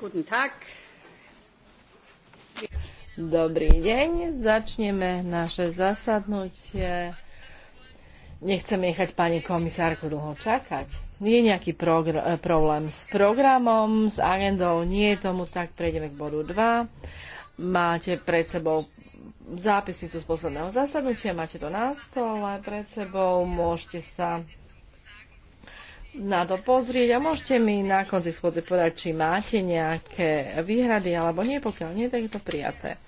Guten Tag. Dobrý deň, začneme naše zasadnutie. Nechcem nechať pani komisárku dlho čakať. Je nejaký eh, problém s programom, s agendou, nie je tomu tak, prejdeme k bodu 2. Máte pred sebou zápisnicu z posledného zasadnutia, máte to na stole pred sebou, môžete sa na to pozrieť a môžete mi na konci schôdze povedať, či máte nejaké výhrady alebo nie, pokiaľ nie, tak je to prijaté.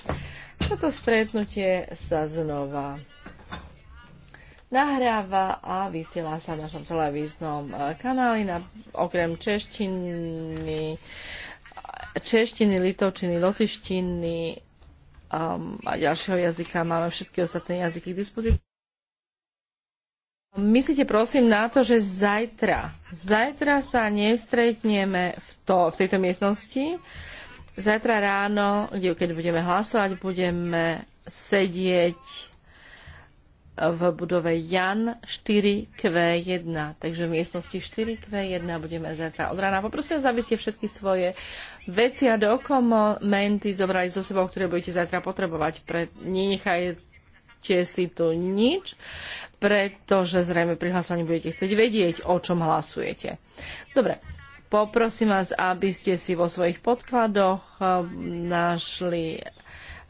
Toto stretnutie sa znova nahráva a vysiela sa v našom televíznom e, kanáli na, okrem češtiny, češtiny, litovčiny, lotištiny um, a ďalšieho jazyka máme všetky ostatné jazyky k dispozícii. Myslíte prosím na to, že zajtra, zajtra sa nestretneme v, to, v tejto miestnosti. Zajtra ráno, keď budeme hlasovať, budeme sedieť v budove Jan 4Q1. Takže v miestnosti 4Q1 budeme zajtra od rána. Poprosím vás, aby ste všetky svoje veci a dokumenty zobrali so sebou, ktoré budete zajtra potrebovať. Pre, nenechajte Nepíšte si tu nič, pretože zrejme pri hlasovaní budete chcieť vedieť, o čom hlasujete. Dobre, poprosím vás, aby ste si vo svojich podkladoch eh, našli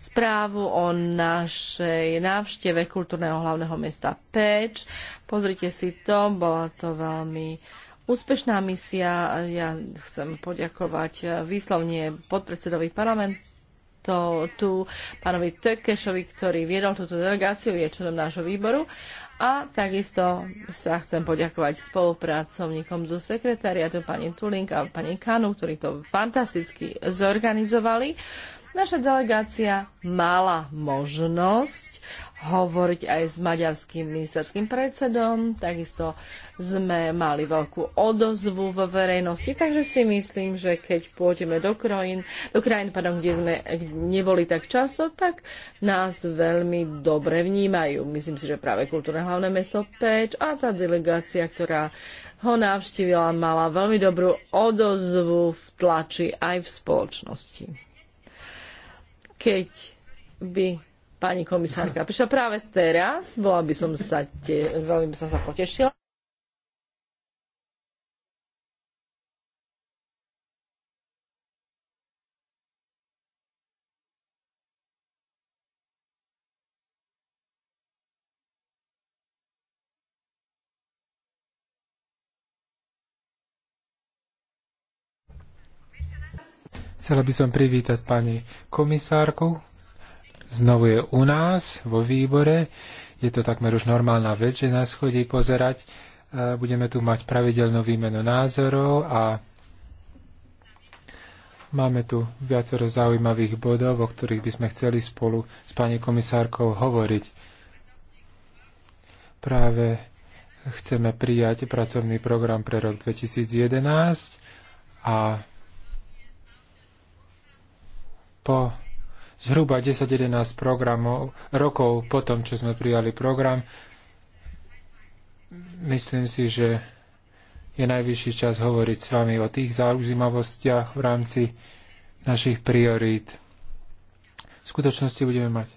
správu o našej návšteve kultúrneho hlavného mesta Peč. Pozrite si to, bola to veľmi úspešná misia. Ja chcem poďakovať eh, výslovne podpredsedovi parlamentu to tu pánovi Tekešovi, ktorý viedol túto delegáciu, je členom nášho výboru. A takisto sa chcem poďakovať spolupracovníkom zo sekretariatu, pani Tulink a pani Kanu, ktorí to fantasticky zorganizovali. Naša delegácia mala možnosť hovoriť aj s maďarským ministerským predsedom. Takisto sme mali veľkú odozvu vo verejnosti, takže si myslím, že keď pôjdeme do krajín, do krajín pardon, kde sme neboli tak často, tak nás veľmi dobre vnímajú. Myslím si, že práve kultúrne hlavné mesto Peč a tá delegácia, ktorá ho navštívila, mala veľmi dobrú odozvu v tlači aj v spoločnosti. Keď by pani komisárka prišla práve teraz. Bola by som sa, te, veľmi by som sa potešila. Chcela by som privítať pani komisárku znovu je u nás vo výbore. Je to takmer už normálna vec, že nás chodí pozerať. E, budeme tu mať pravidelnú výmenu názorov a máme tu viacero zaujímavých bodov, o ktorých by sme chceli spolu s pani komisárkou hovoriť. Práve chceme prijať pracovný program pre rok 2011 a po zhruba 10-11 programov, rokov po tom, čo sme prijali program. Myslím si, že je najvyšší čas hovoriť s vami o tých zaujímavostiach v rámci našich priorít. V skutočnosti budeme mať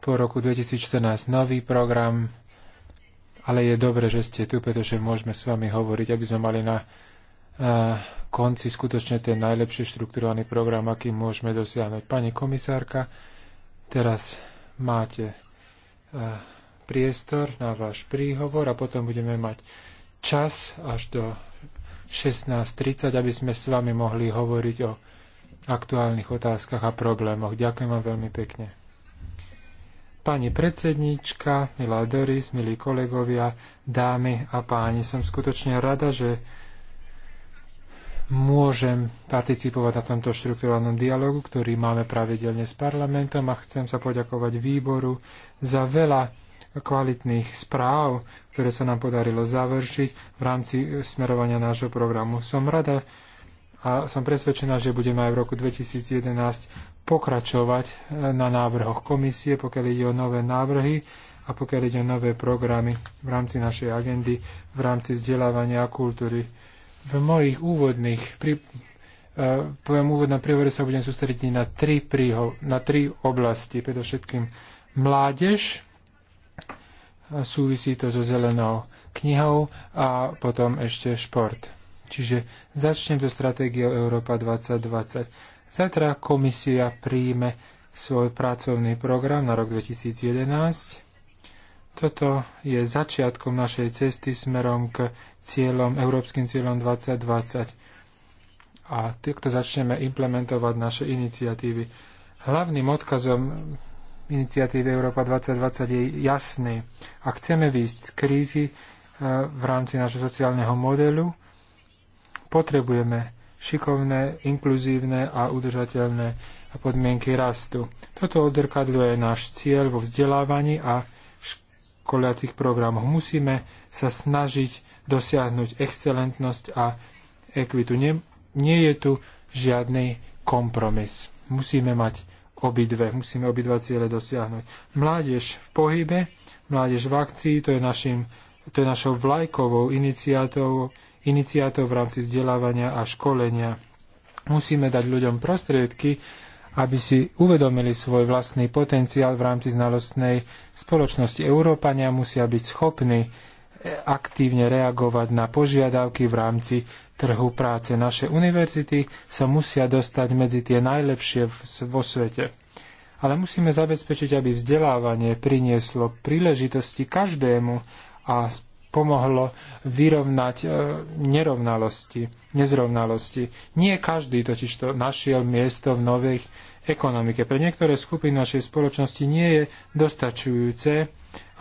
po roku 2014 nový program, ale je dobre, že ste tu, pretože môžeme s vami hovoriť, aby sme mali na konci skutočne ten najlepšie štrukturovaný program, aký môžeme dosiahnuť. Pani komisárka, teraz máte e, priestor na váš príhovor a potom budeme mať čas až do 16.30, aby sme s vami mohli hovoriť o aktuálnych otázkach a problémoch. Ďakujem vám veľmi pekne. Pani predsednička, milá Doris, milí kolegovia, dámy a páni, som skutočne rada, že môžem participovať na tomto štruktúrálnom dialogu, ktorý máme pravidelne s parlamentom a chcem sa poďakovať výboru za veľa kvalitných správ, ktoré sa nám podarilo završiť v rámci smerovania nášho programu. Som rada a som presvedčená, že budeme aj v roku 2011 pokračovať na návrhoch komisie, pokiaľ ide o nové návrhy a pokiaľ ide o nové programy v rámci našej agendy, v rámci vzdelávania a kultúry. V mojich úvodných, pri, uh, e, v mojom úvodnom príhovore sa budem sústrediť na tri, prího, na tri oblasti. Predovšetkým mládež, súvisí to so zelenou knihou a potom ešte šport. Čiže začnem so stratégiou Európa 2020. Zajtra komisia príjme svoj pracovný program na rok 2011 toto je začiatkom našej cesty smerom k cieľom, európskym cieľom 2020. A takto začneme implementovať naše iniciatívy. Hlavným odkazom iniciatívy Európa 2020 je jasný. Ak chceme výjsť z krízy eh, v rámci našho sociálneho modelu, potrebujeme šikovné, inkluzívne a udržateľné podmienky rastu. Toto odzrkadľuje náš cieľ vo vzdelávaní a školacích programoch. Musíme sa snažiť dosiahnuť excelentnosť a ekvitu. Nie, nie je tu žiadny kompromis. Musíme mať obidve, musíme obidva ciele dosiahnuť. Mládež v pohybe, mládež v akcii, to je, našim, to je našou vlajkovou iniciatou, iniciatou v rámci vzdelávania a školenia. Musíme dať ľuďom prostriedky, aby si uvedomili svoj vlastný potenciál v rámci znalostnej spoločnosti. Európania musia byť schopní e, aktívne reagovať na požiadavky v rámci trhu práce. Naše univerzity sa musia dostať medzi tie najlepšie vo svete. Ale musíme zabezpečiť, aby vzdelávanie prinieslo príležitosti každému a pomohlo vyrovnať e, nerovnalosti, nezrovnalosti. Nie každý totiž to našiel miesto v novej ekonomike. Pre niektoré skupiny našej spoločnosti nie je dostačujúce,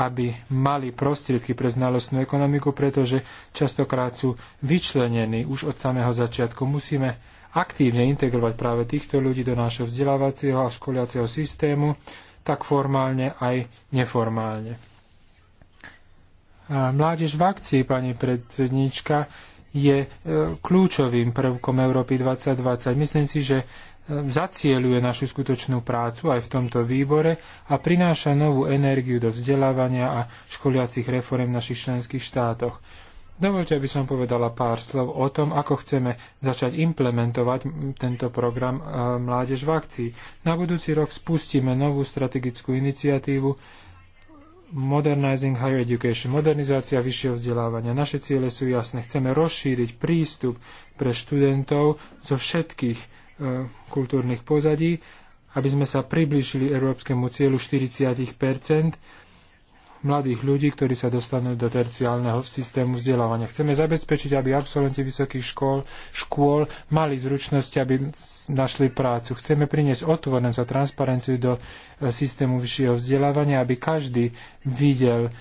aby mali prostriedky pre znalostnú ekonomiku, pretože častokrát sú vyčlenení už od samého začiatku. Musíme aktívne integrovať práve týchto ľudí do nášho vzdelávacieho a školiaceho systému, tak formálne aj neformálne. Mládež v akcii, pani predsednička, je e, kľúčovým prvkom Európy 2020. Myslím si, že e, zacieľuje našu skutočnú prácu aj v tomto výbore a prináša novú energiu do vzdelávania a školiacich reform v našich členských štátoch. Dovolte, aby som povedala pár slov o tom, ako chceme začať implementovať tento program e, Mládež v akcii. Na budúci rok spustíme novú strategickú iniciatívu, Modernizing Higher Education, modernizácia vyššieho vzdelávania. Naše ciele sú jasné. Chceme rozšíriť prístup pre študentov zo všetkých e, kultúrnych pozadí, aby sme sa priblížili európskemu cieľu 40 mladých ľudí, ktorí sa dostanú do terciálneho systému vzdelávania. Chceme zabezpečiť, aby absolventi vysokých škôl, škôl mali zručnosti, aby našli prácu. Chceme priniesť otvorenosť a transparenciu do e, systému vyššieho vzdelávania, aby každý videl e,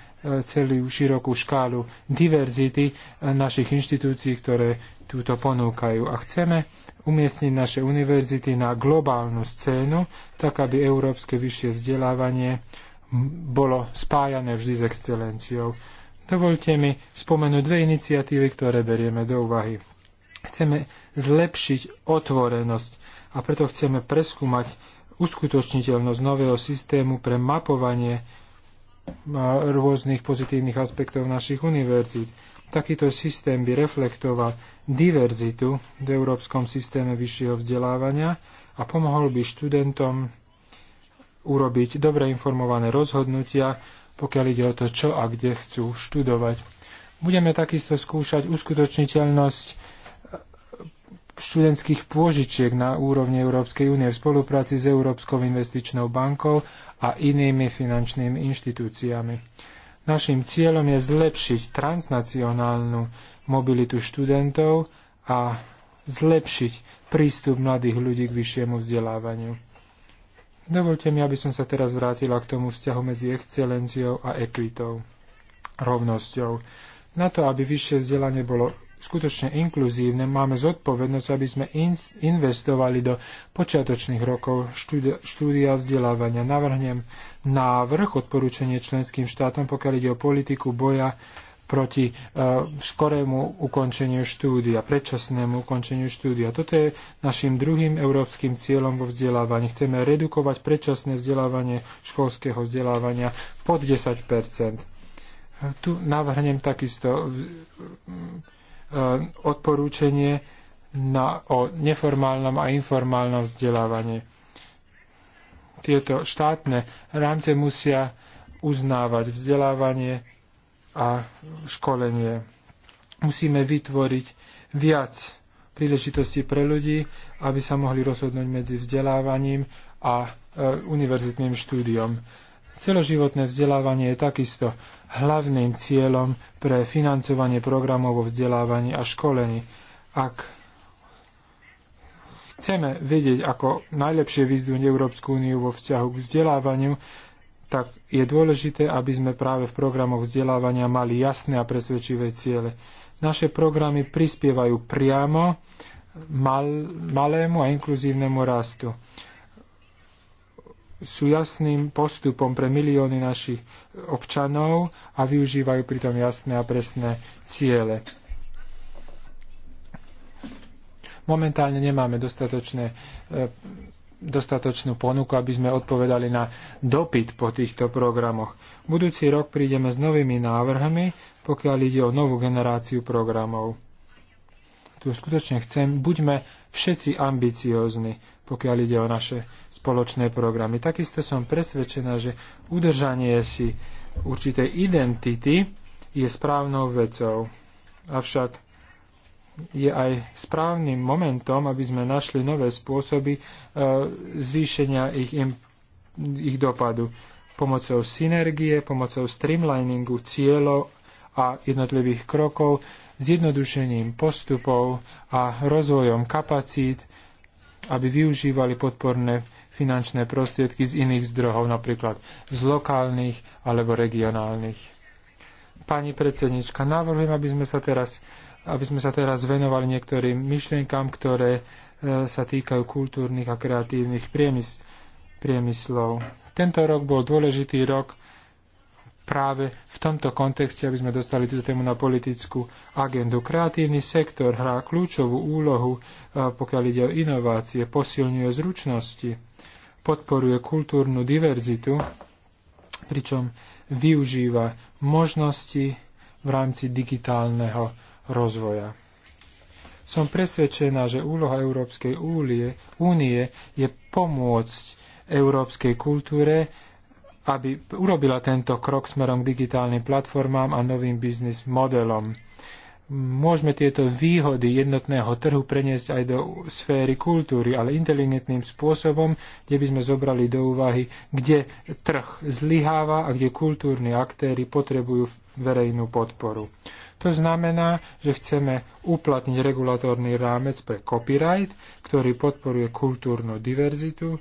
celú širokú škálu diverzity e, našich inštitúcií, ktoré túto ponúkajú. A chceme umiestniť naše univerzity na globálnu scénu, tak aby európske vyššie vzdelávanie bolo spájané vždy s excelenciou. Dovolte mi spomenúť dve iniciatívy, ktoré berieme do úvahy. Chceme zlepšiť otvorenosť a preto chceme preskúmať uskutočniteľnosť nového systému pre mapovanie rôznych pozitívnych aspektov našich univerzít. Takýto systém by reflektoval diverzitu v európskom systéme vyššieho vzdelávania a pomohol by študentom urobiť dobre informované rozhodnutia, pokiaľ ide o to, čo a kde chcú študovať. Budeme takisto skúšať uskutočniteľnosť eh, študentských pôžičiek na úrovni Európskej únie v spolupráci s Európskou investičnou bankou a inými finančnými inštitúciami. Našim cieľom je zlepšiť transnacionálnu mobilitu študentov a zlepšiť prístup mladých ľudí k vyššiemu vzdelávaniu. Dovolte mi, aby som sa teraz vrátila k tomu vzťahu medzi excelenciou a ekvitou, rovnosťou. Na to, aby vyššie vzdelanie bolo skutočne inkluzívne, máme zodpovednosť, aby sme investovali do počiatočných rokov štúdia, štúdia vzdelávania. Navrhnem návrh, odporúčanie členským štátom, pokiaľ ide o politiku boja proti e, skorému ukončeniu štúdia, predčasnému ukončeniu štúdia. Toto je našim druhým európskym cieľom vo vzdelávaní. Chceme redukovať predčasné vzdelávanie školského vzdelávania pod 10 Tu navrhnem takisto e, odporúčanie na, o neformálnom a informálnom vzdelávaní. Tieto štátne rámce musia uznávať vzdelávanie a školenie. Musíme vytvoriť viac príležitostí pre ľudí, aby sa mohli rozhodnúť medzi vzdelávaním a e, univerzitným štúdiom. Celoživotné vzdelávanie je takisto hlavným cieľom pre financovanie programov vo vzdelávaní a školení. Ak chceme vedieť, ako najlepšie vyzdúť Európsku úniu vo vzťahu k vzdelávaniu, tak je dôležité, aby sme práve v programoch vzdelávania mali jasné a presvedčivé ciele. Naše programy prispievajú priamo mal, malému a inkluzívnemu rastu. Sú jasným postupom pre milióny našich občanov a využívajú pritom jasné a presné ciele. Momentálne nemáme dostatočné e, dostatočnú ponuku, aby sme odpovedali na dopyt po týchto programoch. Budúci rok prídeme s novými návrhmi, pokiaľ ide o novú generáciu programov. Tu skutočne chcem, buďme všetci ambiciózni, pokiaľ ide o naše spoločné programy. Takisto som presvedčená, že udržanie si určitej identity je správnou vecou. Avšak je aj správnym momentom, aby sme našli nové spôsoby e, zvýšenia ich, ich dopadu pomocou synergie, pomocou streamliningu cieľov a jednotlivých krokov, zjednodušením postupov a rozvojom kapacít, aby využívali podporné finančné prostriedky z iných zdrohov, napríklad z lokálnych alebo regionálnych. Pani predsednička, navrhujem, aby sme sa teraz aby sme sa teraz venovali niektorým myšlienkam, ktoré e, sa týkajú kultúrnych a kreatívnych priemysl- priemyslov. Tento rok bol dôležitý rok práve v tomto kontexte, aby sme dostali túto tému na politickú agendu. Kreatívny sektor hrá kľúčovú úlohu, e, pokiaľ ide o inovácie, posilňuje zručnosti, podporuje kultúrnu diverzitu, pričom využíva možnosti v rámci digitálneho rozvoja. Som presvedčená, že úloha Európskej únie, únie je pomôcť európskej kultúre, aby urobila tento krok smerom k digitálnym platformám a novým biznis modelom môžeme tieto výhody jednotného trhu preniesť aj do sféry kultúry, ale inteligentným spôsobom, kde by sme zobrali do úvahy, kde trh zlyháva a kde kultúrni aktéry potrebujú verejnú podporu. To znamená, že chceme uplatniť regulatórny rámec pre copyright, ktorý podporuje kultúrnu diverzitu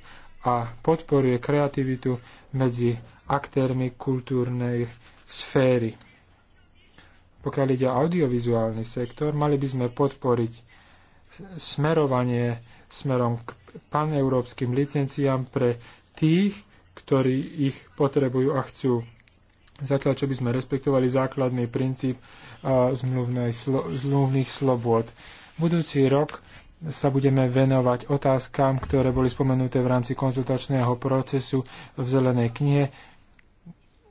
a podporuje kreativitu medzi aktérmi kultúrnej sféry. Pokiaľ ide audiovizuálny sektor, mali by sme podporiť smerovanie smerom k paneurópskym licenciám pre tých, ktorí ich potrebujú a chcú. Zatiaľ, čo by sme respektovali základný princíp zmluvných slobôd. Budúci rok sa budeme venovať otázkám, ktoré boli spomenuté v rámci konzultačného procesu v Zelenej knihe.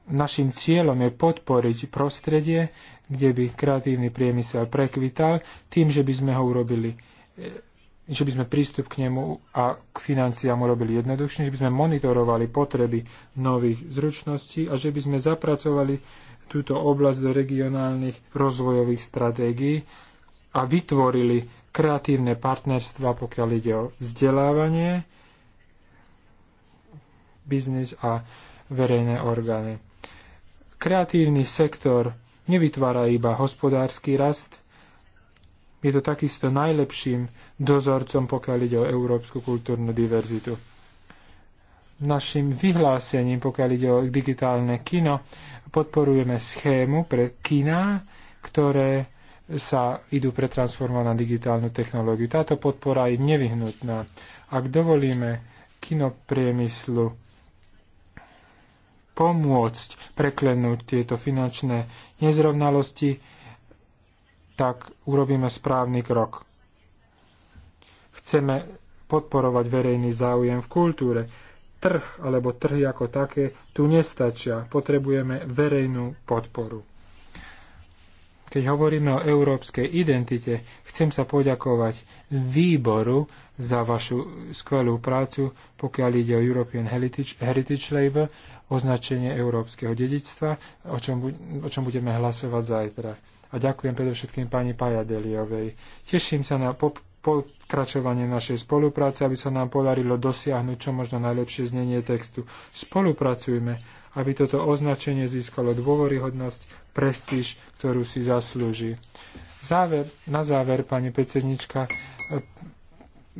Našim cieľom je podporiť prostredie, kde by kreatívny priemysel prekvital, tým, že by sme ho urobili e, že by sme prístup k nemu a k financiám urobili jednoduchšie, že by sme monitorovali potreby nových zručností a že by sme zapracovali túto oblasť do regionálnych rozvojových stratégií a vytvorili kreatívne partnerstva, pokiaľ ide o vzdelávanie, biznis a verejné orgány. Kreatívny sektor nevytvára iba hospodársky rast, je to takisto najlepším dozorcom, pokiaľ ide o európsku kultúrnu diverzitu. Našim vyhlásením, pokiaľ ide o digitálne kino, podporujeme schému pre kina, ktoré sa idú pretransformovať na digitálnu technológiu. Táto podpora je nevyhnutná. Ak dovolíme kinopriemyslu pomôcť preklenúť tieto finančné nezrovnalosti, tak urobíme správny krok. Chceme podporovať verejný záujem v kultúre. Trh alebo trhy ako také tu nestačia. Potrebujeme verejnú podporu. Keď hovoríme o európskej identite, chcem sa poďakovať výboru za vašu skvelú prácu, pokiaľ ide o European Heritage, Heritage Labor označenie európskeho dedičstva, o čom, o čom budeme hlasovať zajtra. A ďakujem predovšetkým pani Pajadeliovej. Teším sa na pop- pokračovanie našej spolupráce, aby sa nám podarilo dosiahnuť čo možno najlepšie znenie textu. Spolupracujme, aby toto označenie získalo dôvoryhodnosť, prestíž, ktorú si zaslúži. Záver, na záver, pani predsednička, e,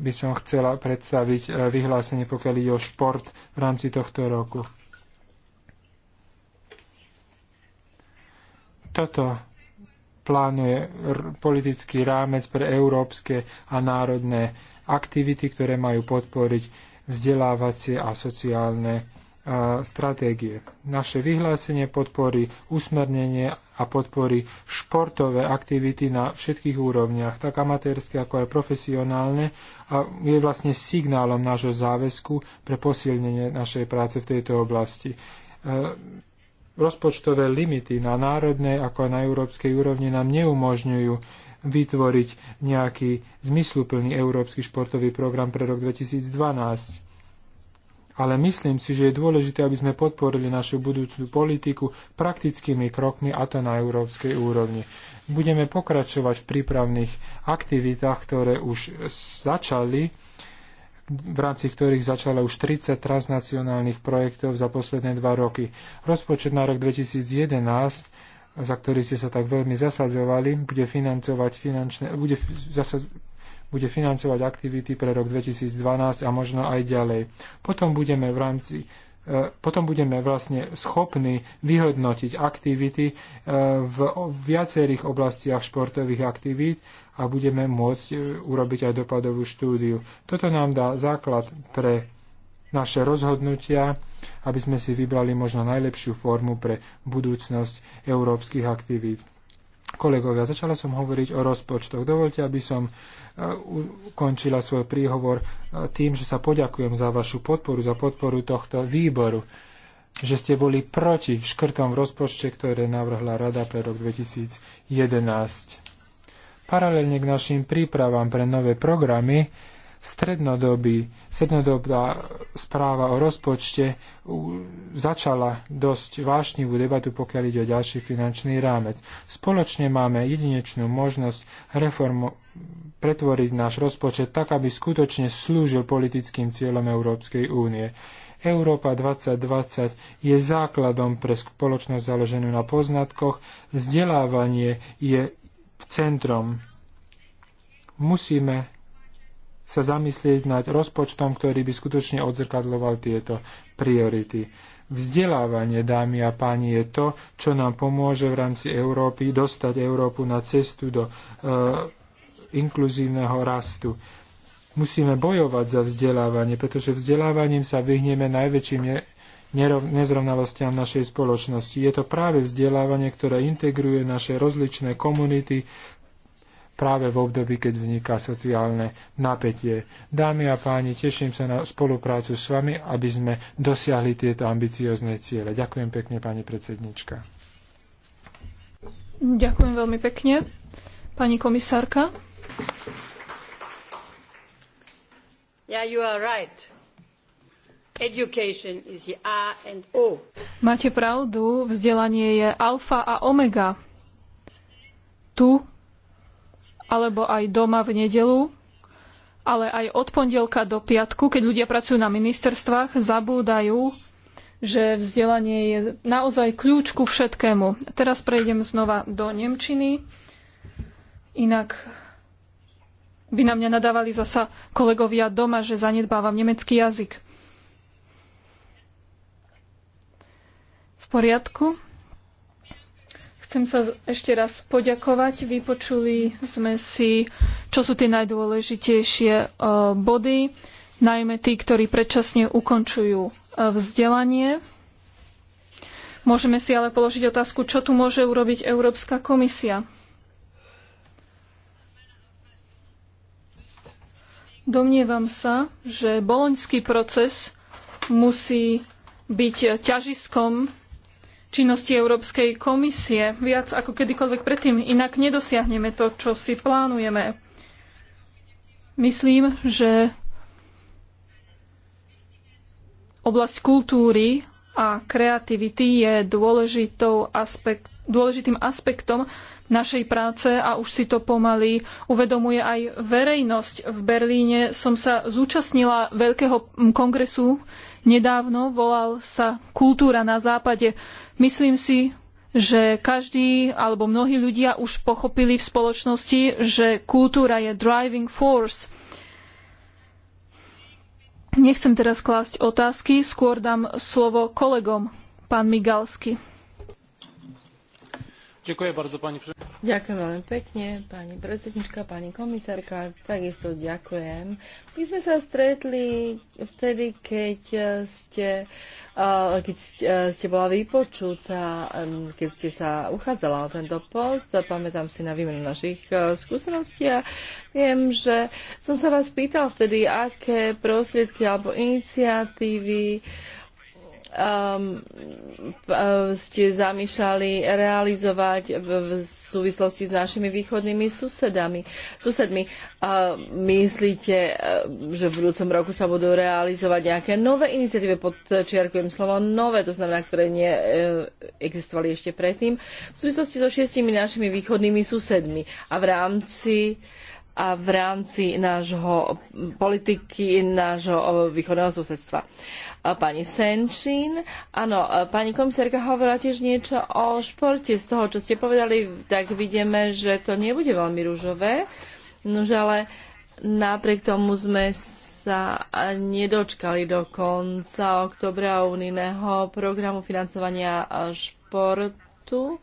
by som chcela predstaviť e, vyhlásenie, pokiaľ ide o šport v rámci tohto roku. Toto plánuje politický rámec pre európske a národné aktivity, ktoré majú podporiť vzdelávacie a sociálne a, e, stratégie. Naše vyhlásenie podporí usmernenie a podporí športové aktivity na všetkých úrovniach, tak amatérske ako aj profesionálne a je vlastne signálom nášho záväzku pre posilnenie našej práce v tejto oblasti. E, rozpočtové limity na národnej ako aj na európskej úrovni nám neumožňujú vytvoriť nejaký zmysluplný európsky športový program pre rok 2012. Ale myslím si, že je dôležité, aby sme podporili našu budúcu politiku praktickými krokmi a to na európskej úrovni. Budeme pokračovať v prípravných aktivitách, ktoré už začali v rámci ktorých začalo už 30 transnacionálnych projektov za posledné dva roky. Rozpočet na rok 2011 za ktorý ste sa tak veľmi zasadzovali, bude financovať, finančné, bude, zasaz, bude financovať aktivity pre rok 2012 a možno aj ďalej. Potom budeme v rámci potom budeme vlastne schopní vyhodnotiť aktivity e, v viacerých oblastiach športových aktivít a budeme môcť e, urobiť aj dopadovú štúdiu. Toto nám dá základ pre naše rozhodnutia, aby sme si vybrali možno najlepšiu formu pre budúcnosť európskych aktivít. Kolegovia, začala som hovoriť o rozpočtoch. Dovolte, aby som e, ukončila svoj príhovor e, tým, že sa poďakujem za vašu podporu, za podporu tohto výboru že ste boli proti škrtom v rozpočte, ktoré navrhla Rada pre rok 2011. Paralelne k našim prípravám pre nové programy strednodobý, strednodobá správa o rozpočte začala dosť vášnivú debatu, pokiaľ ide o ďalší finančný rámec. Spoločne máme jedinečnú možnosť reformu, pretvoriť náš rozpočet tak, aby skutočne slúžil politickým cieľom Európskej únie. Európa 2020 je základom pre spoločnosť založenú na poznatkoch, vzdelávanie je centrom. Musíme sa zamyslieť nad rozpočtom, ktorý by skutočne odzrkadloval tieto priority. Vzdelávanie, dámy a páni, je to, čo nám pomôže v rámci Európy dostať Európu na cestu do e, inkluzívneho rastu. Musíme bojovať za vzdelávanie, pretože vzdelávaním sa vyhneme najväčším ne nezrovnalostiam našej spoločnosti. Je to práve vzdelávanie, ktoré integruje naše rozličné komunity, práve v období, keď vzniká sociálne napätie. Dámy a páni, teším sa na spoluprácu s vami, aby sme dosiahli tieto ambiciozne ciele. Ďakujem pekne, pani predsednička. Ďakujem veľmi pekne. Pani komisárka. Yeah, you are right. Education is the A and O. Máte pravdu, vzdelanie je alfa a omega. Tu alebo aj doma v nedelu, ale aj od pondelka do piatku, keď ľudia pracujú na ministerstvách, zabúdajú, že vzdelanie je naozaj kľúč ku všetkému. Teraz prejdem znova do Nemčiny. Inak by na mňa nadávali zasa kolegovia doma, že zanedbávam nemecký jazyk. V poriadku. Chcem sa ešte raz poďakovať. Vypočuli sme si, čo sú tie najdôležitejšie e, body, najmä tí, ktorí predčasne ukončujú e, vzdelanie. Môžeme si ale položiť otázku, čo tu môže urobiť Európska komisia. Domnievam sa, že boloňský proces musí byť ťažiskom činnosti Európskej komisie viac ako kedykoľvek predtým. Inak nedosiahneme to, čo si plánujeme. Myslím, že oblasť kultúry a kreativity je dôležitou aspekt, dôležitým aspektom našej práce a už si to pomaly uvedomuje aj verejnosť. V Berlíne som sa zúčastnila veľkého kongresu nedávno, volal sa Kultúra na západe. Myslím si, že každý alebo mnohí ľudia už pochopili v spoločnosti, že kultúra je driving force. Nechcem teraz klásť otázky, skôr dám slovo kolegom, pán Migalsky. Ďakujem bardzo pani Ďakujem veľmi pekne, pani predsednička, pani komisárka, takisto ďakujem. My sme sa stretli vtedy, keď eh, ste, eh, keď eh, ste bola vypočutá, mm, keď ste sa uchádzala o tento post, pamätám si na výmenu našich skúseností a viem, že som sa vás pýtal vtedy, aké prostriedky alebo iniciatívy um, uh, ste zamýšľali realizovať v súvislosti s našimi východnými susedami, susedmi. Uh, myslíte, že v budúcom roku sa budú realizovať nejaké nové iniciatívy, podčiarkujem slovo nové, to znamená, ktoré nie uh, existovali ešte predtým, v súvislosti so šiestimi našimi východnými susedmi a v rámci uh, a v rámci nášho politiky, nášho eh, východného susedstva. Pani Senčín, áno, eh, pani komisárka hovorila tiež niečo o športe. Z toho, čo ste povedali, tak vidíme, že to nebude veľmi rúžové. Nože ale napriek tomu sme sa nedočkali do konca oktobra unijného programu financovania eh, športu. Uh,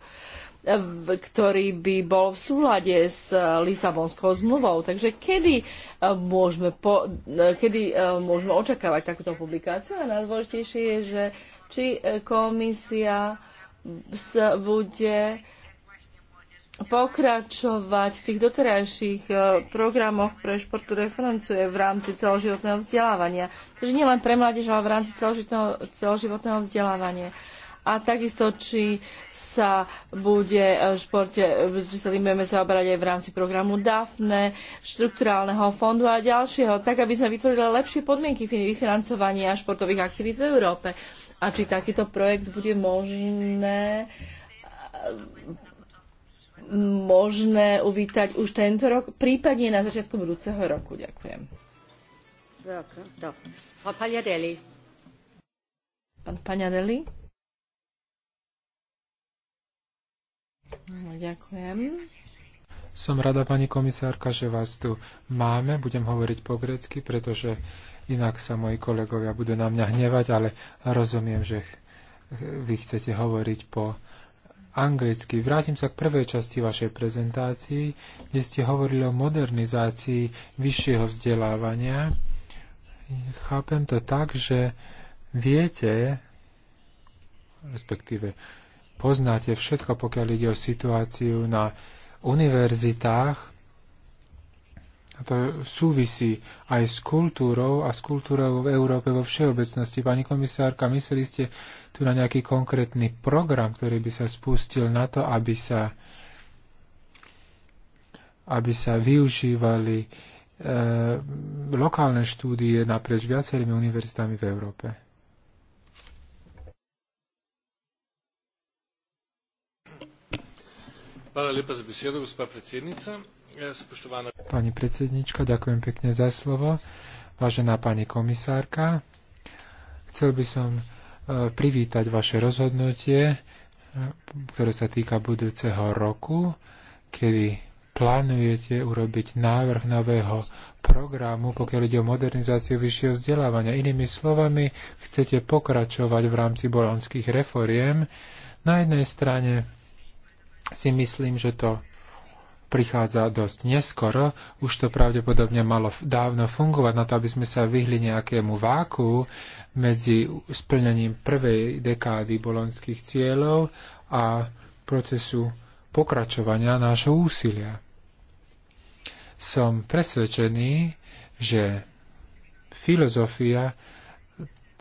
ktorý by bol v súlade s Lisabonskou zmluvou. Takže kedy e, môžeme, po, e, kedy e, môžeme očakávať takúto publikáciu? A najdôležitejšie je, že či komisia bude pokračovať v tých doterajších programoch pre šport, ktoré financuje v rámci celoživotného vzdelávania. Takže nielen pre mládež, ale v rámci celoživotného, celoživotného vzdelávania a takisto, či sa bude v e, športe, či sa tým budeme zaoberať aj v rámci programu DAFNE, štrukturálneho fondu a ďalšieho, tak aby sme vytvorili lepšie podmienky vyfinancovania športových aktivít v Európe. A či takýto projekt bude možné e, možné uvítať už tento rok, prípadne na začiatku budúceho roku. Ďakujem. Pán Paňadeli. ďakujem. Som rada, pani komisárka, že vás tu máme. Budem hovoriť po grecky, pretože inak sa moji kolegovia budú na mňa hnevať, ale rozumiem, že vy chcete hovoriť po anglicky. Vrátim sa k prvej časti vašej prezentácii, kde ste hovorili o modernizácii vyššieho vzdelávania. Chápem to tak, že viete, respektíve poznáte všetko, pokiaľ ide o situáciu na univerzitách. A to súvisí aj s kultúrou a s kultúrou v Európe vo všeobecnosti. Pani komisárka, mysleli ste tu na nejaký konkrétny program, ktorý by sa spustil na to, aby sa, aby sa využívali e, lokálne štúdie naprieč viacerými univerzitami v Európe? Pani predsednička, ďakujem pekne za slovo. Vážená pani komisárka, chcel by som e, privítať vaše rozhodnutie, e, ktoré sa týka budúceho roku, kedy plánujete urobiť návrh nového programu, pokiaľ ide o modernizáciu vyššieho vzdelávania. Inými slovami, chcete pokračovať v rámci bolonských refóriem. Na jednej strane si myslím, že to prichádza dosť neskoro. Už to pravdepodobne malo dávno fungovať na to, aby sme sa vyhli nejakému váku medzi splnením prvej dekády bolonských cieľov a procesu pokračovania nášho úsilia. Som presvedčený, že filozofia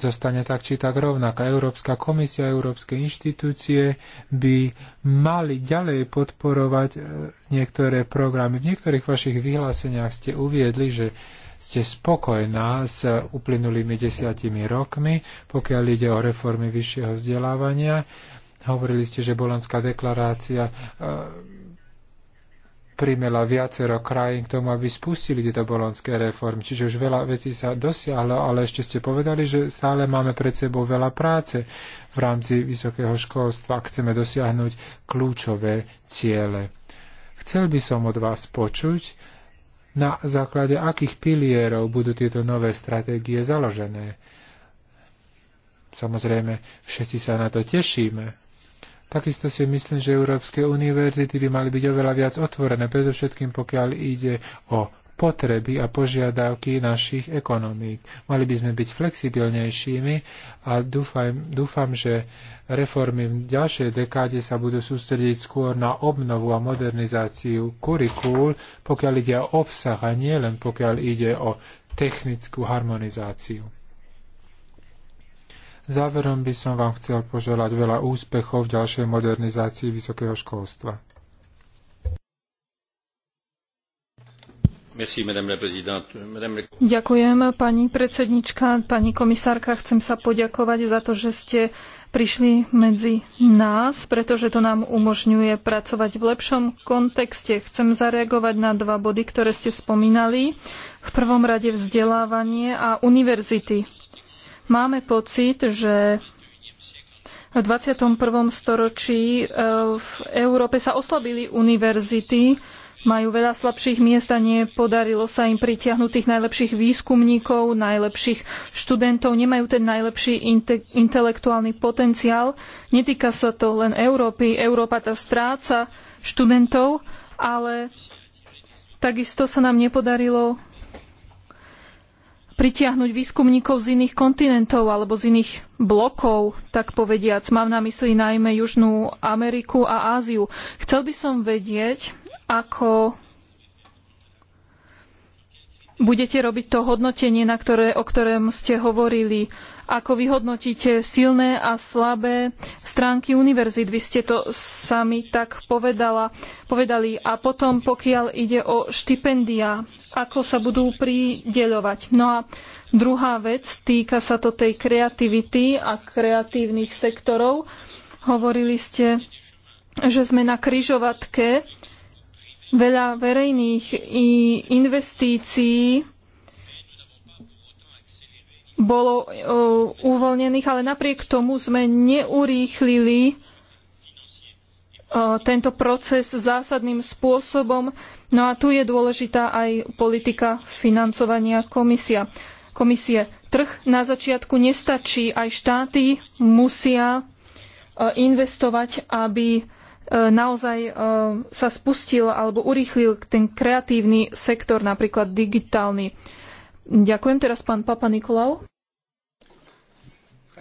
zostane tak či tak rovnaká. Európska komisia, európske inštitúcie by mali ďalej podporovať e, niektoré programy. V niektorých vašich vyhláseniach ste uviedli, že ste spokojná s uplynulými desiatimi rokmi, pokiaľ ide o reformy vyššieho vzdelávania. Hovorili ste, že Bolonská deklarácia e, primela viacero krajín k tomu, aby spustili tieto bolonské reformy. Čiže už veľa vecí sa dosiahlo, ale ešte ste povedali, že stále máme pred sebou veľa práce v rámci vysokého školstva, a chceme dosiahnuť kľúčové ciele. Chcel by som od vás počuť, na základe akých pilierov budú tieto nové stratégie založené. Samozrejme, všetci sa na to tešíme. Takisto si myslím, že európske univerzity by mali byť oveľa viac otvorené, predovšetkým pokiaľ ide o potreby a požiadavky našich ekonomík. Mali by sme byť flexibilnejšími a dúfam, dúfam, že reformy v ďalšej dekáde sa budú sústrediť skôr na obnovu a modernizáciu kurikúl, pokiaľ ide o obsah a nie len pokiaľ ide o technickú harmonizáciu. Záverom by som vám chcel poželať veľa úspechov v ďalšej modernizácii vysokého školstva. Ďakujem, pani predsednička, pani komisárka. Chcem sa poďakovať za to, že ste prišli medzi nás, pretože to nám umožňuje pracovať v lepšom kontexte. Chcem zareagovať na dva body, ktoré ste spomínali. V prvom rade vzdelávanie a univerzity. Máme pocit, že v 21. storočí e, v Európe sa oslabili univerzity, majú veľa slabších miest a nepodarilo sa im pritiahnuť tých najlepších výskumníkov, najlepších študentov, nemajú ten najlepší inte intelektuálny potenciál. Netýka sa to len Európy. Európa tá stráca študentov, ale takisto sa nám nepodarilo pritiahnuť výskumníkov z iných kontinentov alebo z iných blokov, tak povediac. Mám na mysli najmä Južnú Ameriku a Áziu. Chcel by som vedieť, ako budete robiť to hodnotenie, na ktoré, o ktorom ste hovorili ako vyhodnotíte silné a slabé stránky univerzít? Vy ste to sami tak povedala, povedali. A potom, pokiaľ ide o štipendia, ako sa budú prideľovať? No a druhá vec, týka sa to tej kreativity a kreatívnych sektorov. Hovorili ste, že sme na kryžovatke veľa verejných investícií bolo e, uvoľnených, ale napriek tomu sme neurýchlili e, tento proces zásadným spôsobom. No a tu je dôležitá aj politika financovania komisia. komisie. Trh na začiatku nestačí, aj štáty musia e, investovať, aby naozaj sa spustil alebo urýchlil ten kreatívny sektor, napríklad digitálny. Ďakujem teraz pán Papa Nikolau.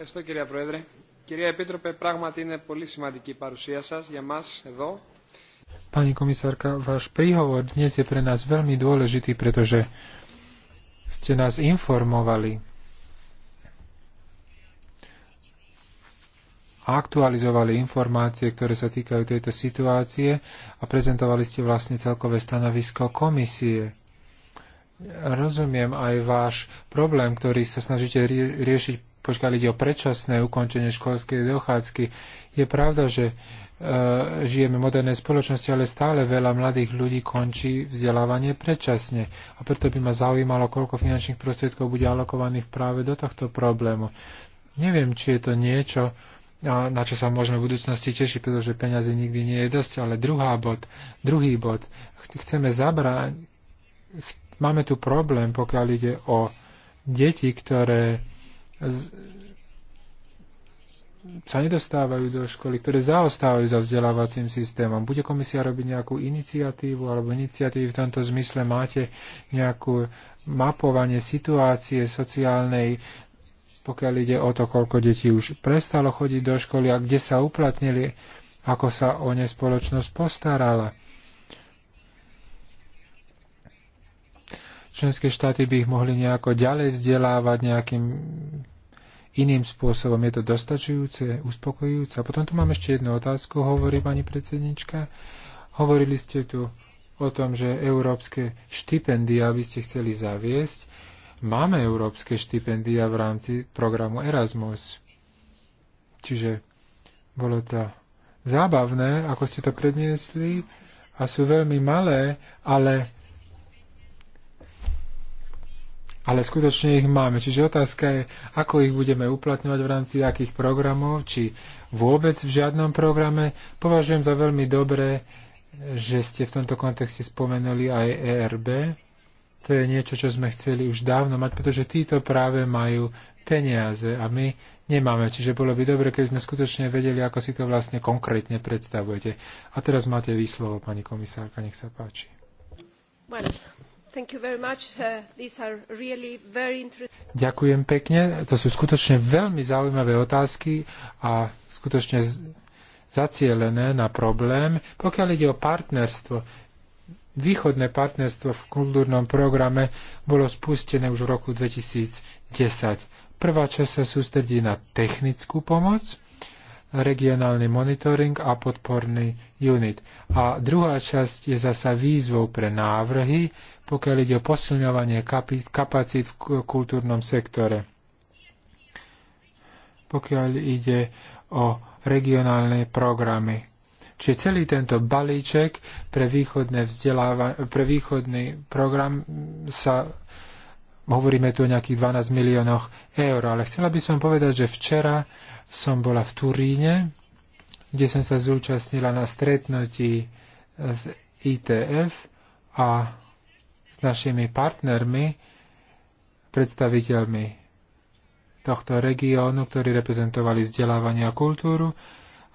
Ευχαριστώ Πρόεδρε. Κυρία Επίτροπε, πράγματι είναι πολύ σημαντική η παρουσία σας για μας εδώ. Pani komisárka, váš príhovor dnes je pre nás veľmi dôležitý, pretože ste nás informovali a aktualizovali informácie, ktoré sa týkajú tejto situácie a prezentovali ste vlastne celkové stanovisko komisie. Rozumiem aj váš problém, ktorý sa snažíte riešiť pokiaľ ide o predčasné ukončenie školskej dochádzky, je pravda, že e, žijeme v modernej spoločnosti, ale stále veľa mladých ľudí končí vzdelávanie predčasne. A preto by ma zaujímalo, koľko finančných prostriedkov bude alokovaných práve do tohto problému. Neviem, či je to niečo, na čo sa môžeme v budúcnosti tešiť, pretože peniaze nikdy nie je dosť. Ale druhá bod, druhý bod, chceme zabrať, máme tu problém, pokiaľ ide o deti, ktoré sa nedostávajú do školy, ktoré zaostávajú za vzdelávacím systémom. Bude komisia robiť nejakú iniciatívu alebo iniciatívy v tomto zmysle? Máte nejakú mapovanie situácie sociálnej, pokiaľ ide o to, koľko detí už prestalo chodiť do školy a kde sa uplatnili, ako sa o ne spoločnosť postarala? členské štáty by ich mohli nejako ďalej vzdelávať nejakým iným spôsobom. Je to dostačujúce, uspokojujúce? A potom tu mám ešte jednu otázku, hovorí pani predsednička. Hovorili ste tu o tom, že európske štipendia by ste chceli zaviesť. Máme európske štipendia v rámci programu Erasmus. Čiže bolo to zábavné, ako ste to predniesli a sú veľmi malé, ale ale skutočne ich máme. Čiže otázka je, ako ich budeme uplatňovať v rámci akých programov, či vôbec v žiadnom programe. Považujem za veľmi dobré, že ste v tomto kontexte spomenuli aj ERB. To je niečo, čo sme chceli už dávno mať, pretože títo práve majú peniaze a my nemáme. Čiže bolo by dobre, keby sme skutočne vedeli, ako si to vlastne konkrétne predstavujete. A teraz máte výslovo, pani komisárka, nech sa páči. Bueno, Uh, Ďakujem pekne. To sú skutočne veľmi zaujímavé otázky a skutočne zacielené na problém. Pokiaľ ide o partnerstvo, východné partnerstvo v kultúrnom programe bolo spustené už v roku 2010. Prvá časť sa sústredí na technickú pomoc, regionálny monitoring a podporný unit. A druhá časť je zasa výzvou pre návrhy, pokiaľ ide o posilňovanie kapacít v kultúrnom sektore. Pokiaľ ide o regionálne programy. Čiže celý tento balíček pre, východné pre východný program sa hovoríme tu o nejakých 12 miliónoch eur, ale chcela by som povedať, že včera som bola v Turíne, kde som sa zúčastnila na stretnutí z ITF a s našimi partnermi, predstaviteľmi tohto regiónu, ktorí reprezentovali vzdelávanie a kultúru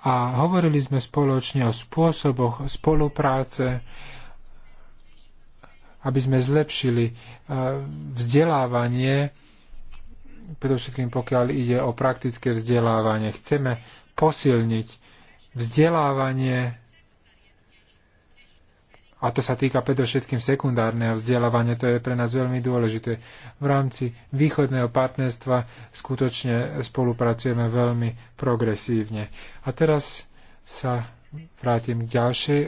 a hovorili sme spoločne o spôsoboch spolupráce, aby sme zlepšili e, vzdelávanie, predovšetkým pokiaľ ide o praktické vzdelávanie. Chceme posilniť vzdelávanie a to sa týka predovšetkým sekundárneho vzdelávania, to je pre nás veľmi dôležité. V rámci východného partnerstva skutočne spolupracujeme veľmi progresívne. A teraz sa vrátim k ďalšej,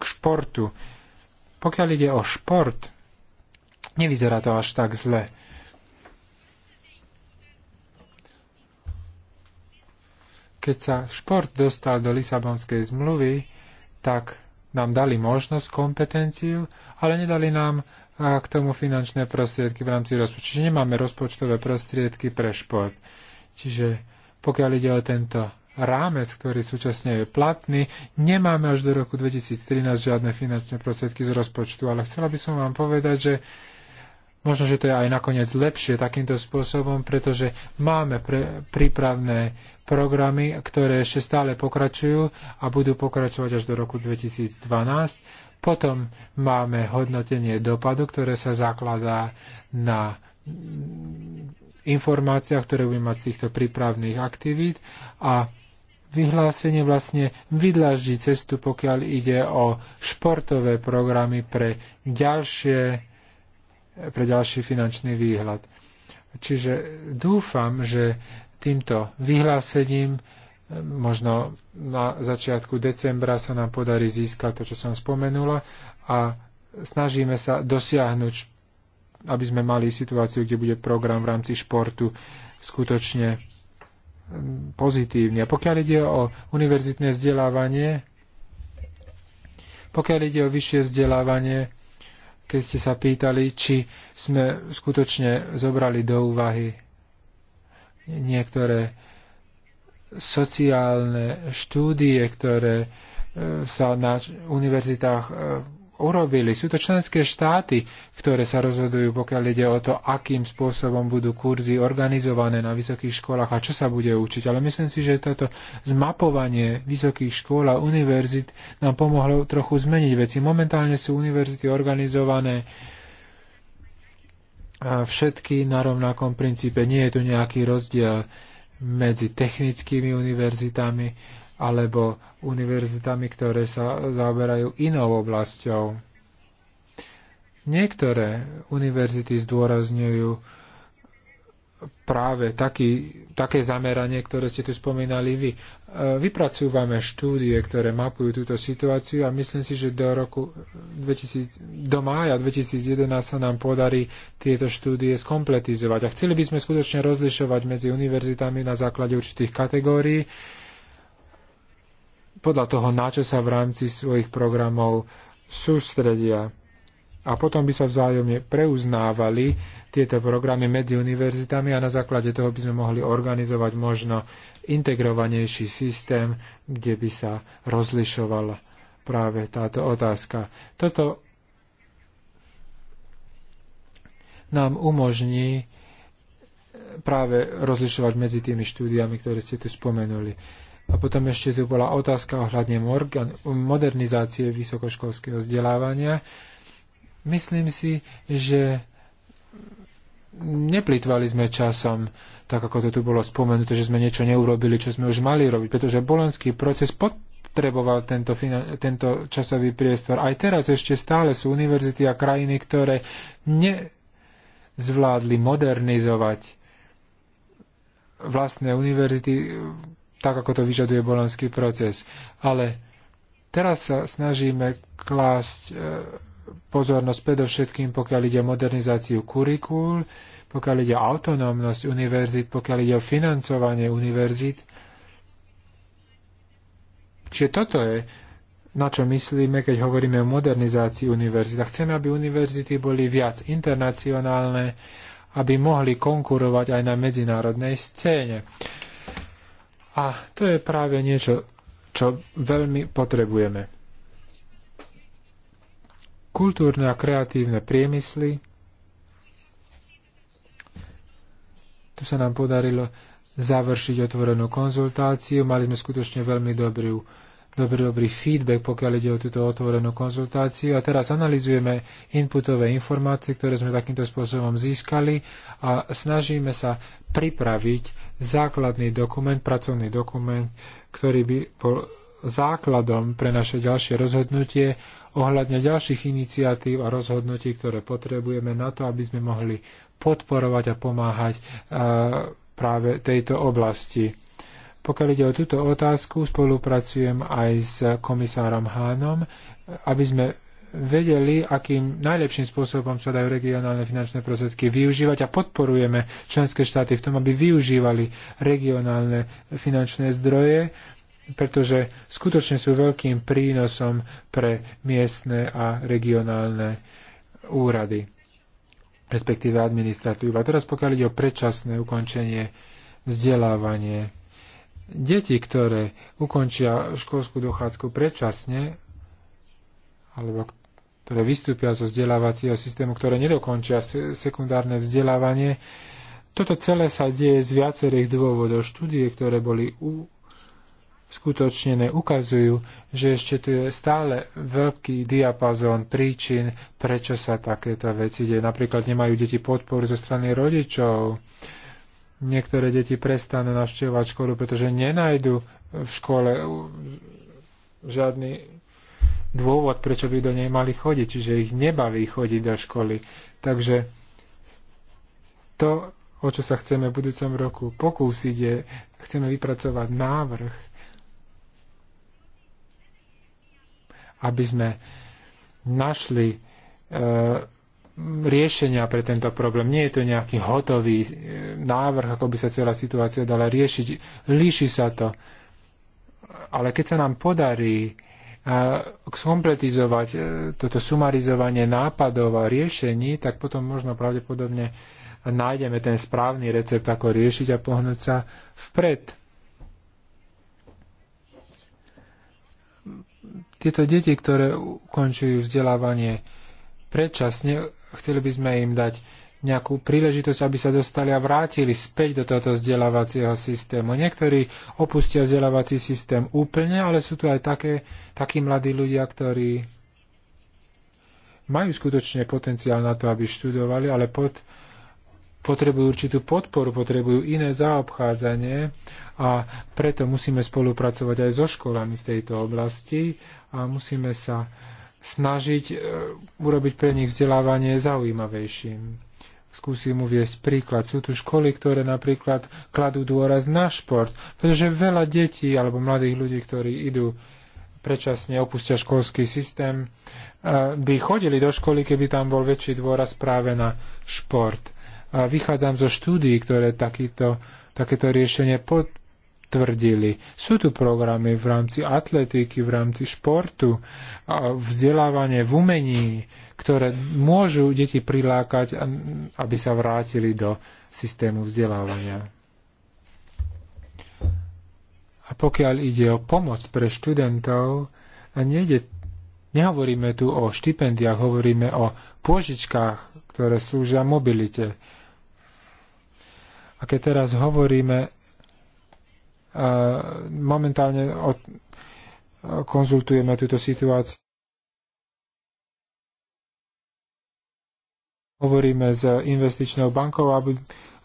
k športu. Pokiaľ ide o šport, nevyzerá to až tak zle. Keď sa šport dostal do Lisabonskej zmluvy, tak nám dali možnosť, kompetenciu, ale nedali nám e, k tomu finančné prostriedky v rámci rozpočtu. Čiže nemáme rozpočtové prostriedky pre šport. Čiže pokiaľ ide o tento rámec, ktorý súčasne je platný, nemáme až do roku 2013 žiadne finančné prostriedky z rozpočtu, ale chcela by som vám povedať, že Možno, že to je aj nakoniec lepšie takýmto spôsobom, pretože máme pre, prípravné programy, ktoré ešte stále pokračujú a budú pokračovať až do roku 2012. Potom máme hodnotenie dopadu, ktoré sa zakladá na informáciách, ktoré budeme mať z týchto prípravných aktivít a vyhlásenie vlastne vydlaží cestu, pokiaľ ide o športové programy pre ďalšie pre ďalší finančný výhľad. Čiže dúfam, že týmto vyhlásením e, možno na začiatku decembra sa nám podarí získať to, čo som spomenula a snažíme sa dosiahnuť, aby sme mali situáciu, kde bude program v rámci športu skutočne pozitívny. A pokiaľ ide o univerzitné vzdelávanie, pokiaľ ide o vyššie vzdelávanie, keď ste sa pýtali, či sme skutočne zobrali do úvahy niektoré sociálne štúdie, ktoré e, sa na univerzitách e, urobili. Sú to členské štáty, ktoré sa rozhodujú, pokiaľ ide o to, akým spôsobom budú kurzy organizované na vysokých školách a čo sa bude učiť. Ale myslím si, že toto zmapovanie vysokých škôl a univerzit nám pomohlo trochu zmeniť veci. Momentálne sú univerzity organizované všetky na rovnakom princípe. Nie je tu nejaký rozdiel medzi technickými univerzitami alebo univerzitami, ktoré sa zaoberajú inou oblasťou. Niektoré univerzity zdôrazňujú práve taký, také zameranie, ktoré ste tu spomínali vy. E, vypracúvame štúdie, ktoré mapujú túto situáciu a myslím si, že do roku 2000, do mája 2011 sa nám podarí tieto štúdie skompletizovať. A chceli by sme skutočne rozlišovať medzi univerzitami na základe určitých kategórií, podľa toho, na čo sa v rámci svojich programov sústredia. A potom by sa vzájomne preuznávali tieto programy medzi univerzitami a na základe toho by sme mohli organizovať možno integrovanejší systém, kde by sa rozlišovala práve táto otázka. Toto nám umožní práve rozlišovať medzi tými štúdiami, ktoré ste tu spomenuli. A potom ešte tu bola otázka ohľadne modernizácie vysokoškolského vzdelávania. Myslím si, že neplýtvali sme časom, tak ako to tu bolo spomenuté, že sme niečo neurobili, čo sme už mali robiť, pretože bolonský proces potreboval tento, tento časový priestor. Aj teraz ešte stále sú univerzity a krajiny, ktoré nezvládli modernizovať vlastné univerzity, tak ako to vyžaduje bolonský proces. Ale teraz sa snažíme klásť e, pozornosť predovšetkým, pokiaľ ide o modernizáciu kurikúl, pokiaľ ide o autonómnosť univerzit, pokiaľ ide o financovanie univerzit. Čiže toto je, na čo myslíme, keď hovoríme o modernizácii univerzit A chceme, aby univerzity boli viac internacionálne, aby mohli konkurovať aj na medzinárodnej scéne. A to je práve niečo, čo veľmi potrebujeme. Kultúrne a kreatívne priemysly. Tu sa nám podarilo završiť otvorenú konzultáciu. Mali sme skutočne veľmi dobrú dobrý, dobrý feedback, pokiaľ ide o túto otvorenú konzultáciu. A teraz analizujeme inputové informácie, ktoré sme takýmto spôsobom získali a snažíme sa pripraviť základný dokument, pracovný dokument, ktorý by bol základom pre naše ďalšie rozhodnutie ohľadne ďalších iniciatív a rozhodnutí, ktoré potrebujeme na to, aby sme mohli podporovať a pomáhať eh, práve tejto oblasti. Pokiaľ ide o túto otázku, spolupracujem aj s komisárom Hánom, aby sme vedeli, akým najlepším spôsobom sa dajú regionálne finančné prostriedky využívať a podporujeme členské štáty v tom, aby využívali regionálne finančné zdroje, pretože skutočne sú veľkým prínosom pre miestne a regionálne úrady, respektíve administratívu. A teraz pokiaľ ide o predčasné ukončenie vzdelávanie, Deti, ktoré ukončia školskú dochádzku predčasne, alebo ktoré vystúpia zo vzdelávacieho systému, ktoré nedokončia sekundárne vzdelávanie, toto celé sa deje z viacerých dôvodov. Štúdie, ktoré boli u skutočnené ukazujú, že ešte tu je stále veľký diapazón príčin, prečo sa takéto veci deje. Napríklad nemajú deti podporu zo strany rodičov, Niektoré deti prestanú navštevovať školu, pretože nenajdu v škole žiadny dôvod, prečo by do nej mali chodiť, čiže ich nebaví chodiť do školy. Takže to, o čo sa chceme v budúcom roku pokúsiť, je, chceme vypracovať návrh, aby sme našli e, riešenia pre tento problém. Nie je to nejaký hotový eh, návrh, ako by sa celá situácia dala riešiť. Líši sa to. Ale keď sa nám podarí eh, skompletizovať eh, toto sumarizovanie nápadov a riešení, tak potom možno pravdepodobne nájdeme ten správny recept, ako riešiť a pohnúť sa vpred. Tieto deti, ktoré ukončujú vzdelávanie predčasne, chceli by sme im dať nejakú príležitosť, aby sa dostali a vrátili späť do tohto vzdelávacieho systému. Niektorí opustia vzdelávací systém úplne, ale sú tu aj také, takí mladí ľudia, ktorí majú skutočne potenciál na to, aby študovali, ale pod, potrebujú určitú podporu, potrebujú iné zaobchádzanie a preto musíme spolupracovať aj so školami v tejto oblasti a musíme sa snažiť e, urobiť pre nich vzdelávanie zaujímavejším. Skúsim uviesť príklad. Sú tu školy, ktoré napríklad kladú dôraz na šport, pretože veľa detí alebo mladých ľudí, ktorí idú predčasne opustia školský systém, e, by chodili do školy, keby tam bol väčší dôraz práve na šport. Vychádzam zo štúdií, ktoré takýto, takéto riešenie pod, tvrdili. Sú tu programy v rámci atletiky, v rámci športu, a vzdelávanie v umení, ktoré môžu deti prilákať, aby sa vrátili do systému vzdelávania. A pokiaľ ide o pomoc pre študentov, nejde, nehovoríme tu o štipendiách, hovoríme o požičkách, ktoré slúžia mobilite. A keď teraz hovoríme Momentálne od, konzultujeme túto situáciu. Hovoríme s investičnou bankou, aby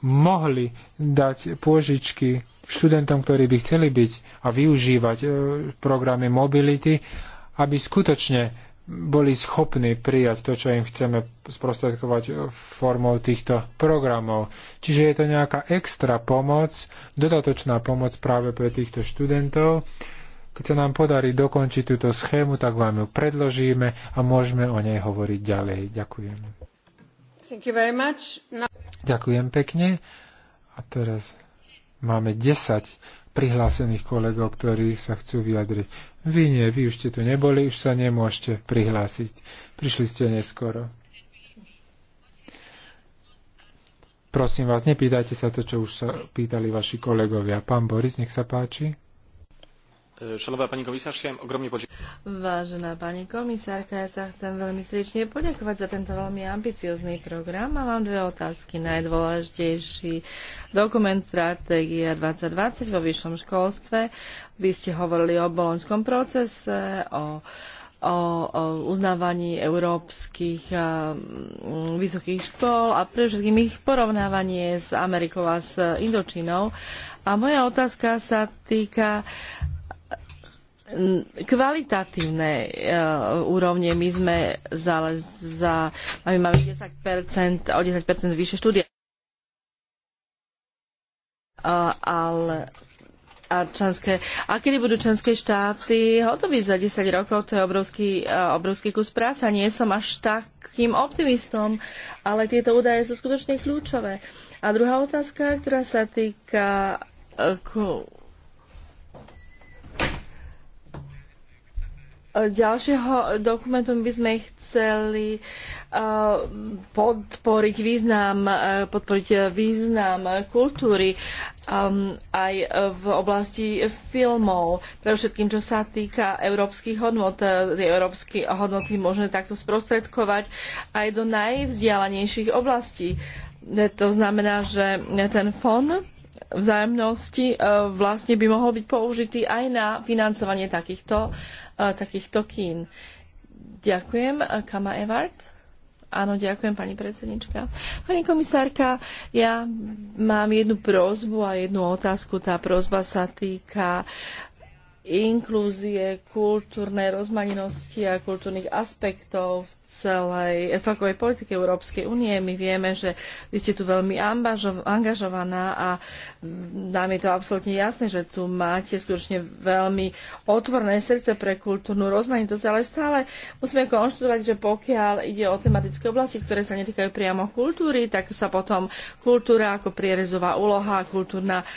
mohli dať pôžičky študentom, ktorí by chceli byť a využívať e, programy mobility, aby skutočne boli schopní prijať to, čo im chceme sprostredkovať formou týchto programov. Čiže je to nejaká extra pomoc, dodatočná pomoc práve pre týchto študentov. Keď sa nám podarí dokončiť túto schému, tak vám ju predložíme a môžeme o nej hovoriť ďalej. Ďakujem. Thank you very much. No... Ďakujem pekne. A teraz máme 10 prihlásených kolegov, ktorí sa chcú vyjadriť. Vy nie, vy už ste tu neboli, už sa nemôžete prihlásiť. Prišli ste neskoro. Prosím vás, nepýtajte sa to, čo už sa pýtali vaši kolegovia. Pán Boris, nech sa páči. Šanová pani komisárka, ogromne Vážená pani komisárka, ja sa chcem veľmi srdečne poďakovať za tento veľmi ambiciozný program a mám dve otázky. Najdôležitejší dokument Stratégia 2020 vo vyššom školstve. Vy ste hovorili o bolonskom procese, o o, uznávaní európskych vysokých škôl a predovšetkým ich porovnávanie s Amerikou a s Indočínou. A moja otázka sa týka kvalitatívne e, úrovne. My sme za, za my máme 10%, o 10% vyššie štúdie. ale a, členské, a kedy budú členské štáty hotoví za 10 rokov, to je obrovský, e, obrovský kus práca. Nie som až takým optimistom, ale tieto údaje sú skutočne kľúčové. A druhá otázka, ktorá sa týka e, ďalšieho dokumentu by sme chceli eh, podporiť význam, eh, podporiť význam kultúry ehm, aj v oblasti filmov. Pre všetkým, čo sa týka európskych hodnot, eh, tie európske hodnoty môžeme takto sprostredkovať aj do najvzdialenejších oblastí. To znamená, že ten fond vzájomnosti vlastne by mohol byť použitý aj na financovanie takýchto takýchto kín. Ďakujem, Kama Evart. Áno, ďakujem, pani predsednička. Pani komisárka, ja mám jednu prozbu a jednu otázku. Tá prozba sa týka inklúzie kultúrnej rozmanitosti a kultúrnych aspektov v celej celkovej politike Európskej únie. My vieme, že vy ste tu veľmi angažovaná a nám je to absolútne jasné, že tu máte skutočne veľmi otvorné srdce pre kultúrnu rozmanitosť, ale stále musíme konštruovať, že pokiaľ ide o tematické oblasti, ktoré sa netýkajú priamo kultúry, tak sa potom kultúra ako prierezová úloha, kultúrna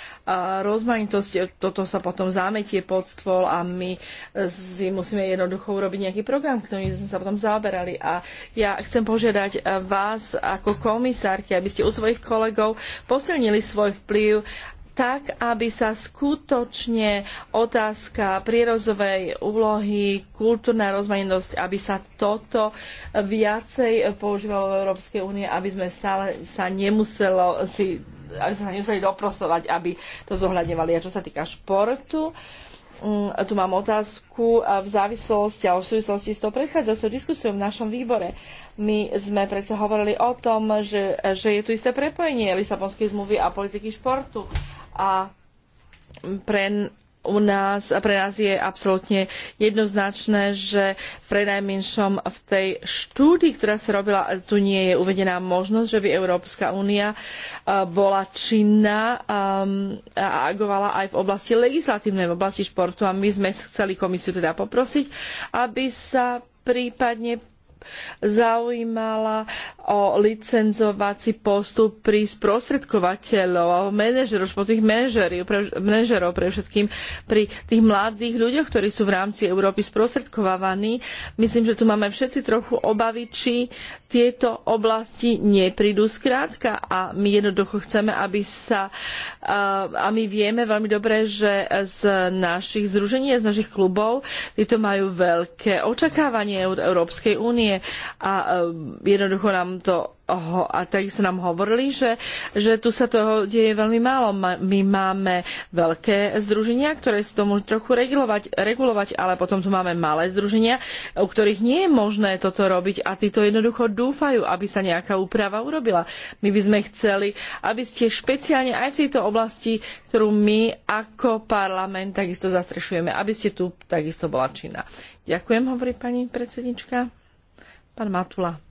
rozmanitosť, toto sa potom zámetie pod stôl a my e, si musíme jednoducho urobiť nejaký program, ktorým sme sa potom zaoberali. A ja chcem požiadať e, vás ako komisárky, aby ste u svojich kolegov posilnili svoj vplyv tak, aby sa skutočne otázka prírozovej úlohy, kultúrna rozmanitosť, aby sa toto viacej používalo v Európskej únie, aby sme stále sa nemuselo si aby sa nemuseli doprosovať, aby to zohľadňovali. A čo sa týka športu, uh, Mm, tu mám otázku v závislosti a v súvislosti s tou predchádzajúcou diskusiou v našom výbore. My sme predsa hovorili o tom, že, že je tu isté prepojenie Lisabonskej zmluvy a politiky športu. A pre u nás, pre nás je absolútne jednoznačné, že pre najmenšom v tej štúdii, ktorá sa robila, tu nie je uvedená možnosť, že by Európska únia e, bola činná um, a agovala aj v oblasti legislatívnej, v oblasti športu a my sme chceli komisiu teda poprosiť, aby sa prípadne zaujímala o licenzovací postup pri sprostredkovateľov alebo manažerov, tých manažerov pre všetkým, pri tých mladých ľuďoch, ktorí sú v rámci Európy sprostredkovávaní. Myslím, že tu máme všetci trochu obavy, či tieto oblasti neprídu skrátka a my jednoducho chceme, aby sa eh, a my vieme veľmi dobre, že z našich združení a z našich klubov tieto majú veľké očakávanie od Európskej únie a eh, jednoducho nám to a takisto nám hovorili, že, že tu sa toho deje veľmi málo. My máme veľké združenia, ktoré si to môžu trochu regulovať, regulovať, ale potom tu máme malé združenia, u ktorých nie je možné toto robiť a títo jednoducho dúfajú, aby sa nejaká úprava urobila. My by sme chceli, aby ste špeciálne aj v tejto oblasti, ktorú my ako parlament takisto zastrešujeme, aby ste tu takisto bola činná. Ďakujem, hovorí pani predsednička. Pán Matula.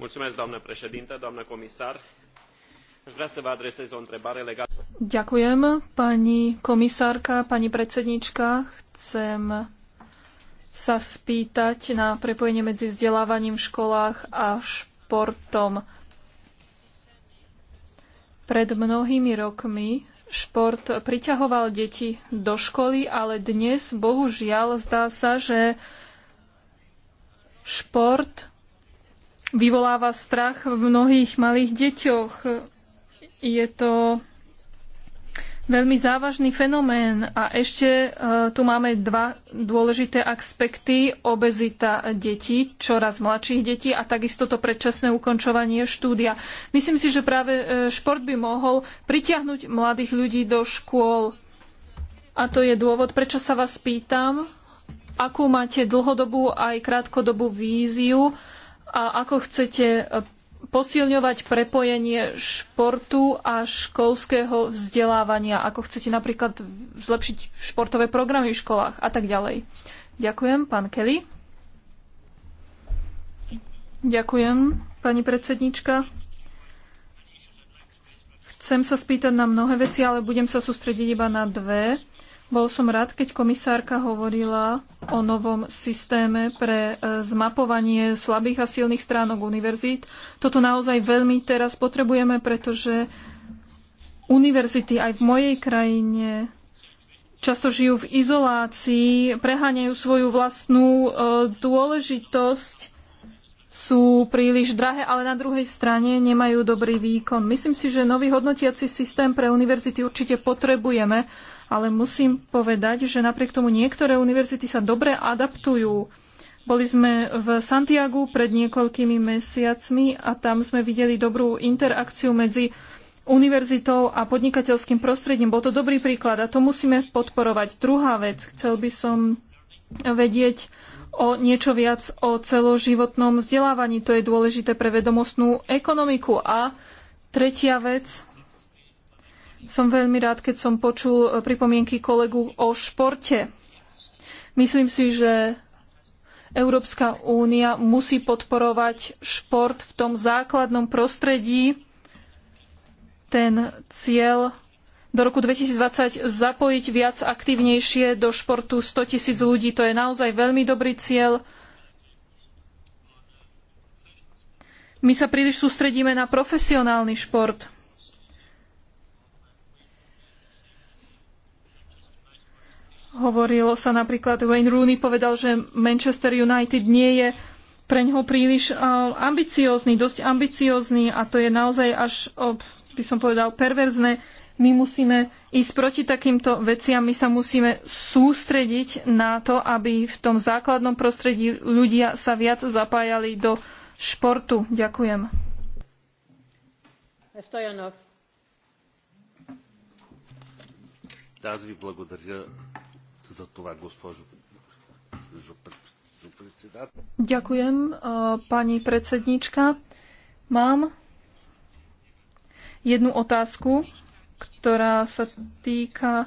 Ďakujem, pani komisárka, pani predsednička. Chcem sa spýtať na prepojenie medzi vzdelávaním v školách a športom. Pred mnohými rokmi šport priťahoval deti do školy, ale dnes, bohužiaľ, zdá sa, že šport vyvoláva strach v mnohých malých deťoch. Je to veľmi závažný fenomén a ešte e, tu máme dva dôležité aspekty. Obezita detí, čoraz mladších detí a takisto to predčasné ukončovanie štúdia. Myslím si, že práve e, šport by mohol pritiahnuť mladých ľudí do škôl. A to je dôvod, prečo sa vás pýtam, akú máte dlhodobú aj krátkodobú víziu a ako chcete e, posilňovať prepojenie športu a školského vzdelávania, ako chcete napríklad zlepšiť športové programy v školách a tak ďalej. Ďakujem, pán Kelly. Ďakujem, pani predsednička. Chcem sa spýtať na mnohé veci, ale budem sa sústrediť iba na dve. Bol som rád, keď komisárka hovorila o novom systéme pre e, zmapovanie slabých a silných stránok univerzít. Toto naozaj veľmi teraz potrebujeme, pretože univerzity aj v mojej krajine často žijú v izolácii, preháňajú svoju vlastnú e, dôležitosť sú príliš drahé, ale na druhej strane nemajú dobrý výkon. Myslím si, že nový hodnotiaci systém pre univerzity určite potrebujeme, ale musím povedať, že napriek tomu niektoré univerzity sa dobre adaptujú. Boli sme v Santiagu pred niekoľkými mesiacmi a tam sme videli dobrú interakciu medzi univerzitou a podnikateľským prostredím. Bol to dobrý príklad a to musíme podporovať. Druhá vec, chcel by som vedieť o niečo viac o celoživotnom vzdelávaní. To je dôležité pre vedomostnú ekonomiku. A tretia vec, som veľmi rád, keď som počul e, pripomienky kolegu o športe. Myslím si, že Európska únia musí podporovať šport v tom základnom prostredí. Ten cieľ do roku 2020 zapojiť viac aktívnejšie do športu 100 tisíc ľudí, to je naozaj veľmi dobrý cieľ. My sa príliš sústredíme na profesionálny šport. Hovorilo sa napríklad, Wayne Rooney povedal, že Manchester United nie je pre ňoho príliš eh, ambiciózny, dosť ambiciózny a to je naozaj až, by som povedal, perverzné. My musíme ísť proti takýmto veciam, my sa musíme sústrediť na to, aby v tom základnom prostredí ľudia sa viac zapájali do športu. Ďakujem. Stojanov za това, госпожо Ďakujem, eh, pani predsedníčka. Mám jednu otázku, ktorá sa týka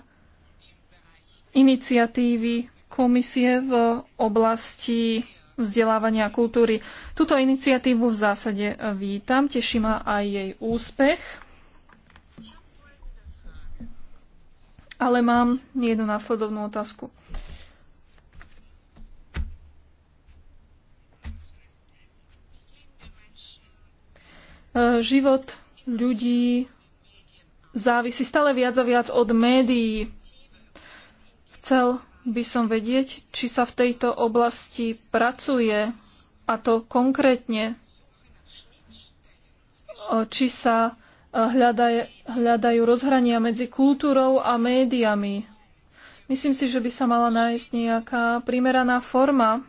iniciatívy komisie v oblasti vzdelávania kultúry. Túto iniciatívu v zásade eh, vítam, teší ma aj jej úspech. Ale mám jednu následovnú otázku. E, život ľudí závisí stále viac a viac od médií. Chcel by som vedieť, či sa v tejto oblasti pracuje, a to konkrétne, e, či sa hľadaj, hľadajú rozhrania medzi kultúrou a médiami. Myslím si, že by sa mala nájsť nejaká primeraná forma.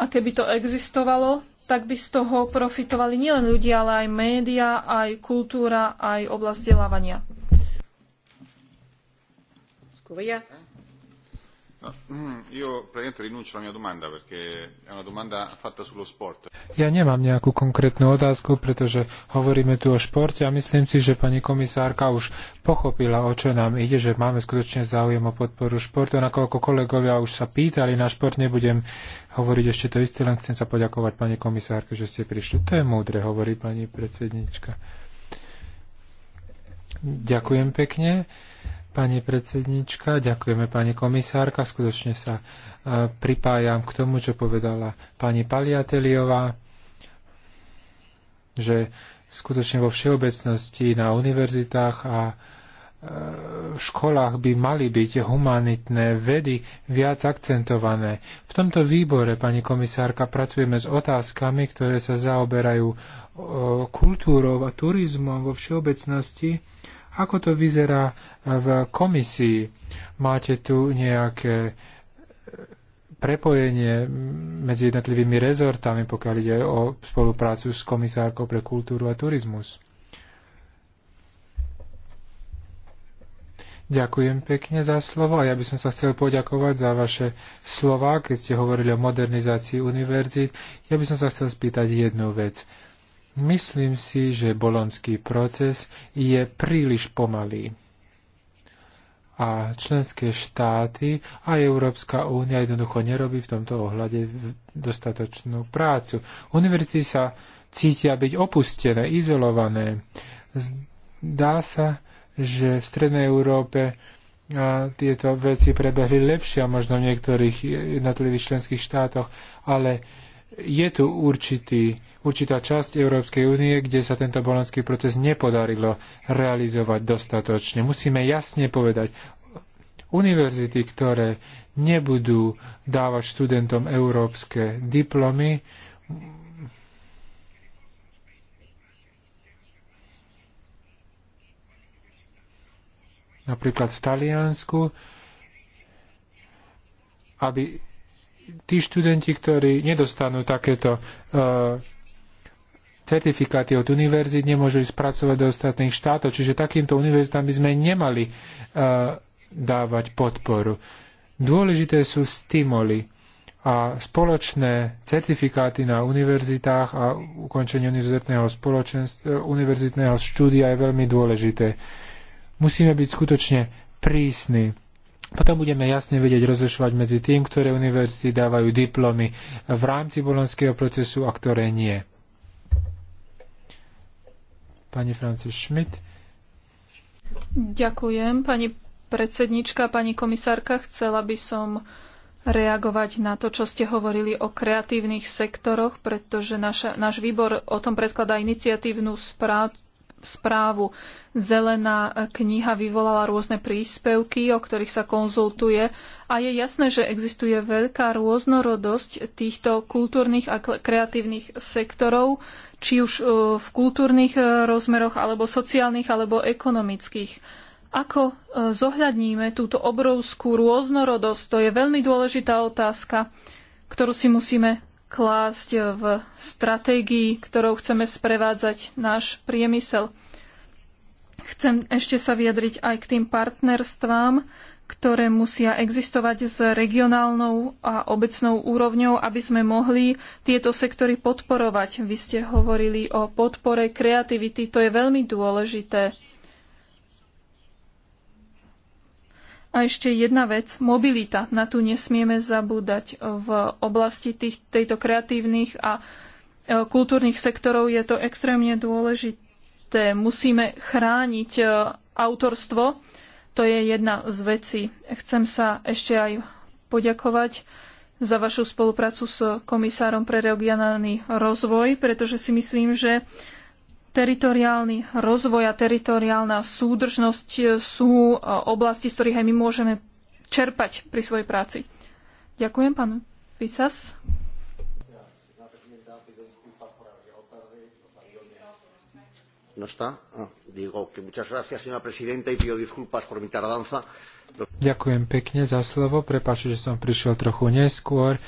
A keby to existovalo, tak by z toho profitovali nielen ľudia, ale aj média, aj kultúra, aj oblasť vzdelávania. Mm, ja nemám nejakú konkrétnu otázku, pretože hovoríme tu o športe a myslím si, že pani komisárka už pochopila, o čo nám ide, že máme skutočne záujem o podporu športu. Nakoľko kolegovia už sa pýtali na šport, nebudem hovoriť ešte to isté, len chcem sa poďakovať pani komisárke, že ste prišli. To je múdre, hovorí pani predsednička. Ďakujem pekne. Pani predsednička, ďakujeme pani komisárka. Skutočne sa e, pripájam k tomu, čo povedala pani Paliateliová, že skutočne vo všeobecnosti na univerzitách a e, v školách by mali byť humanitné vedy viac akcentované. V tomto výbore, pani komisárka, pracujeme s otázkami, ktoré sa zaoberajú e, kultúrou a turizmom vo všeobecnosti ako to vyzerá e, v komisii? Máte tu nejaké e, prepojenie medzi jednotlivými rezortami, pokiaľ ide o spoluprácu s komisárkou pre kultúru a turizmus? Ďakujem pekne za slovo a ja by som sa chcel poďakovať za vaše slova, keď ste hovorili o modernizácii univerzít. Ja by som sa chcel spýtať jednu vec. Myslím si, že bolonský proces je príliš pomalý. A členské štáty a Európska únia jednoducho nerobí v tomto ohľade dostatočnú prácu. Univerzity sa cítia byť opustené, izolované. Zdá sa, že v Strednej Európe a tieto veci prebehli lepšie a možno v niektorých jednotlivých členských štátoch, ale je tu určitý, určitá časť Európskej únie, kde sa tento bolonský proces nepodarilo realizovať dostatočne. Musíme jasne povedať, univerzity, ktoré nebudú dávať študentom európske diplomy, napríklad v Taliansku, aby tí študenti, ktorí nedostanú takéto uh, certifikáty od univerzít, nemôžu ísť pracovať do ostatných štátov. Čiže takýmto univerzitám by sme nemali uh, dávať podporu. Dôležité sú stimuly a spoločné certifikáty na univerzitách a ukončenie univerzitného, e, univerzitného štúdia je veľmi dôležité. Musíme byť skutočne prísni potom budeme jasne vedieť rozlišovať medzi tým, ktoré univerzity dávajú diplomy v rámci bolonského procesu a ktoré nie. Pani Francis Schmidt. Ďakujem, pani predsednička, pani komisárka. Chcela by som reagovať na to, čo ste hovorili o kreatívnych sektoroch, pretože naša, náš výbor o tom predkladá iniciatívnu správ, správu. Zelená kniha vyvolala rôzne príspevky, o ktorých sa konzultuje a je jasné, že existuje veľká rôznorodosť týchto kultúrnych a kreatívnych sektorov, či už e, v kultúrnych e, rozmeroch, alebo sociálnych, alebo ekonomických. Ako e, zohľadníme túto obrovskú rôznorodosť? To je veľmi dôležitá otázka, ktorú si musíme klásť v stratégii, ktorou chceme sprevádzať náš priemysel. Chcem ešte sa vyjadriť aj k tým partnerstvám, ktoré musia existovať s regionálnou a obecnou úrovňou, aby sme mohli tieto sektory podporovať. Vy ste hovorili o podpore kreativity, to je veľmi dôležité. A ešte jedna vec, mobilita. Na tú nesmieme zabúdať. V oblasti tých, tejto kreatívnych a e, kultúrnych sektorov je to extrémne dôležité. Musíme chrániť e, autorstvo. To je jedna z vecí. Chcem sa ešte aj poďakovať za vašu spoluprácu s komisárom pre regionálny rozvoj, pretože si myslím, že Teritoriálny rozvoj a teritoriálna súdržnosť e, sú e, oblasti, z ktorých aj my môžeme čerpať pri svojej práci. Ďakujem, pán Fisas. No está. Ah, digo que muchas gracias, señora presidenta, y pido disculpas por mi tardanza. Ďakujem pekne za slovo. prepáču, že som prišiel trochu neskôr.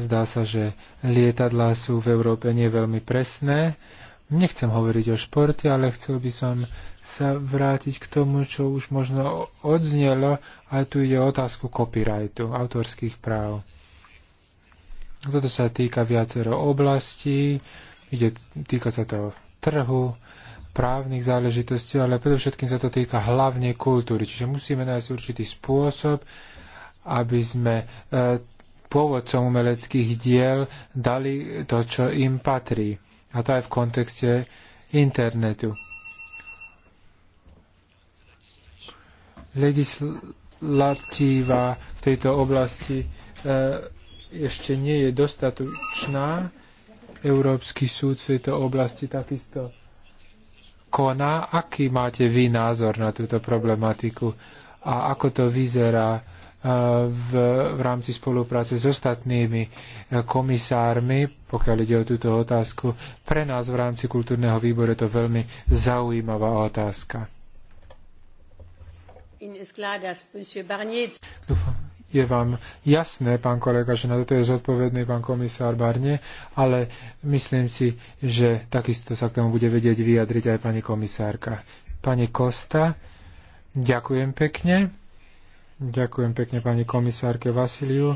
Zdá sa, že lietadlá sú v Európe nie veľmi presné Nechcem hovoriť o športe, ale chcel by som sa vrátiť k tomu, čo už možno odznelo, a tu ide otázku copyrightu, autorských práv. Toto sa týka viacero oblastí, ide, týka sa to trhu, právnych záležitostí, ale predovšetkým sa to týka hlavne kultúry. Čiže musíme nájsť určitý spôsob, aby sme e, pôvodcom umeleckých diel dali to, čo im patrí. A to aj v kontexte internetu. Legislatíva v tejto oblasti e, ešte nie je dostatočná. Európsky súd v tejto oblasti takisto koná. Aký máte vy názor na túto problematiku a ako to vyzerá v, v rámci spolupráce s ostatnými e, komisármi, pokiaľ ide o túto otázku. Pre nás v rámci kultúrneho výboru je to veľmi zaujímavá otázka. Dúfam, je vám jasné, pán kolega, že na toto je zodpovedný pán komisár Barne, ale myslím si, že takisto sa k tomu bude vedieť vyjadriť aj pani komisárka. Pani Kosta, ďakujem pekne. Ďakujem pekne pani komisárke Vasiliu,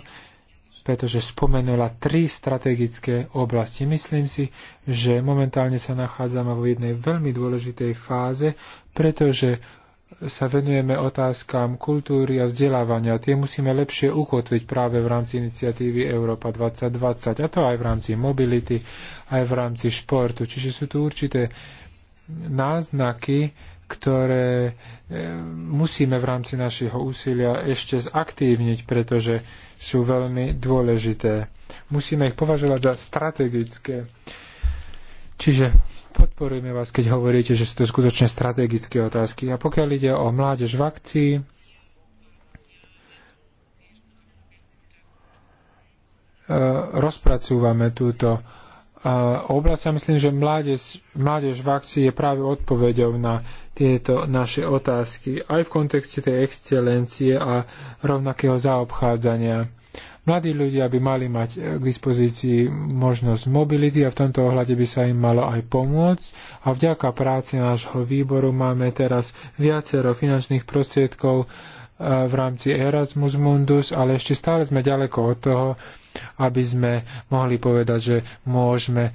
pretože spomenula tri strategické oblasti. Myslím si, že momentálne sa nachádzame v jednej veľmi dôležitej fáze, pretože sa venujeme otázkam kultúry a vzdelávania. Tie musíme lepšie ukotviť práve v rámci iniciatívy Európa 2020, a to aj v rámci mobility, aj v rámci športu. Čiže sú tu určité náznaky, ktoré e, musíme v rámci našeho úsilia ešte zaktívniť, pretože sú veľmi dôležité. Musíme ich považovať za strategické. Čiže podporujeme vás, keď hovoríte, že sú to skutočne strategické otázky. A pokiaľ ide o mládež v akcii, e, rozpracúvame túto oblasť. Ja myslím, že mládež, mládež v akcii je práve odpoveďou na tieto naše otázky, aj v kontexte tej excelencie a rovnakého zaobchádzania. Mladí ľudia by mali mať eh, k dispozícii možnosť mobility a v tomto ohľade by sa im malo aj pomôcť. A vďaka práci nášho výboru máme teraz viacero finančných prostriedkov, v rámci Erasmus Mundus, ale ešte stále sme ďaleko od toho, aby sme mohli povedať, že môžeme e,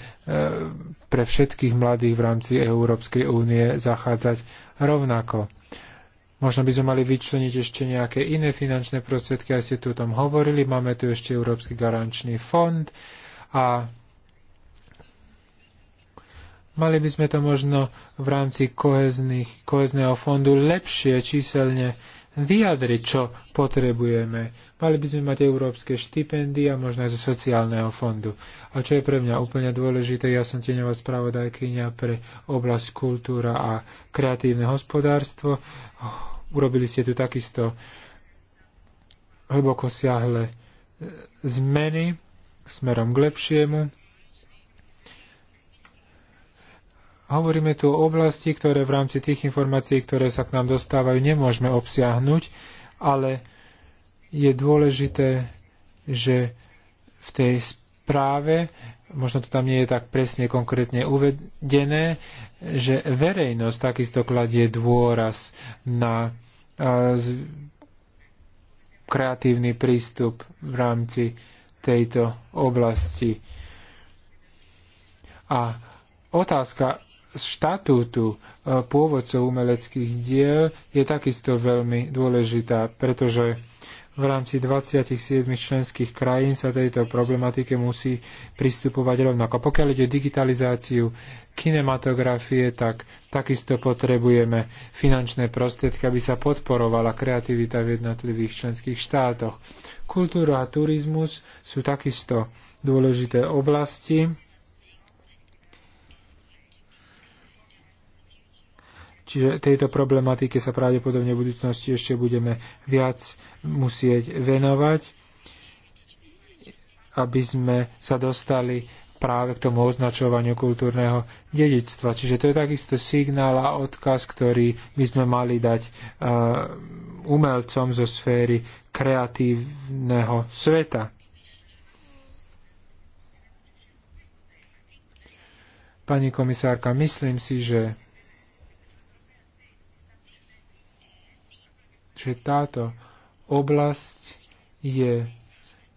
pre všetkých mladých v rámci Európskej únie zachádzať rovnako. Možno by sme mali vyčleniť ešte nejaké iné finančné prostriedky, aj ste tu o tom hovorili. Máme tu ešte Európsky garančný fond a Mali by sme to možno v rámci kohezného fondu lepšie číselne vyjadriť, čo potrebujeme. Mali by sme mať európske štipendia, možno aj zo sociálneho fondu. A čo je pre mňa úplne dôležité, ja som tieňová spravodajkynia pre oblasť kultúra a kreatívne hospodárstvo. Urobili ste tu takisto hlboko siahle e, zmeny smerom k lepšiemu. Hovoríme tu o oblasti, ktoré v rámci tých informácií, ktoré sa k nám dostávajú, nemôžeme obsiahnuť, ale je dôležité, že v tej správe, možno to tam nie je tak presne konkrétne uvedené, že verejnosť takisto kladie dôraz na kreatívny prístup v rámci tejto oblasti. A otázka štatútu e, pôvodcov umeleckých diel je takisto veľmi dôležitá, pretože v rámci 27 členských krajín sa tejto problematike musí pristupovať rovnako. Pokiaľ ide o digitalizáciu kinematografie, tak takisto potrebujeme finančné prostriedky, aby sa podporovala kreativita v jednotlivých členských štátoch. Kultúra a turizmus sú takisto dôležité oblasti Čiže tejto problematike sa pravdepodobne v budúcnosti ešte budeme viac musieť venovať, aby sme sa dostali práve k tomu označovaniu kultúrneho dedictva. Čiže to je takisto signál a odkaz, ktorý by sme mali dať uh, umelcom zo sféry kreatívneho sveta. Pani komisárka, myslím si, že že táto oblasť je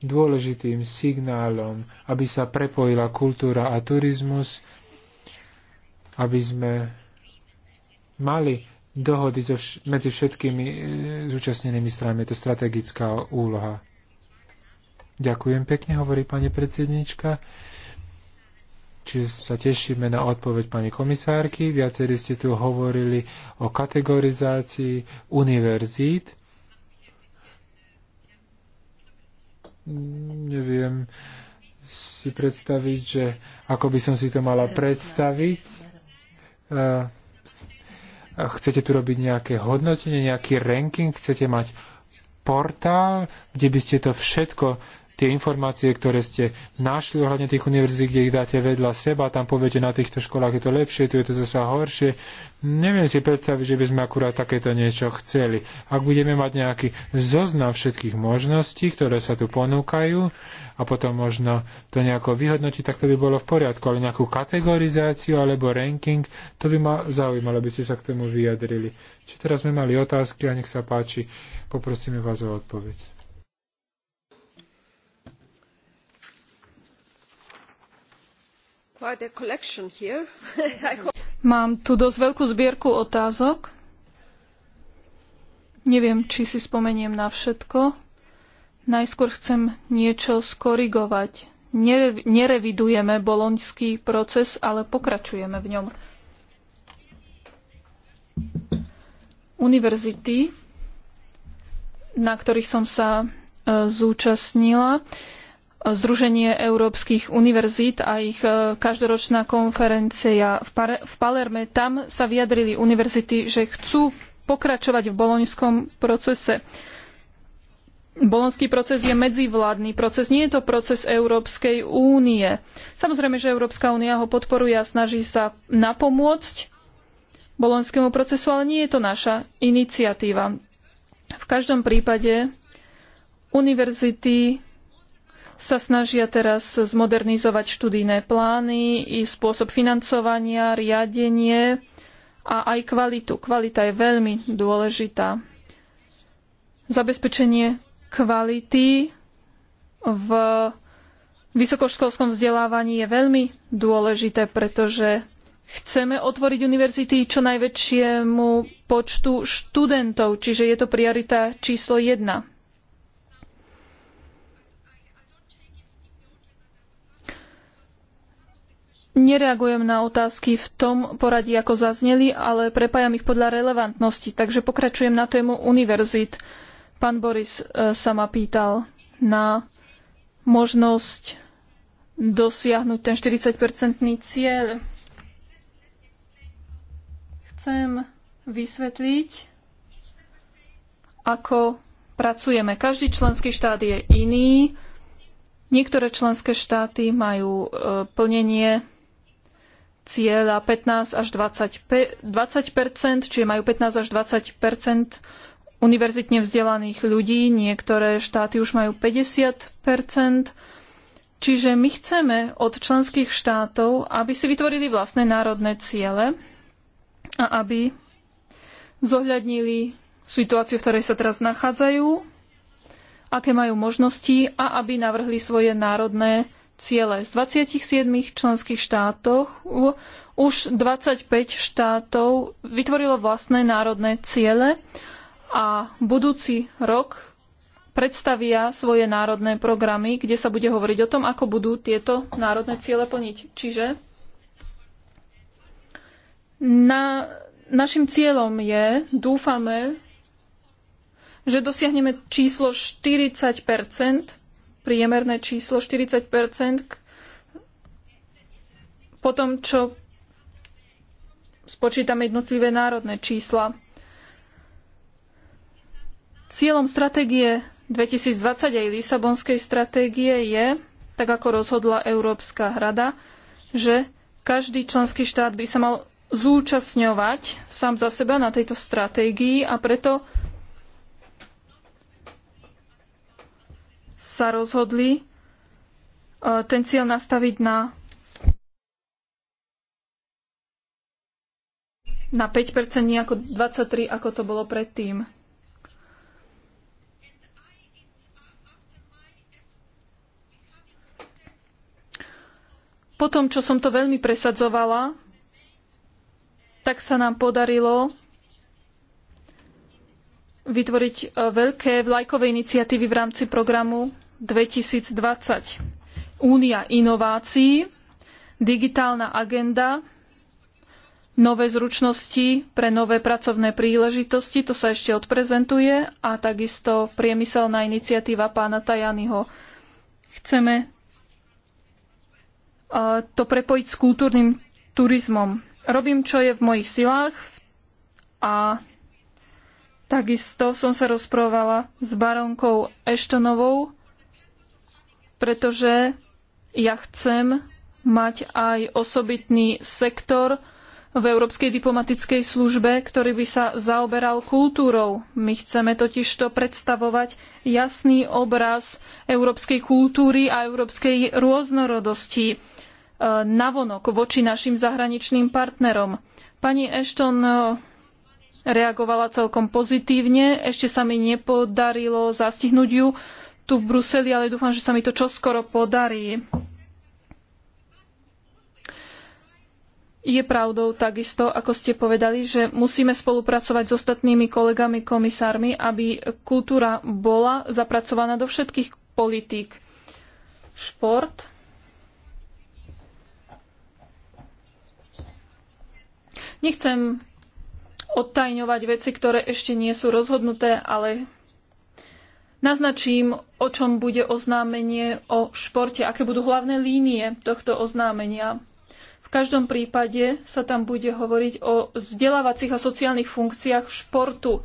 dôležitým signálom, aby sa prepojila kultúra a turizmus, aby sme mali dohody so vš- medzi všetkými e, zúčastnenými stranami. Je to strategická úloha. Ďakujem pekne, hovorí pani predsednička. Čiže sa tešíme na odpoveď pani komisárky. Viacerí ste tu hovorili o kategorizácii univerzít. Neviem si predstaviť, že ako by som si to mala predstaviť. Chcete tu robiť nejaké hodnotenie, nejaký ranking, chcete mať portál, kde by ste to všetko tie informácie, ktoré ste našli ohľadne tých univerzít, kde ich dáte vedľa seba, tam poviete, na týchto školách je to lepšie, tu je to zasa horšie. Neviem si predstaviť, že by sme akurát takéto niečo chceli. Ak budeme mať nejaký zoznam všetkých možností, ktoré sa tu ponúkajú a potom možno to nejako vyhodnotiť, tak to by bolo v poriadku, ale nejakú kategorizáciu alebo ranking, to by ma zaujímalo, aby ste sa k tomu vyjadrili. Či teraz sme mali otázky a nech sa páči, poprosíme vás o odpoveď. Mám tu dosť veľkú zbierku otázok. Neviem, či si spomeniem na všetko. Najskôr chcem niečo skorigovať. nerevidujeme boloňský proces, ale pokračujeme v ňom. Univerzity, na ktorých som sa e, zúčastnila, Združenie európskych univerzít a ich e, každoročná konferencia v Palerme. Tam sa vyjadrili univerzity, že chcú pokračovať v boloňskom procese. Bolonský proces je medzivládny proces, nie je to proces Európskej únie. Samozrejme, že Európska únia ho podporuje a snaží sa napomôcť bolonskému procesu, ale nie je to naša iniciatíva. V každom prípade univerzity sa snažia teraz zmodernizovať študijné plány, i spôsob financovania, riadenie a aj kvalitu. Kvalita je veľmi dôležitá. Zabezpečenie kvality v vysokoškolskom vzdelávaní je veľmi dôležité, pretože chceme otvoriť univerzity čo najväčšiemu počtu študentov, čiže je to priorita číslo jedna. Nereagujem na otázky v tom poradí, ako zazneli, ale prepájam ich podľa relevantnosti, takže pokračujem na tému univerzít. Pán Boris e, sa ma pýtal na možnosť dosiahnuť ten 40-percentný cieľ. Chcem vysvetliť, ako pracujeme. Každý členský štát je iný. Niektoré členské štáty majú e, plnenie cieľa 15 až 20, 20 čiže majú 15 až 20 univerzitne vzdelaných ľudí, niektoré štáty už majú 50 Čiže my chceme od členských štátov, aby si vytvorili vlastné národné ciele a aby zohľadnili situáciu, v ktorej sa teraz nachádzajú, aké majú možnosti a aby navrhli svoje národné ciele. Z 27 členských štátov už 25 štátov vytvorilo vlastné národné ciele a budúci rok predstavia svoje národné programy, kde sa bude hovoriť o tom, ako budú tieto národné ciele plniť. Čiže na, našim cieľom je, dúfame, že dosiahneme číslo 40 priemerné číslo 40 po tom, čo spočítame jednotlivé národné čísla. Cieľom stratégie 2020 aj Lisabonskej stratégie je, tak ako rozhodla Európska rada, že každý členský štát by sa mal zúčastňovať sám za seba na tejto stratégii a preto sa rozhodli e, ten cieľ nastaviť na, na 5%, nie ako 23%, ako to bolo predtým. Potom, čo som to veľmi presadzovala, tak sa nám podarilo vytvoriť e, veľké vlajkové iniciatívy v rámci programu 2020. Únia inovácií, digitálna agenda, nové zručnosti pre nové pracovné príležitosti, to sa ešte odprezentuje, a takisto priemyselná iniciatíva pána Tajanyho. Chceme e, to prepojiť s kultúrnym turizmom. Robím, čo je v mojich silách a Takisto som sa rozprávala s baronkou Eštonovou, pretože ja chcem mať aj osobitný sektor v Európskej diplomatickej službe, ktorý by sa zaoberal kultúrou. My chceme totižto predstavovať jasný obraz európskej kultúry a európskej rôznorodosti e, navonok voči našim zahraničným partnerom. Pani Ashton e, reagovala celkom pozitívne. Ešte sa mi nepodarilo zastihnúť ju tu v Bruseli, ale dúfam, že sa mi to čoskoro podarí. Je pravdou takisto, ako ste povedali, že musíme spolupracovať s ostatnými kolegami, komisármi, aby kultúra bola zapracovaná do všetkých politík. Šport. Nechcem odtajňovať veci, ktoré ešte nie sú rozhodnuté, ale naznačím, o čom bude oznámenie o športe, aké budú hlavné línie tohto oznámenia. V každom prípade sa tam bude hovoriť o vzdelávacích a sociálnych funkciách športu,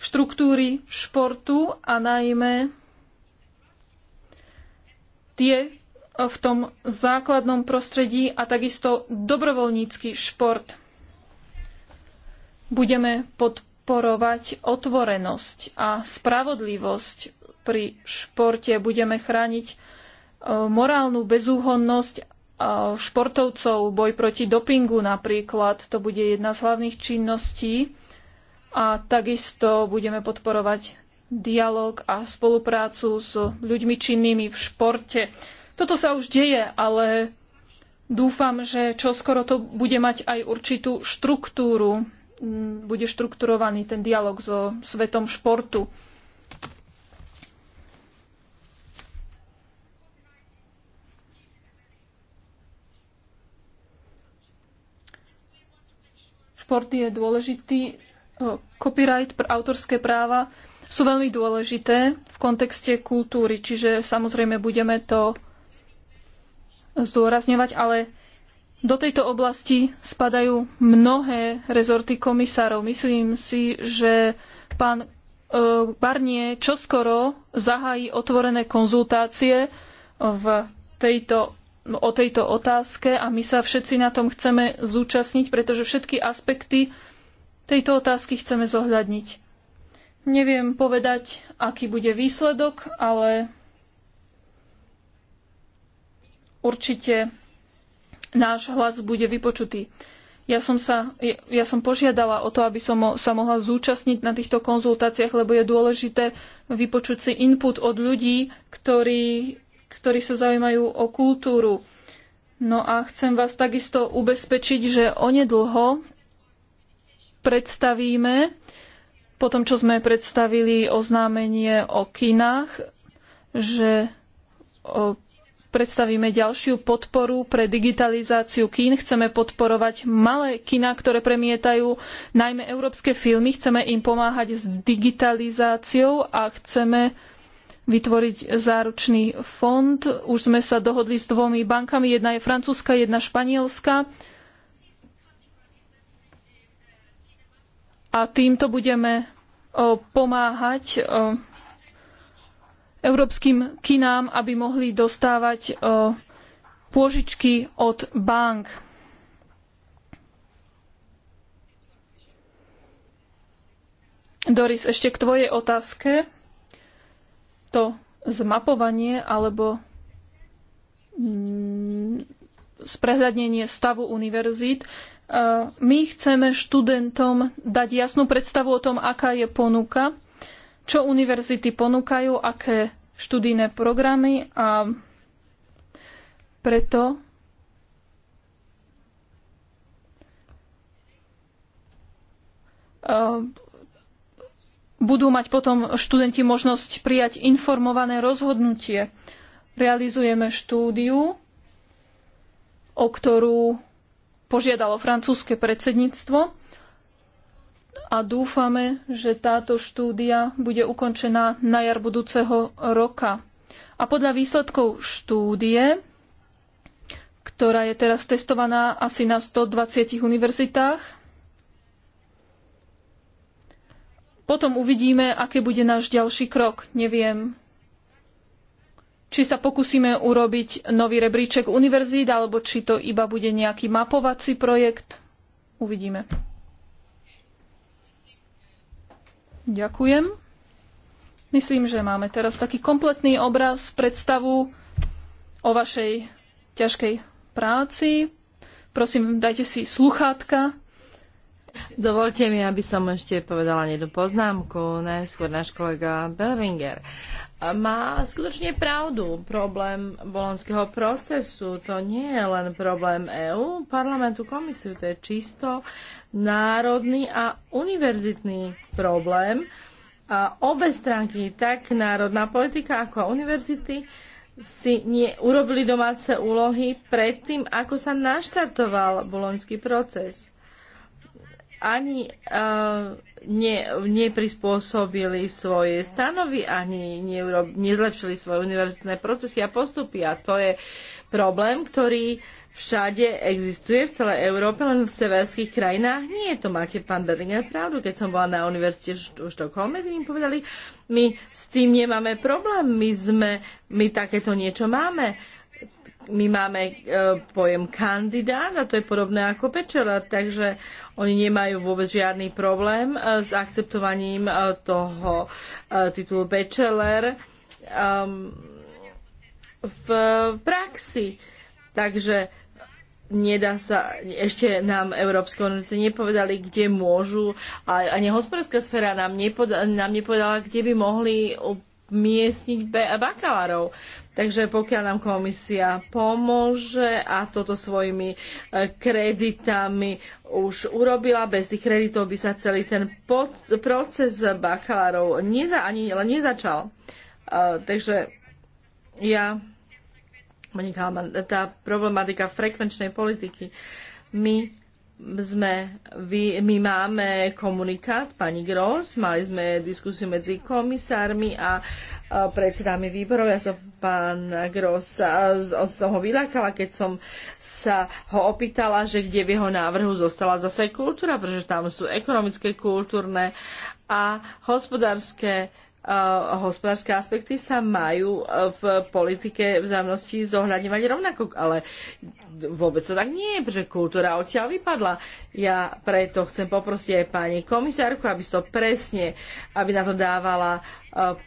štruktúry športu a najmä tie v tom základnom prostredí a takisto dobrovoľnícky šport. Budeme podporovať otvorenosť a spravodlivosť pri športe. Budeme chrániť e, morálnu bezúhonnosť e, športovcov, boj proti dopingu napríklad. To bude jedna z hlavných činností. A takisto budeme podporovať dialog a spoluprácu s ľuďmi činnými v športe. Toto sa už deje, ale dúfam, že čoskoro to bude mať aj určitú štruktúru. Mm, bude štrukturovaný ten dialog so svetom športu. Šport je dôležitý, e, copyright, autorské práva sú veľmi dôležité v kontexte kultúry, čiže samozrejme budeme to zdôrazňovať, ale do tejto oblasti spadajú mnohé rezorty komisárov. Myslím si, že pán e, Barnier čoskoro zahájí otvorené konzultácie v tejto, o tejto otázke a my sa všetci na tom chceme zúčastniť, pretože všetky aspekty tejto otázky chceme zohľadniť. Neviem povedať, aký bude výsledok, ale určite náš hlas bude vypočutý. Ja som, sa, ja som požiadala o to, aby som sa mohla zúčastniť na týchto konzultáciách, lebo je dôležité vypočuť si input od ľudí, ktorí, ktorí sa zaujímajú o kultúru. No a chcem vás takisto ubezpečiť, že onedlho predstavíme, po tom, čo sme predstavili oznámenie o kinách, že predstavíme ďalšiu podporu pre digitalizáciu kín. Chceme podporovať malé kina, ktoré premietajú najmä európske filmy. Chceme im pomáhať s digitalizáciou a chceme vytvoriť záručný fond. Už sme sa dohodli s dvomi bankami. Jedna je francúzska, jedna španielska. A týmto budeme pomáhať európskym kinám, aby mohli dostávať e, pôžičky od bank. Doris, ešte k tvojej otázke. To zmapovanie alebo mm, sprehľadnenie stavu univerzít. E, my chceme študentom dať jasnú predstavu o tom, aká je ponuka čo univerzity ponúkajú, aké študijné programy a preto e, budú mať potom študenti možnosť prijať informované rozhodnutie. Realizujeme štúdiu, o ktorú požiadalo francúzske predsedníctvo a dúfame, že táto štúdia bude ukončená na jar budúceho roka. A podľa výsledkov štúdie, ktorá je teraz testovaná asi na 120 univerzitách, potom uvidíme, aký bude náš ďalší krok. Neviem, či sa pokúsime urobiť nový rebríček univerzít, alebo či to iba bude nejaký mapovací projekt. Uvidíme. Ďakujem. Myslím, že máme teraz taký kompletný obraz, predstavu o vašej ťažkej práci. Prosím, dajte si sluchátka. Dovolte mi, aby som ešte povedala jednu poznámku, najskôr náš kolega Bellinger má skutočne pravdu. Problém bolonského procesu to nie je len problém EÚ, parlamentu, komisiu. To je čisto národný a univerzitný problém. A obe stránky, tak národná politika ako univerzity, si nie, urobili domáce úlohy predtým, ako sa naštartoval bolonský proces. Ani uh, ne, neprispôsobili svoje stanovy ani neurob, nezlepšili svoje univerzitné procesy a postupy. A to je problém, ktorý všade existuje, v celej Európe, len v severských krajinách nie. je To máte, pán Berlinger, pravdu. Keď som bola na univerzite v Štokholme, im povedali, my s tým nemáme problém, my, sme, my takéto niečo máme my máme e, pojem kandidát a to je podobné ako pečera, takže oni nemajú vôbec žiadny problém e, s akceptovaním e, toho titulu bachelor um, v praxi. Takže nedá sa, ešte nám Európske univerzity nepovedali, kde môžu, a ani hospodárska sféra nám, nepoda, nám nepovedala, kde by mohli umiestniť bakalárov. Takže pokiaľ nám komisia pomôže a toto svojimi e, kreditami už urobila, bez tých kreditov by sa celý ten pod, proces bakalárov neza, ani len nezačal. Uh, takže ja tá problematika frekvenčnej politiky. My sme, vy, my máme komunikát, pani Gross, mali sme diskusiu medzi komisármi a, a predsedami výborov. Ja som pán Gross, a, a som ho vylákala, keď som sa ho opýtala, že kde v jeho návrhu zostala zase kultúra, pretože tam sú ekonomické, kultúrne a hospodárske hospodárske aspekty sa majú e, v politike vzájomnosti zohľadňovať rovnako, ale vôbec to tak nie je, pretože kultúra odtiaľ vypadla. Ja preto chcem poprosiť aj pani komisárku, aby to presne, aby na to dávala e,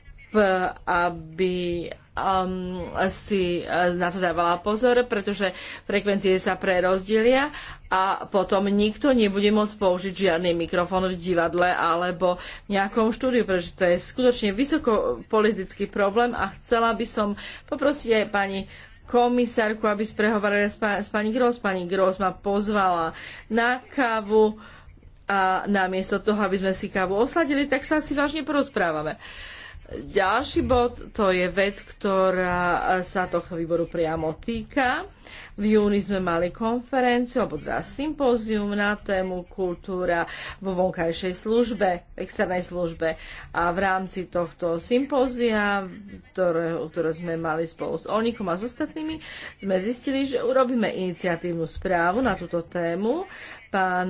aby um, si eh, na to dávala pozor, pretože frekvencie sa prerozdelia a potom nikto nebude môcť použiť žiadny mikrofón v divadle alebo v nejakom štúdiu, pretože to je skutočne vysokopolitický problém a chcela by som poprosiť aj pani komisárku, aby sprehovorila s, pa, s pani Gross. Pani Gross ma pozvala na kávu a namiesto toho, aby sme si kávu osladili, tak sa si vážne porozprávame. Uh, ďalší bod to je vec, ktorá sa tohto výboru priamo týka. V júni sme mali konferenciu, alebo teda sympózium na tému kultúra vo vonkajšej službe, externej službe. A v rámci tohto sympózia, ktoré, ktoré sme mali spolu s Olnikom a s ostatnými, sme zistili, že urobíme iniciatívnu správu na túto tému Pán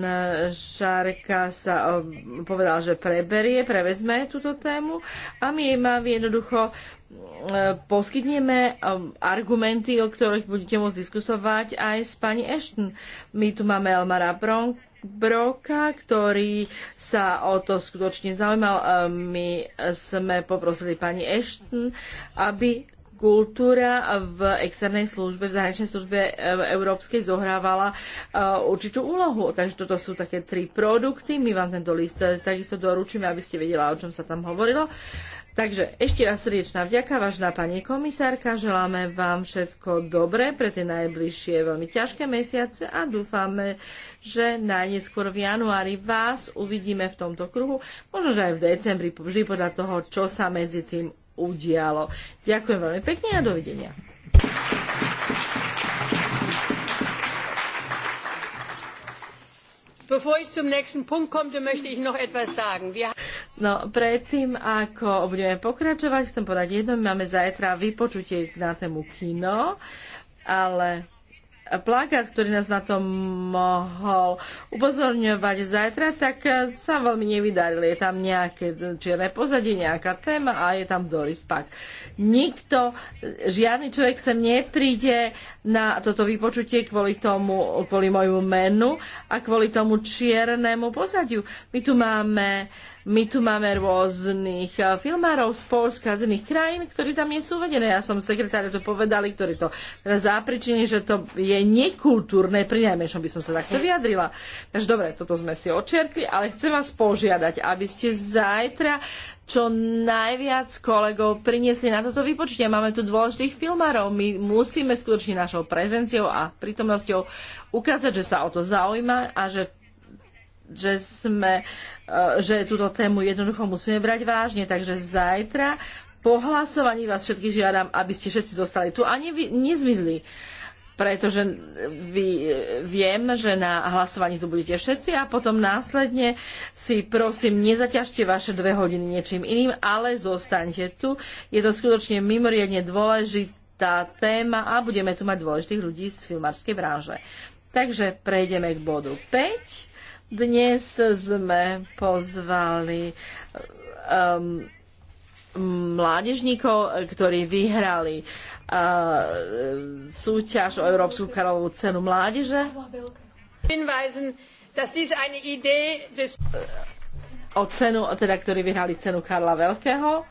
Šárka sa povedal, že preberie, prevezme túto tému a my vám jednoducho e, poskytneme e, argumenty, o ktorých budete môcť diskutovať aj s pani Ashton. My tu máme Elmara Bronk, Broka, ktorý sa o to skutočne zaujímal. My sme poprosili pani Ashton, aby kultúra v externej službe, v zahraničnej službe e, európskej zohrávala e, určitú úlohu. Takže toto sú také tri produkty. My vám tento list e, takisto doručíme, aby ste vedela, o čom sa tam hovorilo. Takže ešte raz srdečná vďaka, vážna pani komisárka. Želáme vám všetko dobré pre tie najbližšie veľmi ťažké mesiace a dúfame, že najneskôr v januári vás uvidíme v tomto kruhu, možno že aj v decembri, vždy podľa toho, čo sa medzi tým udialo. Ďakujem veľmi pekne a dovidenia. No, predtým, ako budeme pokračovať, chcem podať jedno, my máme zajtra vypočutie na tému kino, ale plakát, ktorý nás na tom mohol upozorňovať zajtra, tak eh, sa veľmi nevydaril. Je tam nejaké čierne pozadie, nejaká téma a je tam Doris Pak. Nikto, žiadny človek sem nepríde na toto vypočutie kvôli tomu, kvôli môjmu menu a kvôli tomu čiernemu pozadiu. My tu máme uh, my tu máme rôznych eh, filmárov z Polska, z iných krajín, ktorí tam nie sú uvedené. Ja som sekretári to povedali, ktorí to teraz zápričili, že to je nekultúrne, pri najmenšom by som sa takto vyjadrila. Takže dobre, toto sme si očerkli, ale chcem vás požiadať, aby ste zajtra čo najviac kolegov priniesli na toto vypočutie. Máme tu dôležitých filmárov. My musíme skutočne našou prezenciou a prítomnosťou ukázať, že sa o to zaujíma a že že sme, eh, že túto tému jednoducho musíme brať vážne. Takže zajtra po hlasovaní vás všetkých žiadam, aby ste všetci zostali tu a vy nezmizli. Pretože vy, viem, že na hlasovaní tu budete všetci a potom následne si prosím nezaťažte vaše dve hodiny niečím iným, ale zostaňte tu. Je to skutočne mimoriadne dôležitá téma a budeme tu mať dôležitých ľudí z filmárskej branže. Takže prejdeme k bodu 5 dnes sme pozvali um, mládežníkov, ktorí vyhrali uh, súťaž o Európsku kráľovú cenu mládeže. O cenu, teda, ktorí vyhrali cenu Karla Veľkého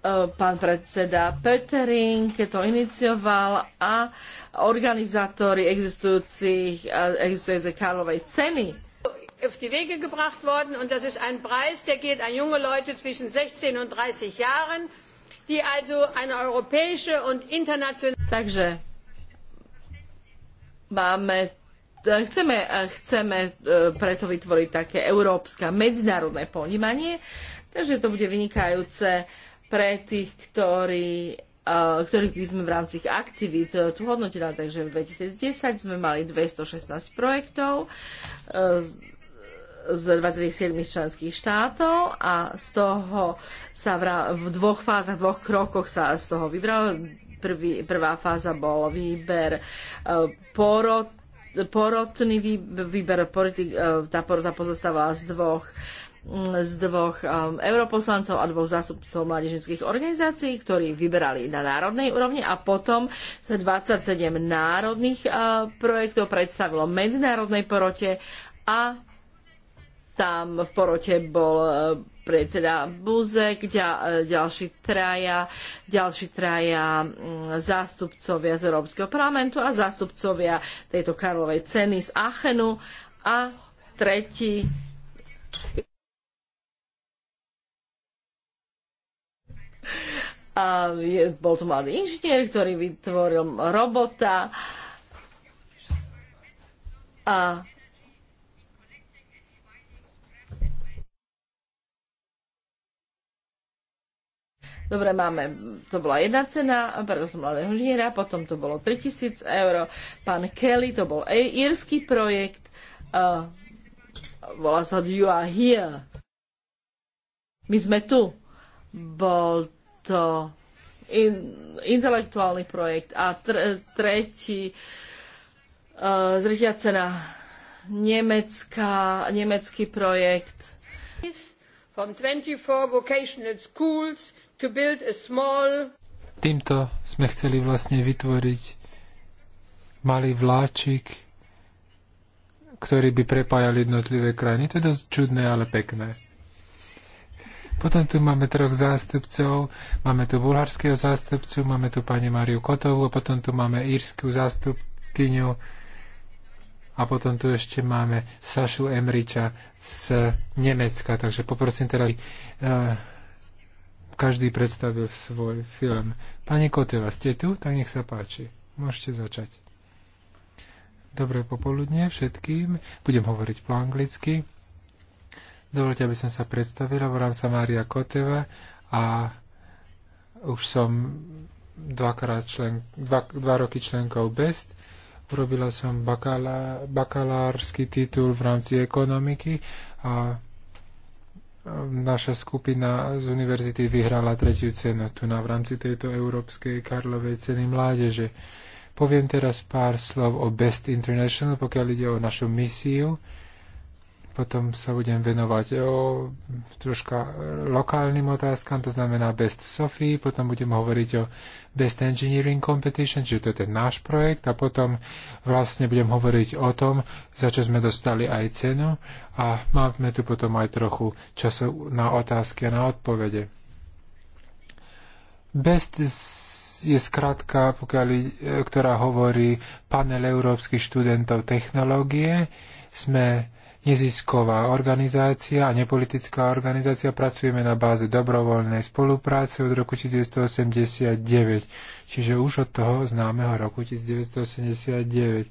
Eh, pán predseda Petering to inicioval a organizátori existujúcich, eh, existujúcej Karlovej ceny auf die Wege gebracht worden und das ist ein Preis, der geht an junge Leute zwischen 16 und 30 Jahren, die also eine europäische und internationale... Takže máme eh, chceme, chceme preto vytvoriť také európske medzinárodné ponímanie, takže to bude vynikajúce uh, pre tých, ktorí, e, ktorých by sme v rámci ich aktivít e, tu hodnotila. Takže v 2010 sme mali 216 projektov e, z 27 členských štátov a z toho sa v, dvoch fázach, v dvoch krokoch sa z toho vybralo. Prvý, prvá fáza bol výber porod porotný výber, tá porota pozostávala z dvoch Mm, z dvoch um, europoslancov a dvoch zástupcov mládežnických organizácií, ktorí vyberali na národnej úrovni a potom sa 27 národných uh, projektov predstavilo medzinárodnej porote a tam v porote bol uh, predseda Buzek, uh, ďalší traja, ďalší traja mm, zástupcovia z Európskeho parlamentu a zástupcovia tejto Karlovej ceny z Achenu a tretí A je, bol to mladý inžinier, ktorý vytvoril robota. A Dobre, máme, to bola jedna cena pre mladého žiera, potom to bolo 3000 eur. Pán Kelly, to bol e- írsky projekt, uh, volá sa You Are Here. My sme tu. Bol to in, intelektuálny projekt a tr- tretí, uh, eh, zrežia cena Nemecka, nemecký projekt. From 24 vocational schools to build a small... Týmto sme chceli vlastne vytvoriť malý vláčik, ktorý by prepájal jednotlivé krajiny. To je dosť čudné, ale pekné. Potom tu máme troch zástupcov, máme tu bulharského zástupcu, máme tu pani Mariu Kotovu, potom tu máme írskú zástupkyňu a potom tu ešte máme Sašu Emriča z Nemecka. Takže poprosím teda, eh, každý predstavil svoj film. Pani Koteva, ste tu? Tak nech sa páči. Môžete začať. Dobré popoludne všetkým. Budem hovoriť po anglicky. Dovolte, aby som sa predstavila. Volám sa Mária Koteva a už som dvakrát člen, dva, dva roky členkou BEST. Urobila som bakala, bakalársky titul v rámci ekonomiky a naša skupina z univerzity vyhrala tretiu cenu tu na v rámci tejto Európskej Karlovej ceny mládeže. Poviem teraz pár slov o Best International, pokiaľ ide o našu misiu. Potom sa budem venovať o troška lokálnym otázkam, to znamená Best v Sofii, potom budem hovoriť o Best Engineering Competition, čiže to je ten náš projekt a potom vlastne budem hovoriť o tom, za čo sme dostali aj cenu a máme tu potom aj trochu času na otázky a na odpovede. Best je skratka, pokiaľ, ktorá hovorí panel európskych študentov technológie. Sme nezisková organizácia a nepolitická organizácia. Pracujeme na báze dobrovoľnej spolupráce od roku 1989, čiže už od toho známeho roku 1989 e,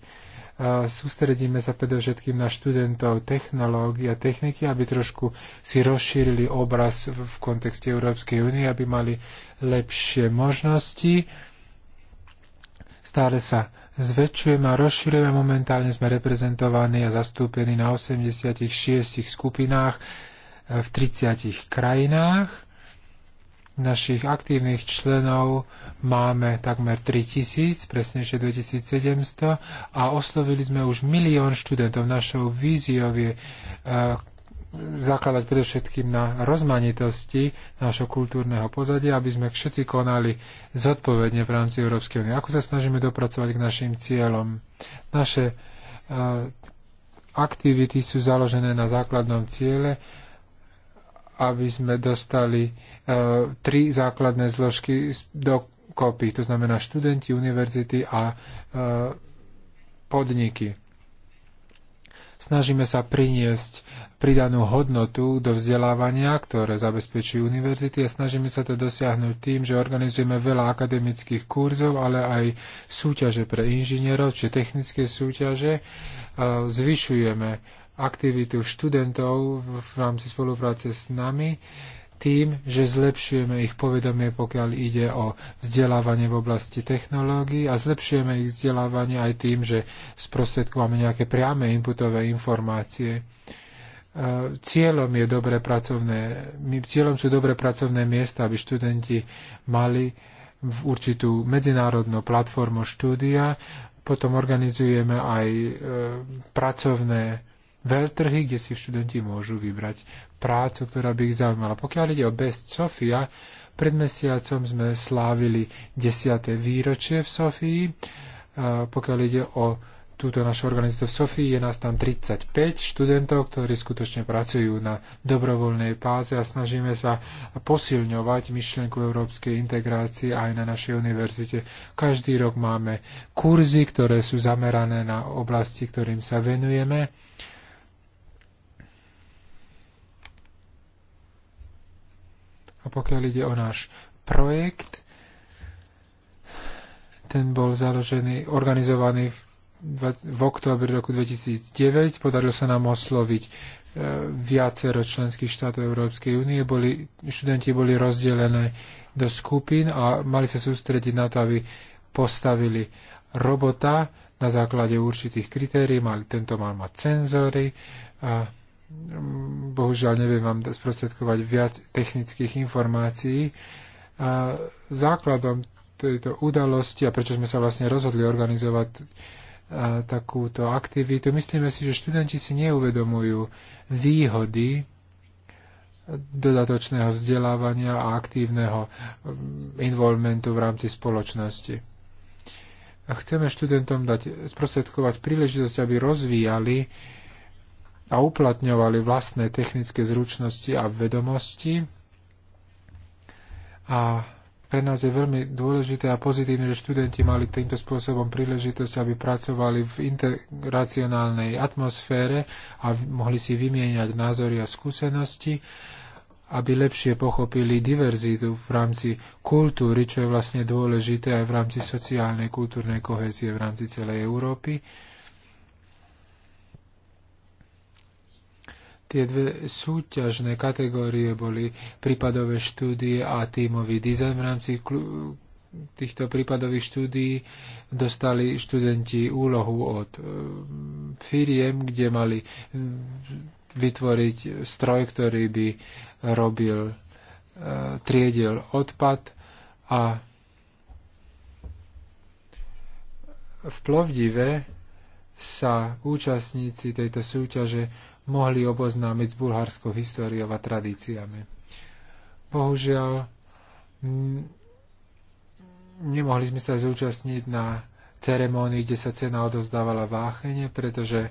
sústredíme sa predovšetkým na študentov technológií a techniky, aby trošku si rozšírili obraz v kontexte Európskej únie, aby mali lepšie možnosti. Stále sa zväčšujeme a rozširujeme. Momentálne sme reprezentovaní a zastúpení na 86 skupinách eh, v 30 krajinách. Našich aktívnych členov máme takmer 3000, presnejšie 2700 a oslovili sme už milión študentov. Našou víziou je eh, zakladať predovšetkým na rozmanitosti nášho kultúrneho pozadia, aby sme všetci konali zodpovedne v rámci Európskej únie. Ako sa snažíme dopracovať k našim cieľom? Naše e, aktivity sú založené na základnom ciele, aby sme dostali e, tri základné zložky do kopy, to znamená študenti, univerzity a e, podniky. Snažíme sa priniesť pridanú hodnotu do vzdelávania, ktoré zabezpečujú univerzity a snažíme sa to dosiahnuť tým, že organizujeme veľa akademických kurzov, ale aj súťaže pre inžinierov, či technické súťaže. Zvyšujeme aktivitu študentov v rámci spolupráce s nami tým, že zlepšujeme ich povedomie, pokiaľ ide o vzdelávanie v oblasti technológií a zlepšujeme ich vzdelávanie aj tým, že sprostredkováme nejaké priame inputové informácie e, cieľom je dobré pracovné, cieľom sú dobré pracovné miesta, aby študenti mali v určitú medzinárodnú platformu štúdia. Potom organizujeme aj e, pracovné veľtrhy, kde si študenti môžu vybrať prácu, ktorá by ich zaujímala. Pokiaľ ide o Best Sofia, pred mesiacom sme slávili 10. výročie v Sofii. E, pokiaľ ide o túto našu organizáciu v Sofii, je nás tam 35 študentov, ktorí skutočne pracujú na dobrovoľnej páze a snažíme sa posilňovať myšlienku európskej integrácie aj na našej univerzite. Každý rok máme kurzy, ktoré sú zamerané na oblasti, ktorým sa venujeme pokiaľ ide o náš projekt, ten bol založený, organizovaný v, v októbri roku 2009. Podarilo sa nám osloviť e, viacero členských štátov Európskej únie. Boli, študenti boli rozdelené do skupín a mali sa sústrediť na to, aby postavili robota na základe určitých kritérií. Mali, tento mal mať cenzory, a bohužiaľ neviem vám sprostredkovať viac technických informácií. Základom tejto udalosti a prečo sme sa vlastne rozhodli organizovať takúto aktivitu, myslíme si, že študenti si neuvedomujú výhody dodatočného vzdelávania a aktívneho mm, involvementu v rámci spoločnosti. A chceme študentom dať sprostredkovať príležitosť, aby rozvíjali uh, a uplatňovali vlastné technické zručnosti a vedomosti. A pre nás je veľmi dôležité a pozitívne, že študenti mali týmto spôsobom príležitosť, aby pracovali v interracionálnej atmosfére a mohli si vymieňať názory a skúsenosti, aby lepšie pochopili diverzitu v rámci kultúry, čo je vlastne dôležité aj v rámci sociálnej, kultúrnej kohézie v rámci celej Európy Tie dve súťažné kategórie boli prípadové štúdie a tímový dizajn v rámci týchto prípadových štúdií dostali študenti úlohu od e, firiem, kde mali e, vytvoriť stroj, ktorý by robil, e, triedil odpad a v Plovdive sa účastníci tejto súťaže mohli oboznámiť s bulharskou históriou a tradíciami. Bohužiaľ, nemohli sme sa zúčastniť na ceremónii, kde sa cena odozdávala v Áchene, pretože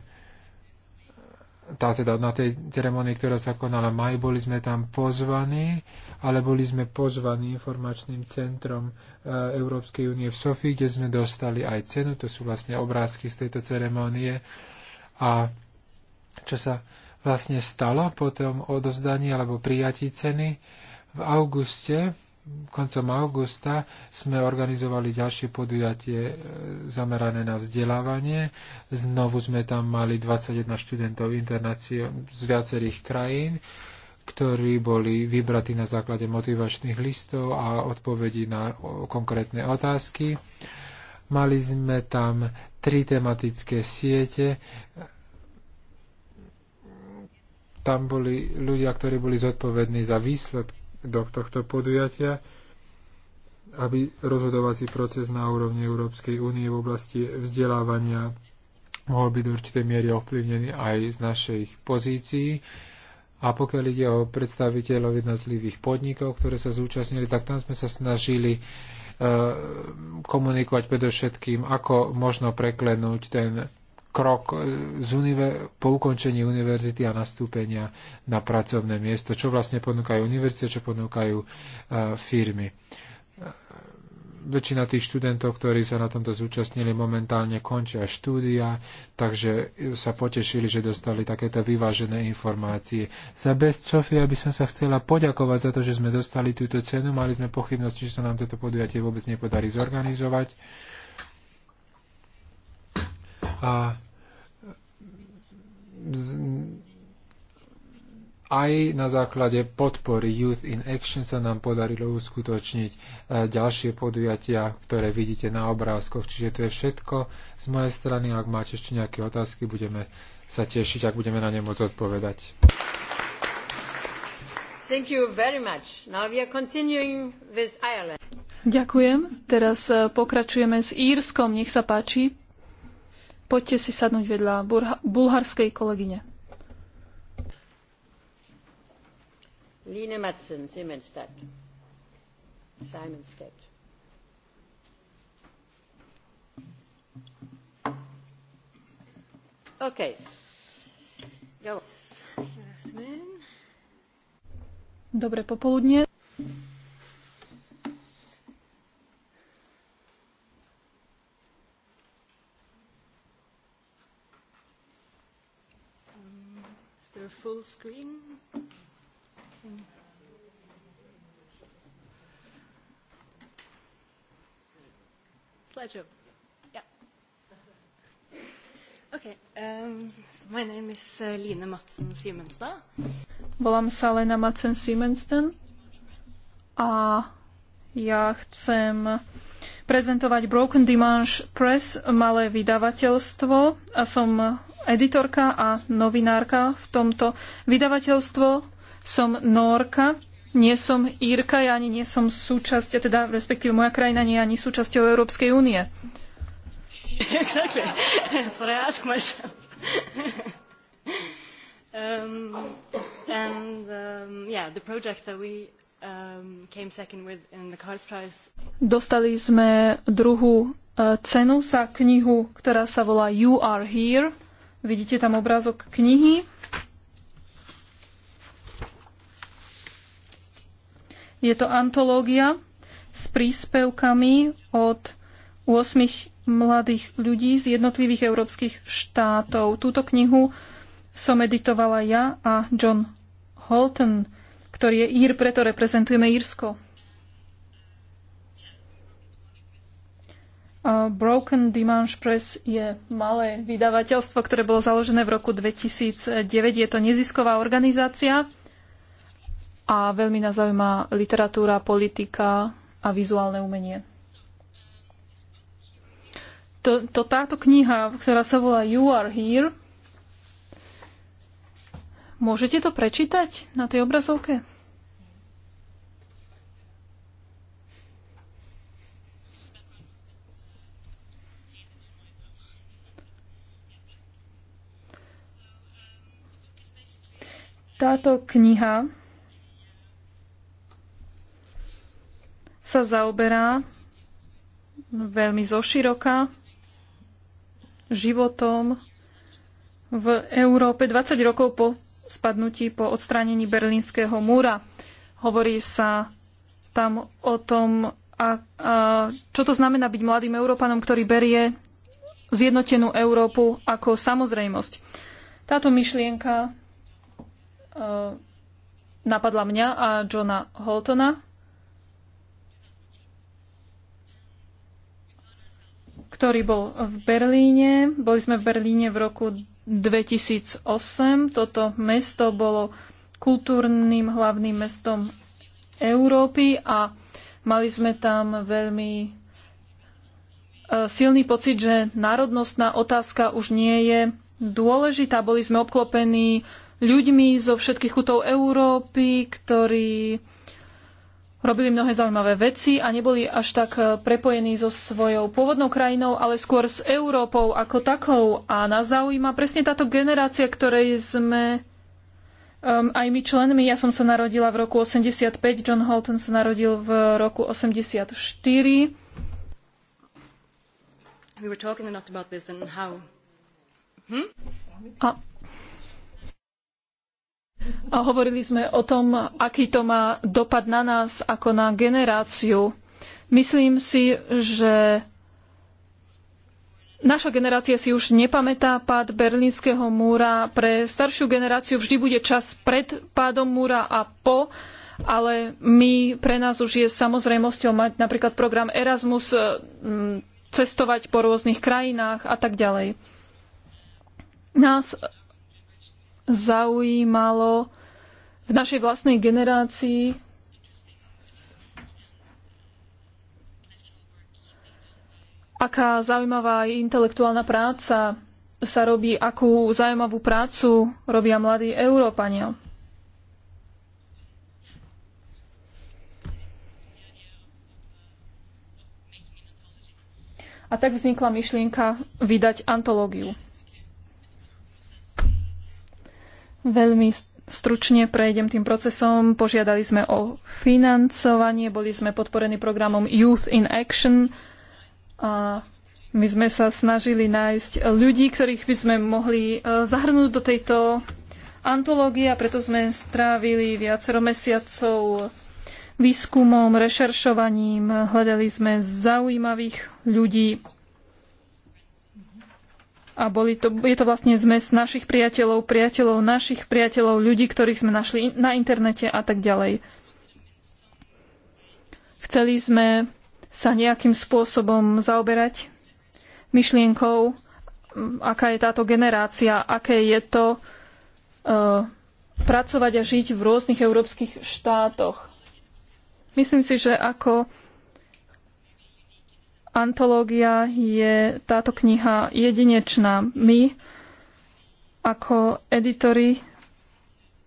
tá, teda na tej ceremonii, ktorá sa konala maj, boli sme tam pozvaní, ale boli sme pozvaní informačným centrom e, Európskej únie v Sofii, kde sme dostali aj cenu, to sú vlastne obrázky z tejto ceremonie. A čo sa vlastne stalo po tom odovzdaní alebo prijatí ceny. V auguste, koncom augusta, sme organizovali ďalšie podujatie e, zamerané na vzdelávanie. Znovu sme tam mali 21 študentov z viacerých krajín ktorí boli vybratí na základe motivačných listov a odpovedí na konkrétne otázky. Mali sme tam tri tematické siete, tam boli ľudia, ktorí boli zodpovední za výsledok tohto podujatia, aby rozhodovací proces na úrovni Európskej únie v oblasti vzdelávania mohol byť do určitej miery ovplyvnený aj z našej pozícií. A pokiaľ ide o predstaviteľov jednotlivých podnikov, ktoré sa zúčastnili, tak tam sme sa snažili eh, komunikovať predovšetkým, ako možno preklenúť ten krok e, z univer- po ukončení univerzity a nastúpenia na pracovné miesto, čo vlastne ponúkajú univerzity, čo ponúkajú uh, firmy. E, väčšina tých študentov, ktorí sa na tomto zúčastnili, momentálne končia štúdia, takže sa potešili, že dostali takéto vyvážené informácie. Za Best Sofia by som sa chcela poďakovať za to, že sme dostali túto cenu. Mali sme pochybnosti, že sa nám toto podujatie vôbec nepodarí zorganizovať. A aj na základe podpory Youth in Action sa nám podarilo uskutočniť e, ďalšie podujatia, ktoré vidíte na obrázkoch. Čiže to je všetko z mojej strany. Ak máte ešte nejaké otázky, budeme sa tešiť, ak budeme na ne môcť odpovedať. Thank you very much. Now we are continuing with Ireland. Ďakujem. Teraz e, pokračujeme s Írskom. Nech sa páči. Poďte si sadnúť vedľa bulharskej kolegyne. Line Madsen, Simenstadt. Simenstadt. Okay. Go. Dobre popoludne. their full screen. Slideshow. Yeah. Okay. Um, so my name is uh, Line Madsen Simenstad. Volám sa Lena Madsen Simensten a ja chcem prezentovať Broken Dimanche Press, malé vydavateľstvo a som editorka a novinárka v tomto vydavateľstvo. Som Norka, nie som Írka, ja ani nie som súčasť, teda respektíve moja krajina nie je ani súčasťou Európskej únie. exactly. That's what I ask myself. um, and um, yeah, the project that we um, came second with in the Carls Prize. Dostali sme druhú uh, cenu za knihu, ktorá sa volá You Are Here. Vidíte tam obrázok knihy. Je to antológia s príspevkami od 8 mladých ľudí z jednotlivých európskych štátov. Túto knihu som editovala ja a John Holton, ktorý je Ír, preto reprezentujeme Írsko. Broken Dimanche Press je malé vydavateľstvo, ktoré bolo založené v roku 2009. Je to nezisková organizácia a veľmi nás zaujíma literatúra, politika a vizuálne umenie. To, to, táto kniha, ktorá sa volá You Are Here, môžete to prečítať na tej obrazovke? Táto kniha sa zaoberá veľmi zoširoka životom v Európe 20 rokov po spadnutí, po odstránení berlínskeho múra. Hovorí sa tam o tom, a, a, čo to znamená byť mladým Európanom, ktorý berie zjednotenú Európu ako samozrejmosť. Táto myšlienka napadla mňa a Johna Holtona, ktorý bol v Berlíne. Boli sme v Berlíne v roku 2008. Toto mesto bolo kultúrnym hlavným mestom Európy a mali sme tam veľmi e, silný pocit, že národnostná otázka už nie je dôležitá. Boli sme obklopení ľuďmi zo všetkých chutov Európy, ktorí robili mnohé zaujímavé veci a neboli až tak eh, prepojení so svojou pôvodnou krajinou, ale skôr s Európou ako takou. A nás zaujíma presne táto generácia, ktorej sme um, aj my členmi. Ja som sa narodila v roku 85, John Holton sa narodil v roku 84. We were talking a lot about this and how... Hm? A a hovorili sme o tom, aký to má dopad na nás ako na generáciu. Myslím si, že naša generácia si už nepamätá pád Berlínskeho múra. Pre staršiu generáciu vždy bude čas pred pádom múra a po, ale my, pre nás už je samozrejmosťou mať napríklad program Erasmus, mm, cestovať po rôznych krajinách a tak ďalej. Nás zaujímalo v našej vlastnej generácii aká zaujímavá intelektuálna práca sa robí, akú zaujímavú prácu robia mladí Európania. A tak vznikla myšlienka vydať antológiu. Veľmi stručne prejdem tým procesom. Požiadali sme o financovanie, boli sme podporení programom Youth in Action. A my sme sa snažili nájsť ľudí, ktorých by sme mohli e, zahrnúť do tejto antológie a preto sme strávili viacero mesiacov výskumom, rešeršovaním, hľadali sme zaujímavých ľudí, a boli to, je to vlastne zmes našich priateľov, priateľov našich priateľov, ľudí, ktorých sme našli na internete a tak ďalej. Chceli sme sa nejakým spôsobom zaoberať myšlienkou, aká je táto generácia, aké je to uh, pracovať a žiť v rôznych európskych štátoch. Myslím si, že ako antológia je táto kniha jedinečná. My ako editori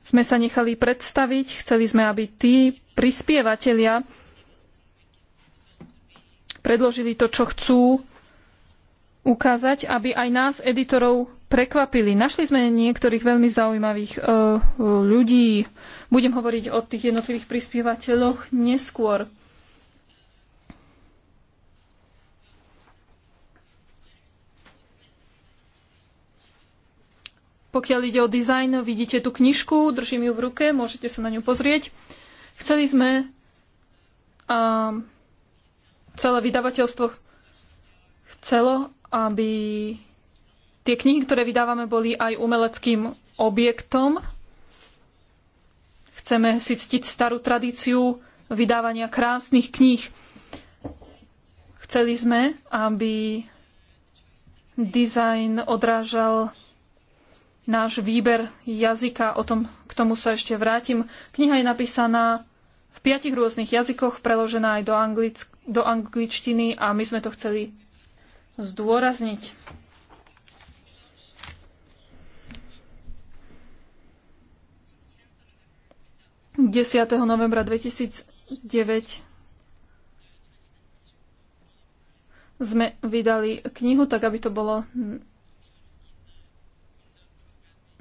sme sa nechali predstaviť, chceli sme, aby tí prispievateľia predložili to, čo chcú ukázať, aby aj nás, editorov, prekvapili. Našli sme niektorých veľmi zaujímavých uh, ľudí. Budem hovoriť o tých jednotlivých prispievateľoch neskôr. Pokiaľ ide o dizajn, vidíte tú knižku, držím ju v ruke, môžete sa na ňu pozrieť. Chceli sme a um, celé vydavateľstvo chcelo, aby tie knihy, ktoré vydávame, boli aj umeleckým objektom. Chceme si ctiť starú tradíciu vydávania krásnych kníh. Chceli sme, aby dizajn odrážal náš výber jazyka, o tom, k tomu sa ešte vrátim. Kniha je napísaná v piatich rôznych jazykoch, preložená aj do, anglic- do angličtiny a my sme to chceli zdôrazniť. ...10. novembra 2009 sme vydali knihu, tak aby to bolo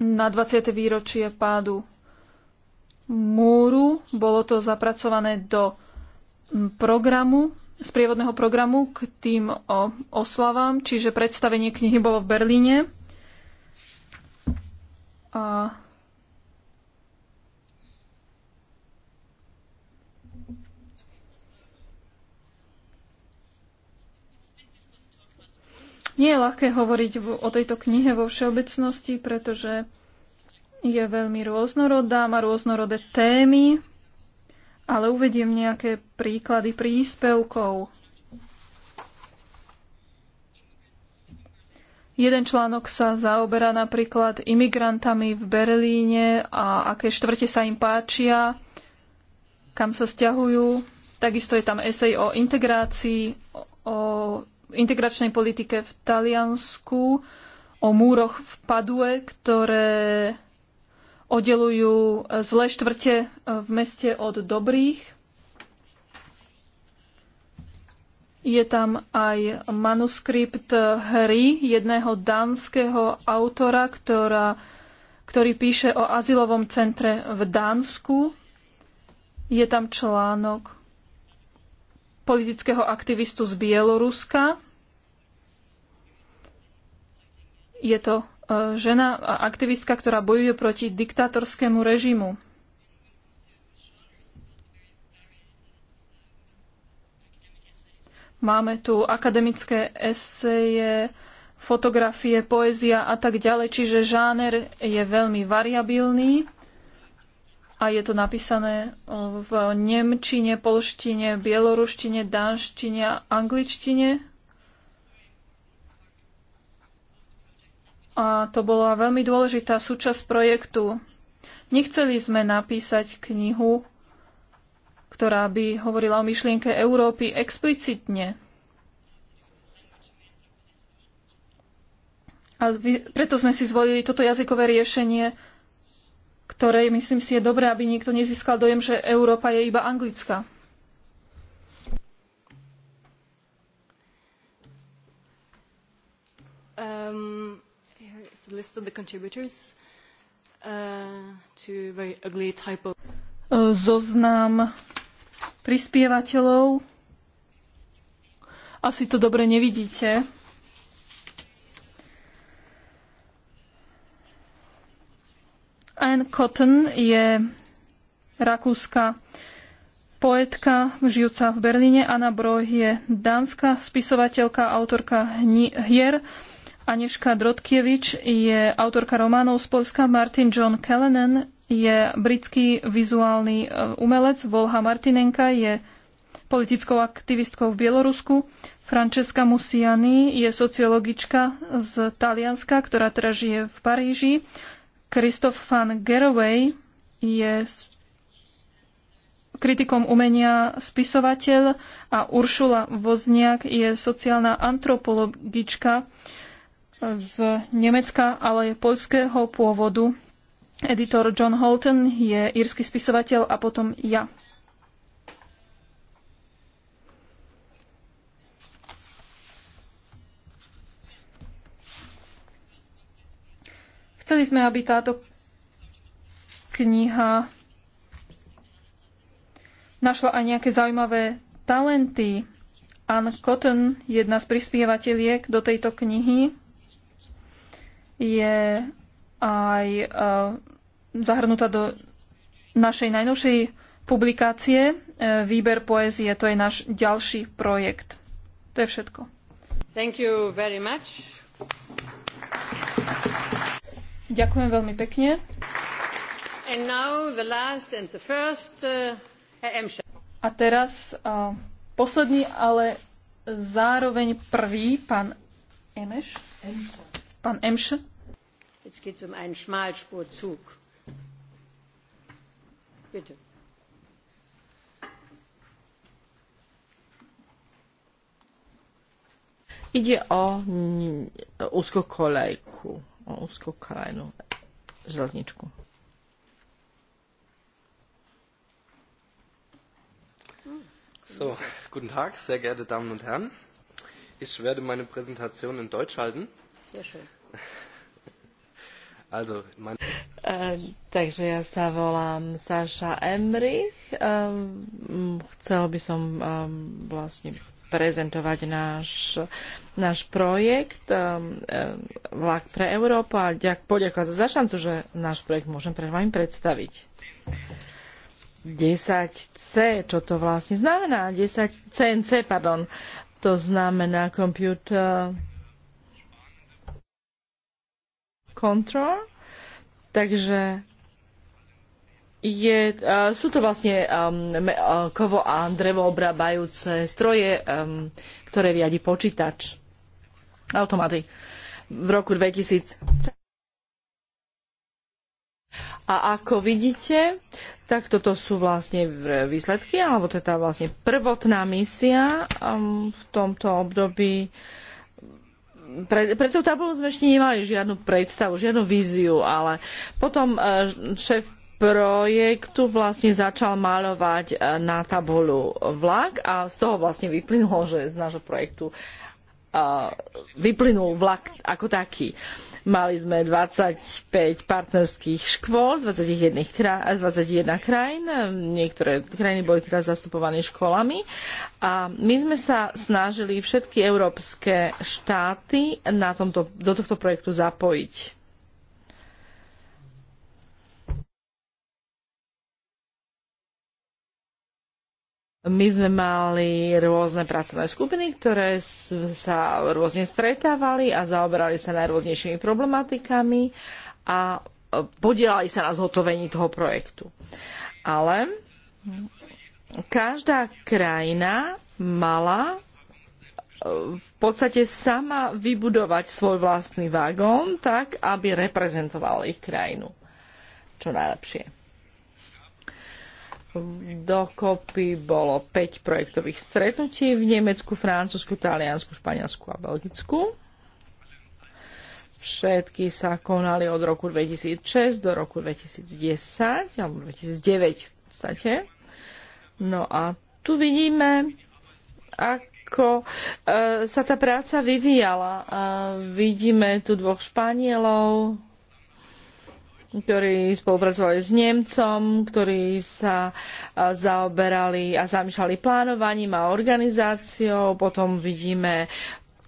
na 20. výročie pádu múru. Bolo to zapracované do programu, sprievodného programu k tým oslavám, čiže predstavenie knihy bolo v Berlíne. A Nie je ľahké hovoriť o tejto knihe vo všeobecnosti, pretože je veľmi rôznorodá, má rôznorodé témy, ale uvediem nejaké príklady príspevkov. Jeden článok sa zaoberá napríklad imigrantami v Berlíne a aké štvrte sa im páčia, kam sa stiahujú. Takisto je tam esej o integrácii, o integračnej politike v Taliansku, o múroch v Padue, ktoré oddelujú e, zlé štvrte e, v meste od dobrých. Je tam aj manuskript hry jedného dánskeho autora, ktorá, ktorý píše o azylovom centre v Dánsku. Je tam článok politického aktivistu z Bieloruska. Je to e, žena a aktivistka, ktorá bojuje proti diktátorskému režimu. Máme tu akademické eseje, fotografie, poézia a tak ďalej, čiže žáner je veľmi variabilný a je to napísané eh, v nemčine, polštine, bieloruštine, danštine a angličtine. A to bola veľmi dôležitá súčasť projektu. Nechceli sme napísať knihu, ktorá by hovorila o myšlienke Európy explicitne. A preto sme si zvolili toto jazykové riešenie ktorej, myslím si, je dobré, aby niekto nezískal dojem, že Európa je iba anglická. Um, list of the contributors uh, to very ugly type of... Uh, zoznam prispievateľov. Asi to dobre nevidíte. Anne Cotton je rakúska poetka žijúca v Berlíne. Anna Broj je dánska spisovateľka, autorka hier. Aneška Drodkievič je autorka románov z Polska. Martin John Kellenen je britský vizuálny e, umelec. Volha Martinenka je politickou aktivistkou v Bielorusku. Francesca Musiani je sociologička z Talianska, ktorá teraz žije v Paríži. Christoph van Geroway je kritikom umenia spisovateľ a Uršula Vozniak je sociálna antropologička z Nemecka, ale je poľského pôvodu. Editor John Holton je írsky spisovateľ a potom ja. Chceli sme, aby táto kniha našla aj nejaké zaujímavé talenty. Ann Cotton, jedna z prispievateľiek do tejto knihy, je aj eh, zahrnutá do našej najnovšej publikácie eh, Výber poézie. To je náš ďalší projekt. To je všetko. Thank you very much. Ďakujem veľmi pekne. First, uh, a teraz uh, posledný, ale zároveň prvý, pán Emeš. Pán Emš. Jetzt um einen Schmalspurzug. Bitte. Ide o úzkokolejku o úzkú krajnú železničku. So, guten Tag, sehr geehrte Damen und Herren. Ich werde meine Präsentation in Deutsch halten. Sehr schön. Also, mein uh, takže ja sa volám Saša Emrich. Um, chcel by som um, vlastne prezentovať náš, náš projekt um, um, Vlak pre Európu a ďak, poďakovať za šancu, že náš projekt môžem pre vami predstaviť. 10C, čo to vlastne znamená? 10 CNC, pardon. To znamená Computer Control. Takže je, sú to vlastne um, kovo a drevo obrábajúce stroje, um, ktoré riadi počítač. Automaty. V roku 2000. A ako vidíte, tak toto sú vlastne e, výsledky, alebo to je tá vlastne prvotná misia um, v tomto období. Pre, pre tú tabulu sme ešte nemali žiadnu predstavu, žiadnu víziu, ale potom e, šéf projektu vlastne začal maľovať e, na tabulu vlak a z toho vlastne vyplynulo, že z nášho projektu e, vyplynul vlak ako taký. Mali sme 25 partnerských škôl z 21, kraj, z 21 krajín. Niektoré krajiny boli teda zastupované školami. A my sme sa snažili všetky európske štáty na tomto, do tohto projektu zapojiť. My sme mali rôzne pracovné skupiny, ktoré sa rôzne stretávali a zaoberali sa najrôznejšími problematikami a e, podielali sa na zhotovení toho projektu. Ale každá krajina mala e, v podstate sama vybudovať svoj vlastný vagón tak, aby reprezentoval ich krajinu čo najlepšie. Dokopy bolo 5 projektových stretnutí v Nemecku, Francúzsku, Taliansku, Španielsku a Belgicku. Všetky sa konali od roku 2006 do roku 2010 alebo 2009 v podstate. No a tu vidíme, ako e, sa tá práca vyvíjala. E, vidíme tu dvoch Španielov, ktorí spolupracovali s Nemcom, ktorí sa zaoberali a zamýšľali plánovaním a organizáciou. Potom vidíme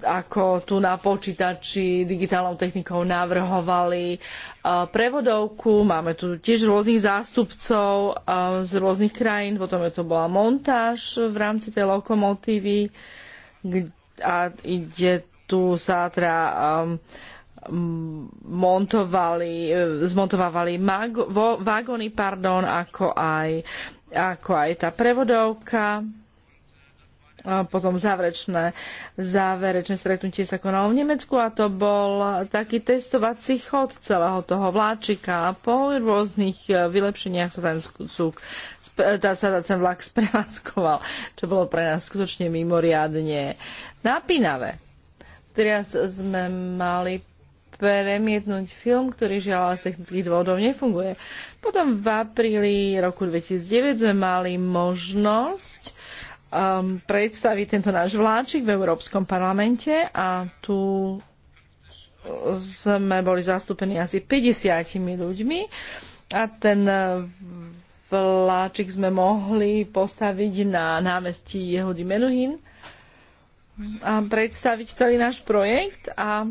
ako tu na počítači digitálnou technikou navrhovali prevodovku. Máme tu tiež rôznych zástupcov z rôznych krajín. Potom je to bola montáž v rámci tej lokomotívy a ide tu sa teda um, montovali, e, zmontovávali mago, vagóny, pardon, ako aj, ako aj tá prevodovka. A potom záverečné, záverečné stretnutie sa konalo v Nemecku a to bol taký testovací chod celého toho vláčika a po rôznych e, vylepšeniach sa ten, cuk, sa ten vlak sprevádzkoval, čo bolo pre nás skutočne mimoriadne napínavé. Teraz sme mali premietnúť film, ktorý žiaľ z technických dôvodov nefunguje. Potom v apríli roku 2009 sme mali možnosť um, predstaviť tento náš vláčik v Európskom parlamente a tu sme boli zastúpení asi 50 ľuďmi a ten vláčik sme mohli postaviť na námestí Jehody Menuhin a predstaviť celý náš projekt a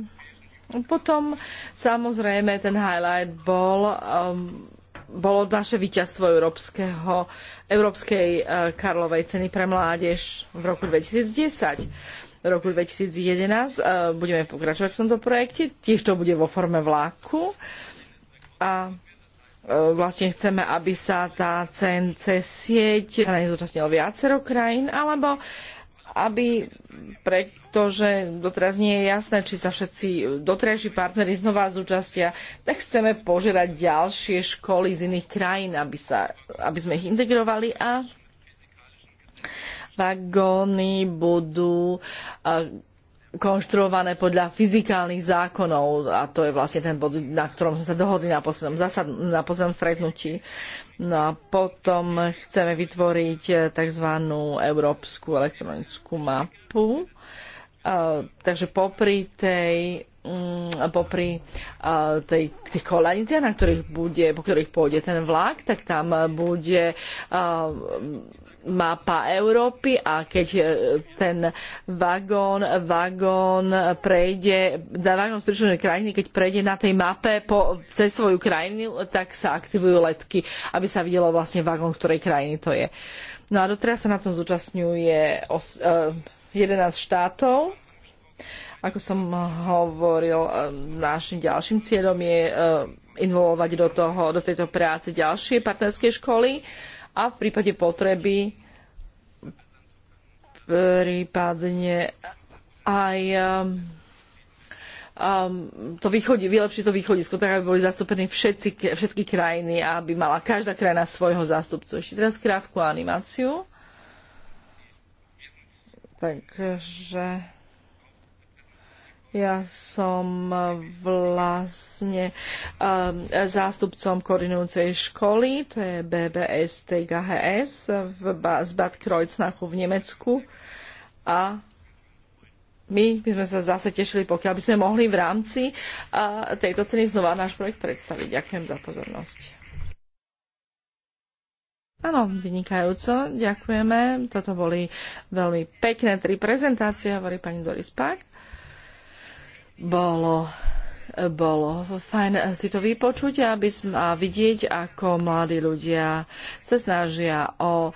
potom samozrejme ten highlight bol um, bolo naše víťazstvo Európskeho, Európskej eh, Karlovej ceny pre mládež v roku 2010. V roku 2011 uh, eh, budeme pokračovať v tomto projekte, tiež to bude vo forme vláku a eh, vlastne chceme, aby sa tá CNC sieť zúčastnilo viacero krajín, alebo aby, pretože doteraz nie je jasné, či sa všetci doterajší partnery znova zúčastia, tak chceme požerať ďalšie školy z iných krajín, aby, sa, aby sme ich integrovali a vagóny budú konštruované podľa fyzikálnych zákonov a to je vlastne ten bod, na ktorom sme sa dohodli na poslednom, zasad, na poslednom stretnutí. No a potom chceme vytvoriť eh, tzv. európsku elektronickú mapu. Uh, takže popri tej mm, popri eh, tej, tých kolaniciach, na ktorých bude, po ktorých pôjde ten vlak, tak tam bude mapa Európy a keď e, ten vagón, vagón prejde, vagón z príslušnej krajiny, keď prejde na tej mape po, cez svoju krajinu, tak sa aktivujú letky, aby sa videlo vlastne vagón, v ktorej krajiny to je. No a doteraz sa na tom zúčastňuje os, uh, e, 11 štátov. Ako som hovoril, e, našim ďalším cieľom je uh, involovať do, toho, do tejto práce ďalšie partnerské školy. Uh, a v prípade potreby prípadne aj um, um, to východi, vylepšiť to východisko, tak aby boli zastúpení všetci, všetky krajiny a aby mala každá krajina svojho zástupcu. Ešte teraz krátku animáciu. Takže ja som eh, vlastne um, zástupcom koordinujúcej školy, to je BBS TGHS v, Bad Kreuznachu v Nemecku. A my by sme sa zase tešili, pokiaľ by sme mohli v rámci uh, tejto ceny znova náš projekt predstaviť. Ďakujem za pozornosť. Áno, vynikajúco, ďakujeme. Toto boli veľmi pekné tri prezentácie, hovorí pani Doris Pak. Bolo bolo fajn si to vypočuť aby a vidieť, ako mladí ľudia sa snažia o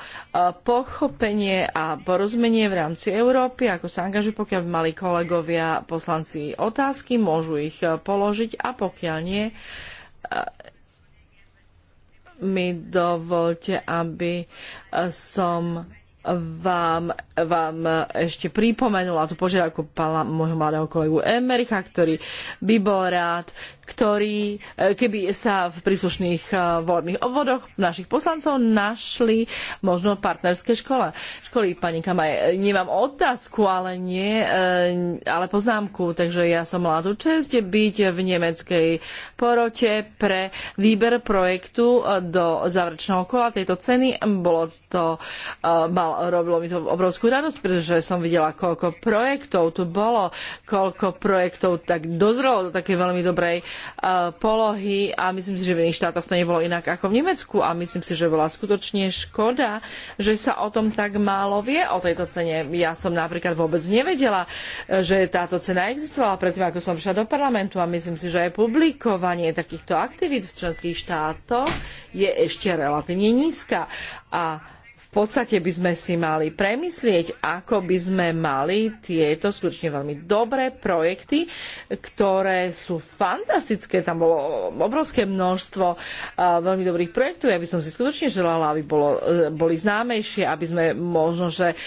pochopenie a porozumenie v rámci Európy, ako sa angažujú, pokiaľ by mali kolegovia poslanci otázky, môžu ich e, položiť a pokiaľ nie, e, mi dovolte, aby e, som vám, vám ešte pripomenula tú požiadavku pána môjho mladého kolegu Emericha, ktorý by bol rád, ktorí, e, keby sa v príslušných e, voľných obvodoch našich poslancov našli možno partnerské škola. Školy, pani Kamaj, e, nemám otázku, ale nie, ale poznámku, takže ja som mala tu čest byť v nemeckej porote pre výber projektu do záverečného kola tejto ceny. Bolo to, mal, robilo mi to obrovskú radosť, pretože som videla, koľko projektov tu bolo, koľko projektov tak dozrelo do takej veľmi dobrej E, polohy a myslím si, že v iných štátoch to nebolo inak ako v Nemecku a myslím si, že bola skutočne škoda, že sa o tom tak málo vie, o tejto cene. Ja som napríklad vôbec nevedela, e, že táto cena existovala predtým, ako som prišla do parlamentu a myslím si, že aj publikovanie takýchto aktivít v členských štátoch je ešte relatívne nízka. A podstate by sme si mali premyslieť, ako by sme mali tieto skutočne veľmi dobré projekty, ktoré sú fantastické. Tam bolo obrovské množstvo eh, veľmi dobrých projektov. Ja by som si skutočne želala, aby bolo, eh, boli známejšie, aby sme možno, že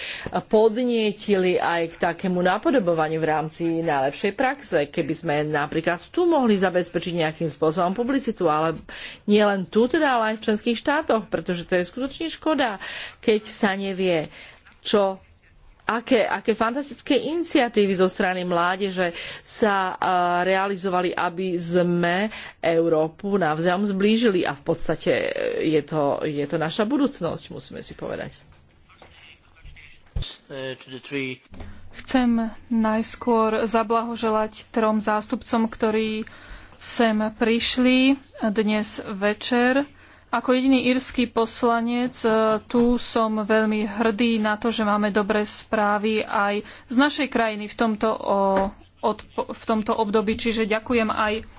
podnietili aj k takému napodobovaniu v rámci najlepšej praxe, keby sme napríklad tu mohli zabezpečiť nejakým spôsobom publicitu, ale nie len tu, teda, ale aj v členských štátoch, pretože to je skutočne škoda, keď sa nevie, čo aké, aké fantastické iniciatívy zo strany mládeže sa realizovali, aby sme Európu navzájom zblížili a v podstate e, je to, je to naša budúcnosť, musíme si povedať. Chcem najskôr zablahoželať trom zástupcom, ktorí sem prišli dnes večer ako jediný írsky poslanec e, tu som veľmi hrdý na to, že máme dobré správy aj z našej krajiny v tomto, v tomto období. Čiže ďakujem aj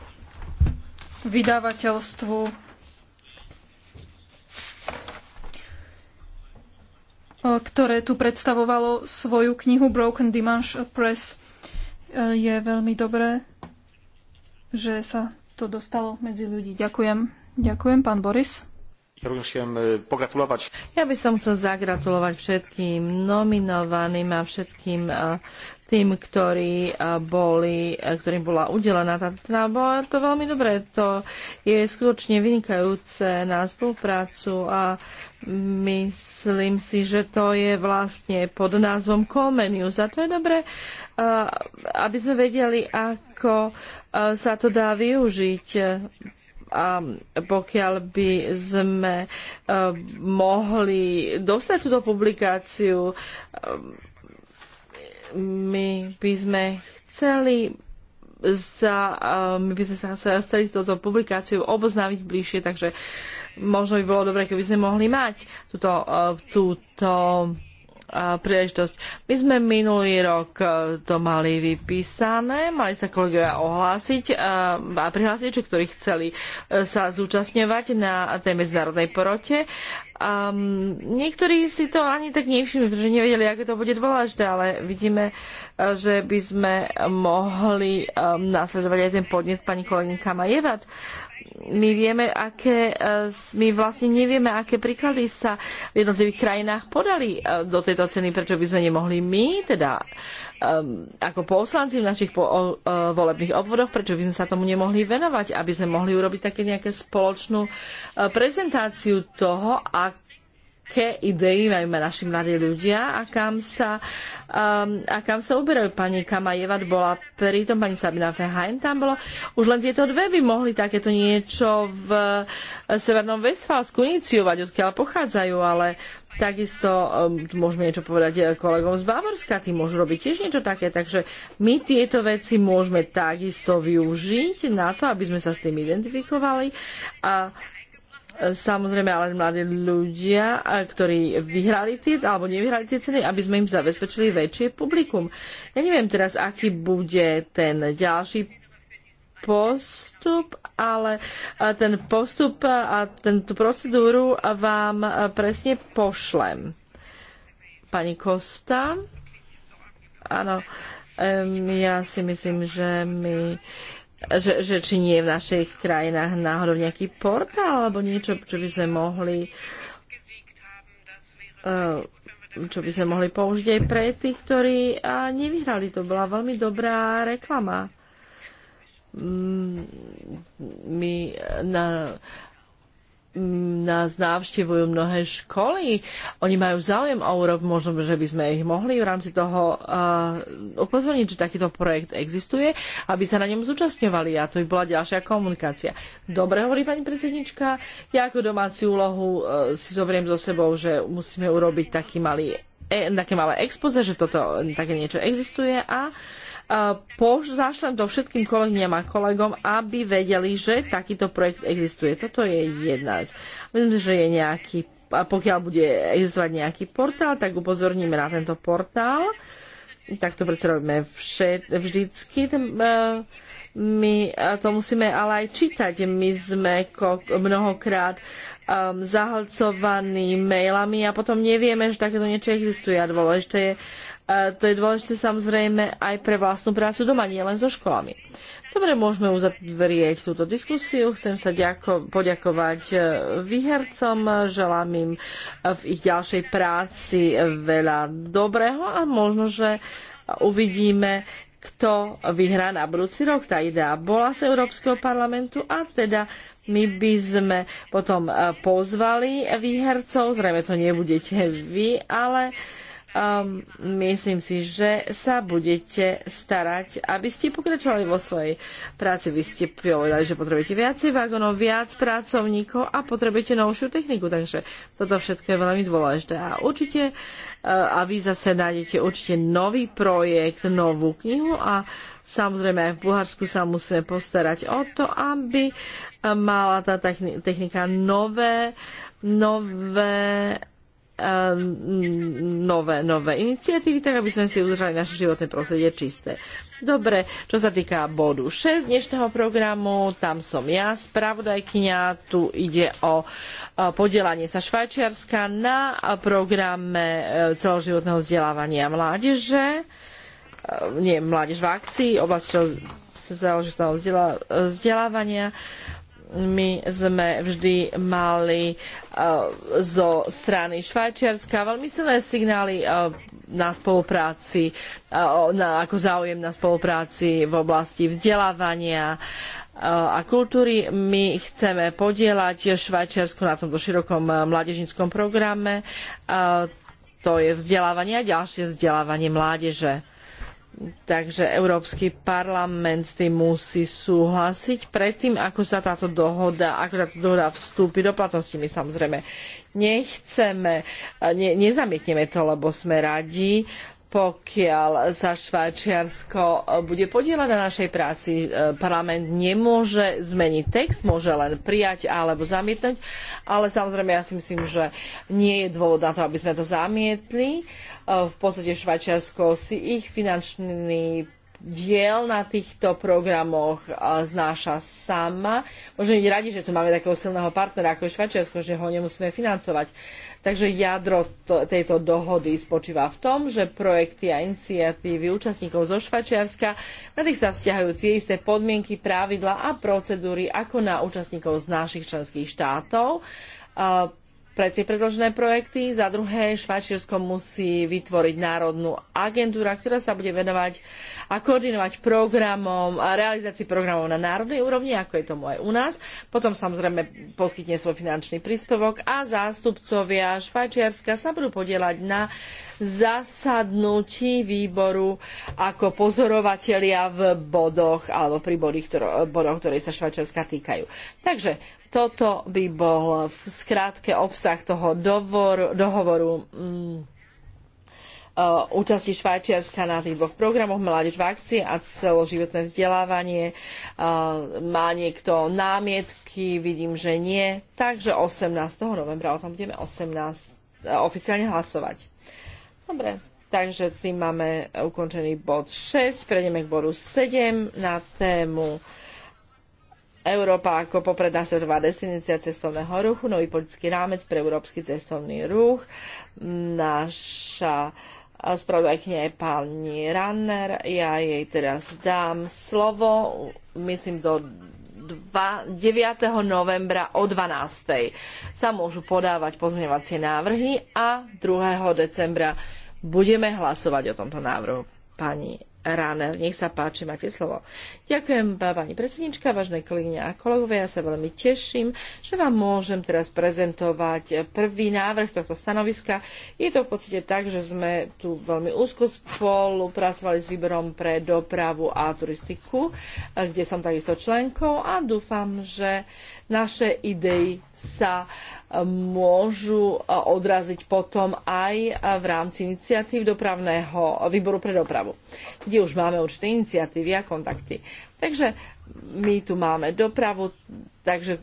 vydavateľstvu. E, ktoré tu predstavovalo svoju knihu Broken Dimanche Press. E, je veľmi dobré, že sa to dostalo medzi ľudí. Ďakujem. Ďakujem, pán Boris. Ja e, by som chcel zagratulovať všetkým nominovaným a všetkým e, tým, ktorí e, boli, ktorým bola udelená táto cena. Bolo to veľmi dobré. To je skutočne vynikajúce na spoluprácu a myslím si, že to je vlastne pod názvom Comenius. A to je dobré, aby sme vedeli, ako sa to dá využiť a pokiaľ by sme e, mohli dostať túto publikáciu, e, my by sme chceli za, e, my by sme sa chceli s touto publikáciou oboznámiť bližšie, takže možno by bolo dobre, keby sme mohli mať túto, túto príležitosť. My sme minulý rok e, to mali vypísané, mali sa kolegovia ohlásiť a prihlásiť, čo ktorí chceli e, sa zúčastňovať na tej medzinárodnej porote. Um, niektorí si to ani tak nevšimli, pretože nevedeli, aké to bude dôležité, ale vidíme, e, že by sme mohli um, následovať aj ten podnet pani kolegyne Kamajevat, my vieme, aké, e, my vlastne nevieme, aké príklady sa v jednotlivých krajinách podali e, do tejto ceny, prečo by sme nemohli my, teda ako poslanci v našich po, e, volebných obvodoch, prečo by sme sa tomu nemohli venovať, aby sme mohli urobiť také nejaké spoločnú prezentáciu toho, ako aké idei majú naši mladí ľudia a kam sa, um, a kam sa uberajú. Pani Kama Jevat bola pritom, pani Sabina Fehain tam bolo. Už len tieto dve by mohli takéto niečo v eh, Severnom Westfalsku iniciovať, odkiaľ pochádzajú, ale takisto um, môžeme niečo povedať eh, kolegom z Bavorska, tí môžu robiť tiež niečo také, takže my tieto veci môžeme takisto využiť na to, aby sme sa s tým identifikovali a samozrejme ale mladí ľudia, ktorí vyhrali tie alebo nevyhrali tie ceny, aby sme im zabezpečili väčšie publikum. Ja neviem teraz, aký bude ten ďalší postup, ale ten postup a tento procedúru vám presne pošlem. Pani Kosta? Áno, ja si myslím, že my že, že či nie je v našich krajinách náhodou nejaký portál alebo niečo, čo by sme mohli eh, čo by sme mohli použiť aj pre tých, ktorí nevyhrali. To bola veľmi dobrá reklama. Mm, my na, nás návštevujú mnohé školy. Oni majú záujem o Európu, možno, že by sme ich mohli v rámci toho uh, upozorniť, že takýto projekt existuje, aby sa na ňom zúčastňovali a to by bola ďalšia komunikácia. Dobre hovorí pani predsednička, ja ako domácu úlohu uh, si zoberiem so sebou, že musíme urobiť taký malý, e, také malé expoze, že toto také niečo existuje a uh, poš- zašlem to všetkým kolegyňam a kolegom, aby vedeli, že takýto projekt existuje. Toto je jedna vec. Myslím, že je nejaký, pokiaľ bude existovať nejaký portál, tak upozorníme na tento portál. Tak to predsa robíme všet, vždycky. Ten, e, my to musíme ale aj čítať. My sme mnohokrát um, zahlcovaní mailami a potom nevieme, že takéto niečo existuje. A dôležité je to je dôležité samozrejme aj pre vlastnú prácu doma, nie len so školami. Dobre, môžeme uzavrieť túto diskusiu. Chcem sa ďako- poďakovať e, výhercom, želám im e, v ich ďalšej práci veľa dobrého a možno, že uvidíme, kto vyhrá na budúci rok. Tá idea bola z Európskeho parlamentu a teda my by sme potom e, pozvali výhercov. Zrejme to nebudete vy, ale uh, um, myslím si, že sa budete starať, aby ste pokračovali vo svojej práci. Vy ste povedali, že potrebujete viacej vagónov, viac pracovníkov a potrebujete novšiu techniku, takže toto všetko je veľmi dôležité. A určite, uh, a vy zase nájdete určite nový projekt, novú knihu a Samozrejme, aj v Bulharsku sa musíme postarať o to, aby eh, mala tá technika nové, nové Ehm, nové, nové iniciatívy, tak aby sme si udržali naše životné prostredie čisté. Dobre, čo sa týka bodu 6 dnešného programu, tam som ja, spravodajkynia, tu ide o e, podielanie sa Švajčiarska na programe e, celoživotného vzdelávania mládeže, e, nie mládež v akcii, oblasti celoživotného vzdelávania my sme vždy mali uh, zo strany Švajčiarska veľmi silné signály uh, na spolupráci, uh, na, ako záujem na spolupráci v oblasti vzdelávania a kultúry. My chceme podielať Švajčiarsku na tomto širokom mládežníckom programe. To je vzdelávanie a ďalšie vzdelávanie mládeže Takže Európsky parlament s tým musí súhlasiť predtým, ako sa táto dohoda, ako táto dohoda vstúpi do platnosti. My samozrejme nechceme, ne, nezamietneme to, lebo sme radi pokiaľ sa Švajčiarsko e, bude podielať na našej práci. E, parlament nemôže zmeniť text, môže len prijať alebo zamietnúť, ale samozrejme ja si myslím, že nie je dôvod na to, aby sme to zamietli. E, v podstate Švajčiarsko si ich finančný diel na týchto programoch e, znáša sama. Môžeme byť radi, že tu máme takého silného partnera ako je Švajčiarsko, že ho nemusíme financovať. Takže jadro tejto dohody spočíva v tom, že projekty a iniciatívy účastníkov zo Švajčiarska, na tých sa vzťahujú tie isté podmienky, pravidla a procedúry ako na účastníkov z našich členských štátov e, pre tie predložené projekty. Za druhé, Švajčiarsko musí vytvoriť národnú agentúru, ktorá sa bude venovať a koordinovať programom, a realizácii programov na národnej úrovni, ako je tomu aj u nás. Potom samozrejme poskytne svoj finančný príspevok a zástupcovia Švajčiarska sa budú podielať na zasadnutí výboru ako pozorovatelia v bodoch alebo pri bodoch, ktoré, bodoch, ktoré sa Švajčiarska týkajú. Takže toto by bol v skrátke obsah toho dovoru, dohovoru mm, eh, účasti Švajčiarska na tých dvoch programoch Mládež v akcii a celoživotné vzdelávanie. Eh, má niekto námietky? Vidím, že nie. Takže 18. novembra o tom budeme 18, eh, oficiálne hlasovať. Dobre, takže tým máme ukončený bod 6. Prejdeme k bodu 7 na tému Európa ako popredná svetová destinícia cestovného ruchu, nový politický rámec pre európsky cestovný ruch. Naša spravodajkňa je pani Ranner. Ja jej teraz dám slovo, myslím, do 2, 9. novembra o 12. sa môžu podávať pozmeňovacie návrhy a 2. decembra budeme hlasovať o tomto návrhu. Pani Ráner. Nech sa páči, máte slovo. Ďakujem, pani predsednička, vážne kolegyne a kolegovia. Ja sa veľmi teším, že vám môžem teraz prezentovať prvý návrh tohto stanoviska. Je to v podstate tak, že sme tu veľmi úzko spolupracovali s výberom pre dopravu a turistiku, kde som takisto členkou a dúfam, že naše idei sa uh, môžu odraziť potom aj v rámci iniciatív dopravného výboru pre dopravu, kde už máme určité iniciatívy a kontakty. Takže my tu máme dopravu, takže e,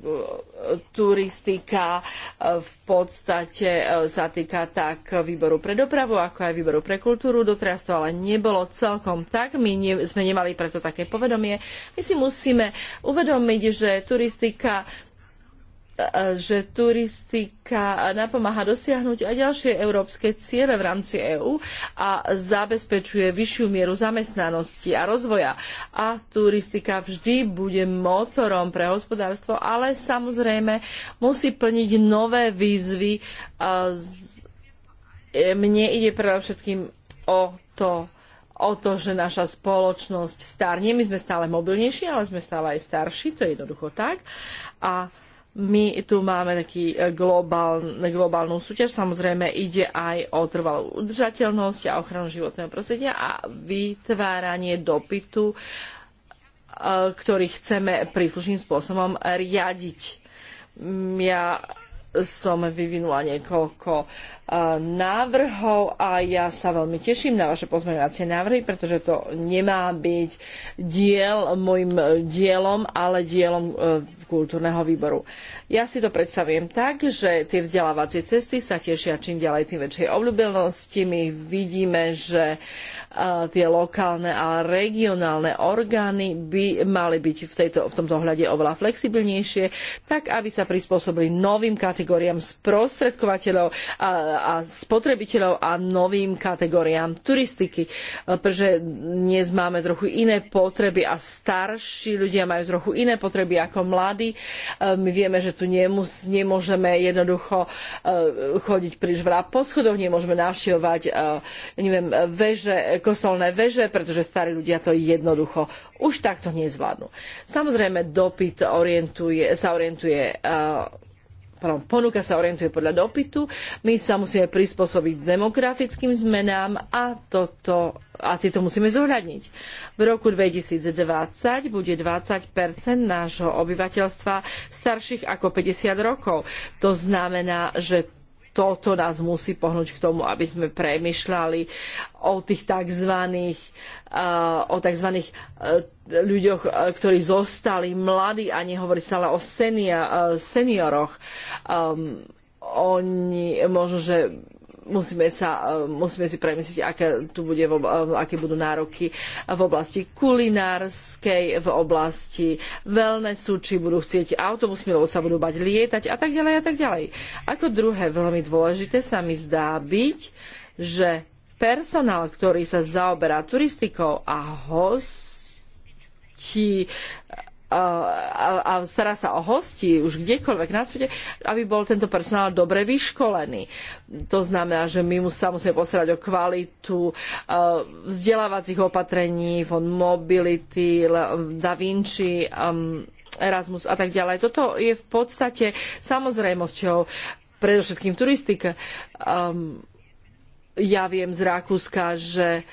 turistika e, v podstate e, sa týka tak výboru pre dopravu, ako aj výboru pre kultúru. Doteraz to ale nebolo celkom tak, my ne, sme nemali preto také povedomie. My si musíme uvedomiť, že turistika že turistika napomáha dosiahnuť aj ďalšie európske ciele v rámci EÚ a zabezpečuje vyššiu mieru zamestnanosti a rozvoja. A turistika vždy bude motorom pre hospodárstvo, ale samozrejme musí plniť nové výzvy. E, mne ide predovšetkým o to, o to, že naša spoločnosť starne. My sme stále mobilnejší, ale sme stále aj starší, to je jednoducho tak. A my tu máme taký e, globál, globálnu súťaž, samozrejme ide aj o trvalú udržateľnosť a ochranu životného prostredia a vytváranie dopytu, e, ktorý chceme príslušným spôsobom riadiť. Ja som vyvinula niekoľko návrhov a ja sa veľmi teším na vaše pozmeňovacie návrhy, pretože to nemá byť diel môjim e, dielom, ale dielom e, kultúrneho výboru. Ja si to predstavujem tak, že tie vzdelávacie cesty sa tešia čím ďalej tým väčšej obľúbenosti. My vidíme, že e, tie lokálne a regionálne orgány by mali byť v, tejto, v tomto ohľade oveľa flexibilnejšie, tak aby sa prispôsobili novým kategóriám sprostredkovateľov a a spotrebiteľov a novým kategóriám turistiky, e, pretože dnes máme trochu iné potreby a starší ľudia majú trochu iné potreby ako mladí. E, my vieme, že tu nemus, nemôžeme jednoducho e, chodiť príliš veľa po schodoch, nemôžeme navštevovať veže, kostolné veže, pretože starí ľudia to jednoducho už takto nezvládnu. Samozrejme, dopyt orientuje, sa orientuje ponuka sa orientuje podľa dopytu, my sa musíme prispôsobiť demografickým zmenám a, toto, a tieto musíme zohľadniť. V roku 2020 bude 20 nášho obyvateľstva starších ako 50 rokov. To znamená, že toto nás musí pohnúť k tomu, aby sme premyšľali o tých tzv. Eh, o tzv. Eh, ľuďoch, eh, ktorí zostali mladí a nehovorí stále o senior, senioroch. Um, oni možno, že musíme, sa, e, musíme si premyslieť, aké, tu bude, e, aké budú nároky v oblasti kulinárskej, v oblasti wellnessu, či budú chcieť autobusmi, lebo sa budú bať lietať a tak ďalej a tak ďalej. Ako druhé veľmi dôležité sa mi zdá byť, že personál, ktorý sa zaoberá turistikou a hosti a, a stará sa o hosti už kdekoľvek na svete, aby bol tento personál dobre vyškolený. To znamená, že my sa musíme postarať o kvalitu vzdelávacích opatrení, von mobility, Da Vinci, um, Erasmus a tak ďalej. Toto je v podstate samozrejmosťou, predovšetkým turistika. Um, ja viem z Rakúska, že uh,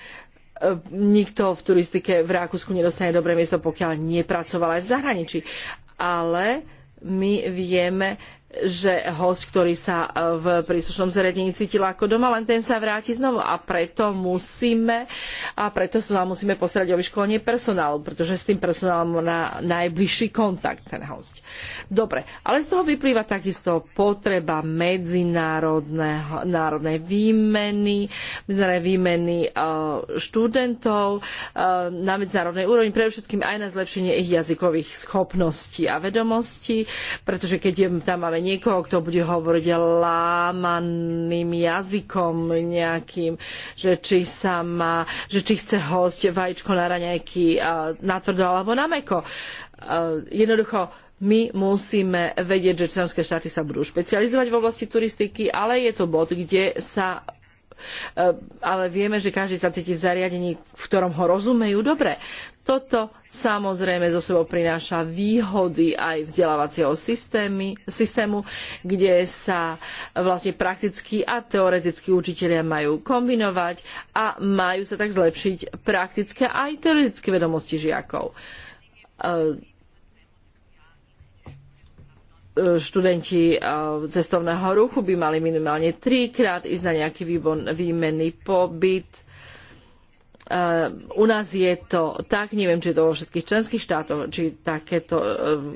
nikto v turistike v Rakúsku nedostane dobré miesto, pokiaľ nepracoval aj v zahraničí. Ale my vieme, že host, ktorý sa e, v príslušnom zariadení cítil ako doma, len ten sa vráti znovu a preto musíme a preto sa musíme postarať o vyškolenie personálu, pretože s tým personálom má najbližší kontakt ten host. Dobre, ale z toho vyplýva takisto potreba medzinárodnej výmeny, medzinárodnej výmeny e, študentov e, na medzinárodnej úrovni, všetkým aj na zlepšenie ich jazykových schopností a vedomostí, pretože keď tam máme niekoho, kto bude hovoriť lámaným jazykom nejakým, že či sa má, že či chce hosť vajíčko na raňajky na tvrdo alebo na meko. Jednoducho, my musíme vedieť, že členské štáty sa budú špecializovať v oblasti turistiky, ale je to bod, kde sa Eh, ale vieme, že každý sa cíti v zariadení, v ktorom ho rozumejú dobre. Toto samozrejme zo sebou prináša výhody aj vzdelávacieho systémy, systému, kde sa vlastne praktickí a teoretickí učitelia majú kombinovať a majú sa tak zlepšiť praktické aj teoretické vedomosti žiakov eh, E, študenti e, cestovného ruchu by mali minimálne trikrát ísť na nejaký výbon, výmenný pobyt. E, u nás je to tak, neviem, či je to vo všetkých členských štátoch, či takéto,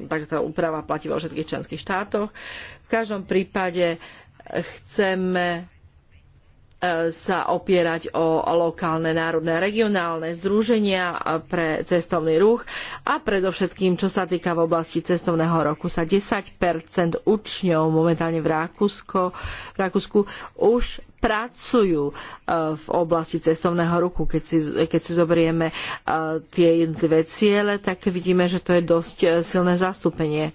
takáto úprava platí vo všetkých členských štátoch. V každom prípade chceme sa opierať o lokálne, národné, a regionálne združenia pre cestovný ruch a predovšetkým, čo sa týka v oblasti cestovného roku, sa 10 učňov momentálne v, Rakúsko, v Rakúsku už pracujú e, v oblasti cestovného ruchu. Keď si, keď si zoberieme e, tie jednotlivé ciele, tak vidíme, že to je dosť e, silné zastúpenie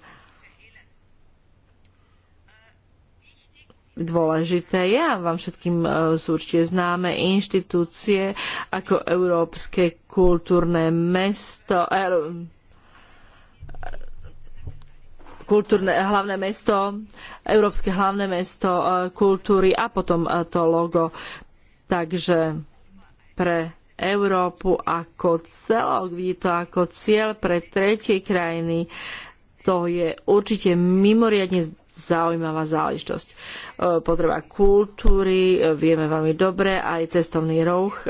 dôležité je a vám všetkým e, sú určite známe inštitúcie ako Európske kultúrne mesto, e, kultúrne hlavné mesto, Európske hlavné mesto e, kultúry a potom to logo. Takže pre Európu ako celok, vidí to ako cieľ pre tretie krajiny, to je určite mimoriadne zaujímavá záležitosť. E, potreba kultúry, e, vieme veľmi dobre, aj cestovný roh, e,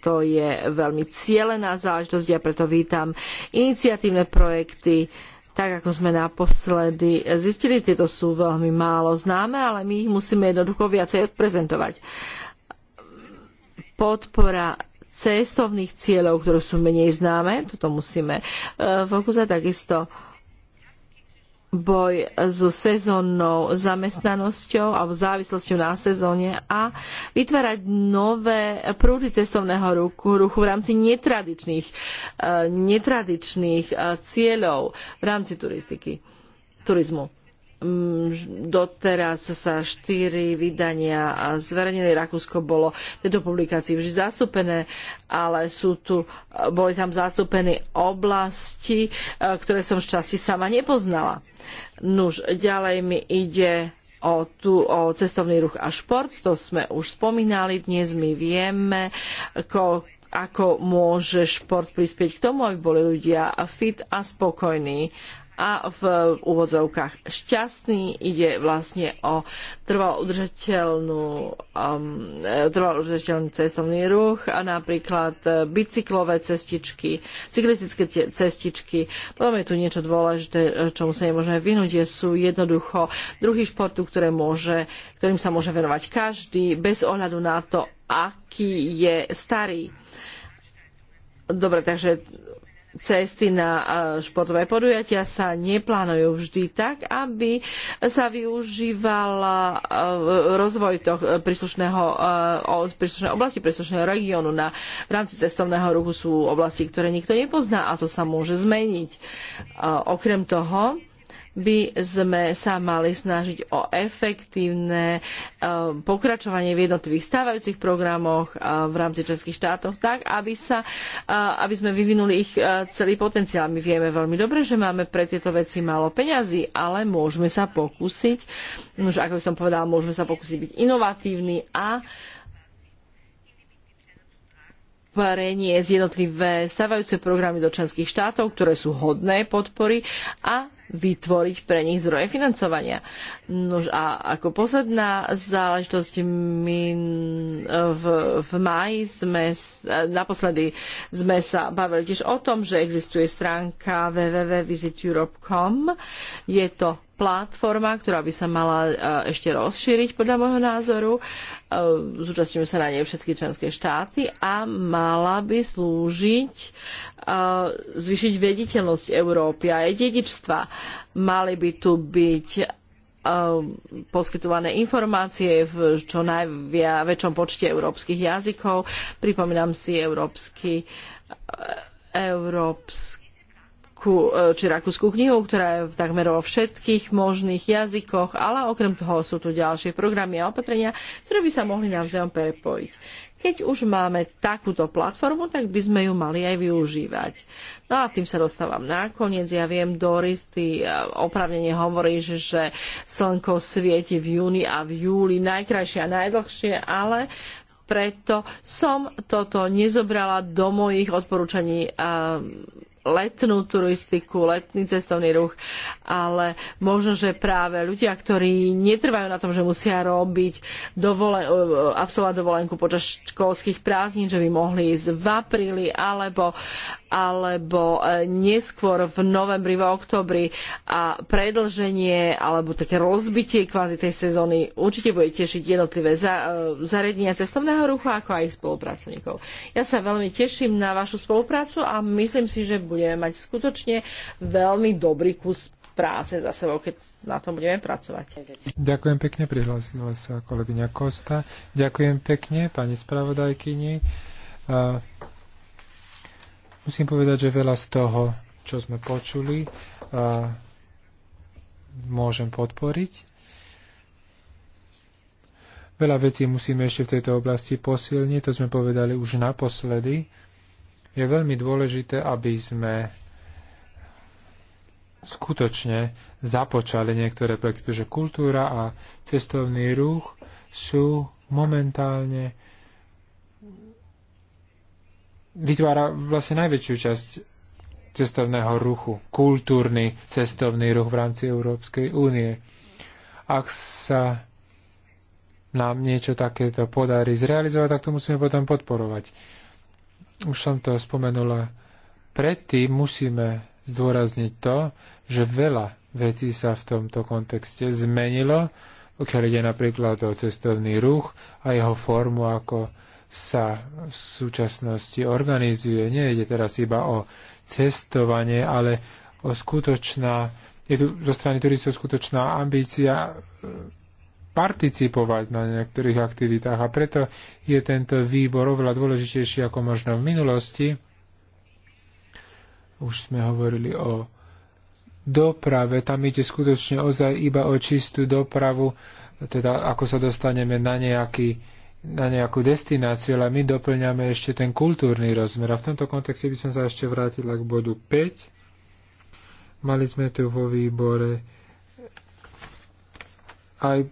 to je veľmi cielená záležitosť, ja preto vítam iniciatívne projekty, tak ako sme naposledy zistili, tieto sú veľmi málo známe, ale my ich musíme jednoducho viacej odprezentovať. Podpora cestovných cieľov, ktoré sú menej známe, toto musíme fokusovať takisto boj so sezónnou zamestnanosťou alebo závislosťou na sezóne a vytvárať nové prúdy cestovného ruchu, ruchu v rámci netradičných, eh, netradičných eh, cieľov v rámci turistiky, turizmu doteraz sa štyri vydania zverejnili. Rakúsko bolo v tejto publikácii vždy zastúpené, ale sú tu, boli tam zastúpené oblasti, e, ktoré som šťastie sama nepoznala. Nuž, ďalej mi ide o, tu, o cestovný ruch a šport, to sme už spomínali, dnes my vieme, ko, ako môže šport prispieť k tomu, aby boli ľudia fit a spokojní a v úvodzovkách šťastný. Ide vlastne o trvalo udržateľný um, cestovný ruch a napríklad e, bicyklové cestičky, cyklistické cestičky. Potom je tu niečo dôležité, e, čomu sa nemôžeme vyhnúť, je sú jednoducho druhý športu, ktoré môže, ktorým sa môže venovať každý bez ohľadu na to, aký je starý. Dobre, takže cesty na e, športové podujatia sa neplánujú vždy tak, aby sa využíval e, rozvoj toho e, príslušného, príslušnej oblasti, príslušného regiónu. Na, v rámci cestovného ruchu sú oblasti, ktoré nikto nepozná a to sa môže zmeniť. Okrem toho, by sme sa mali snažiť o efektívne um, pokračovanie v jednotlivých stávajúcich programoch uh, v rámci českých štátov tak, aby, sa, uh, aby sme vyvinuli ich uh, celý potenciál. My vieme veľmi dobre, že máme pre tieto veci málo peňazí, ale môžeme sa pokúsiť, už ako by som povedala, môžeme sa pokúsiť byť inovatívni a preniesť jednotlivé stávajúce programy do členských štátov, ktoré sú hodné podpory a vytvoriť pre nich zdroje financovania. Nož a ako posledná záležitosť, my eh, v, v maji sme, eh, naposledy sme sa bavili tiež o tom, že existuje stránka www.visiteurope.com. Je to platforma, ktorá by sa mala e, ešte rozšíriť podľa môjho názoru. E, zúčastňujú sa na nej všetky členské štáty a mala by slúžiť e, zvýšiť vediteľnosť Európy a jej dedičstva. Mali by tu byť poskytované informácie v čo najväčšom počte európskych jazykov. Pripomínam si európsky, európsky ku, e, či rakúsku knihu, ktorá je takmer vo všetkých možných jazykoch, ale okrem toho sú tu ďalšie programy a opatrenia, ktoré by sa mohli navzájom prepojiť. Keď už máme takúto platformu, tak by sme ju mali aj využívať. No a tým sa dostávam nakoniec. Ja viem, Doris, ty e, opravnenie hovoríš, že slnko svieti v júni a v júli najkrajšie a najdlhšie, ale preto som toto nezobrala do mojich odporúčaní letnú turistiku, letný cestovný ruch, ale možno, že práve ľudia, ktorí netrvajú na tom, že musia robiť dovolen- e, absolvovať dovolenku počas školských prázdnin, že by mohli ísť v apríli alebo alebo e, neskôr v novembri, v oktobri a predlženie alebo také rozbitie kvázi tej sezóny určite bude tešiť jednotlivé za, e, zariadenia cestovného ruchu ako aj ich spolupracovníkov. Ja sa veľmi teším na vašu spoluprácu a myslím si, že budeme mať skutočne veľmi dobrý kus práce za sebou, keď na tom budeme pracovať. Ďakujem pekne, prihlásila sa kolegyňa Kosta. Ďakujem pekne pani spravodajkyni. Musím povedať, že veľa z toho, čo sme počuli, môžem podporiť. Veľa vecí musíme ešte v tejto oblasti posilniť, to sme povedali už naposledy. Je veľmi dôležité, aby sme skutočne započali niektoré projekty, pretože kultúra a cestovný ruch sú momentálne vytvára vlastne najväčšiu časť cestovného ruchu, kultúrny cestovný ruch v rámci Európskej únie. Ak sa nám niečo takéto podarí zrealizovať, tak to musíme potom podporovať. Už som to spomenula. Predtým musíme zdôrazniť to, že veľa vecí sa v tomto kontexte zmenilo, pokiaľ ide napríklad o cestovný ruch a jeho formu ako sa v súčasnosti organizuje. ide teraz iba o cestovanie, ale o skutočná, je tu zo strany turistov skutočná ambícia e, participovať na niektorých aktivitách a preto je tento výbor oveľa dôležitejší ako možno v minulosti. Už sme hovorili o doprave, tam ide skutočne ozaj iba o čistú dopravu, teda ako sa dostaneme na nejaký na nejakú destináciu, ale my doplňame ešte ten kultúrny rozmer. A v tomto kontexte by som sa ešte vrátila k bodu 5. Mali sme tu vo výbore aj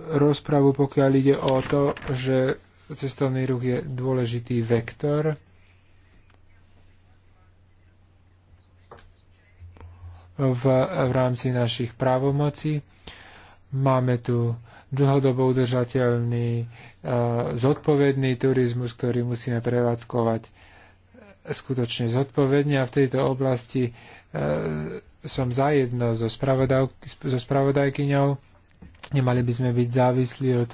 rozpravu, pokiaľ ide o to, že cestovný ruch je dôležitý vektor. V, v rámci našich právomocí. Máme tu dlhodobo udržateľný, e, zodpovedný turizmus, ktorý musíme prevádzkovať e, skutočne zodpovedne a v tejto oblasti e, som zajedno so, so spravodajkyňou. Nemali by sme byť závislí od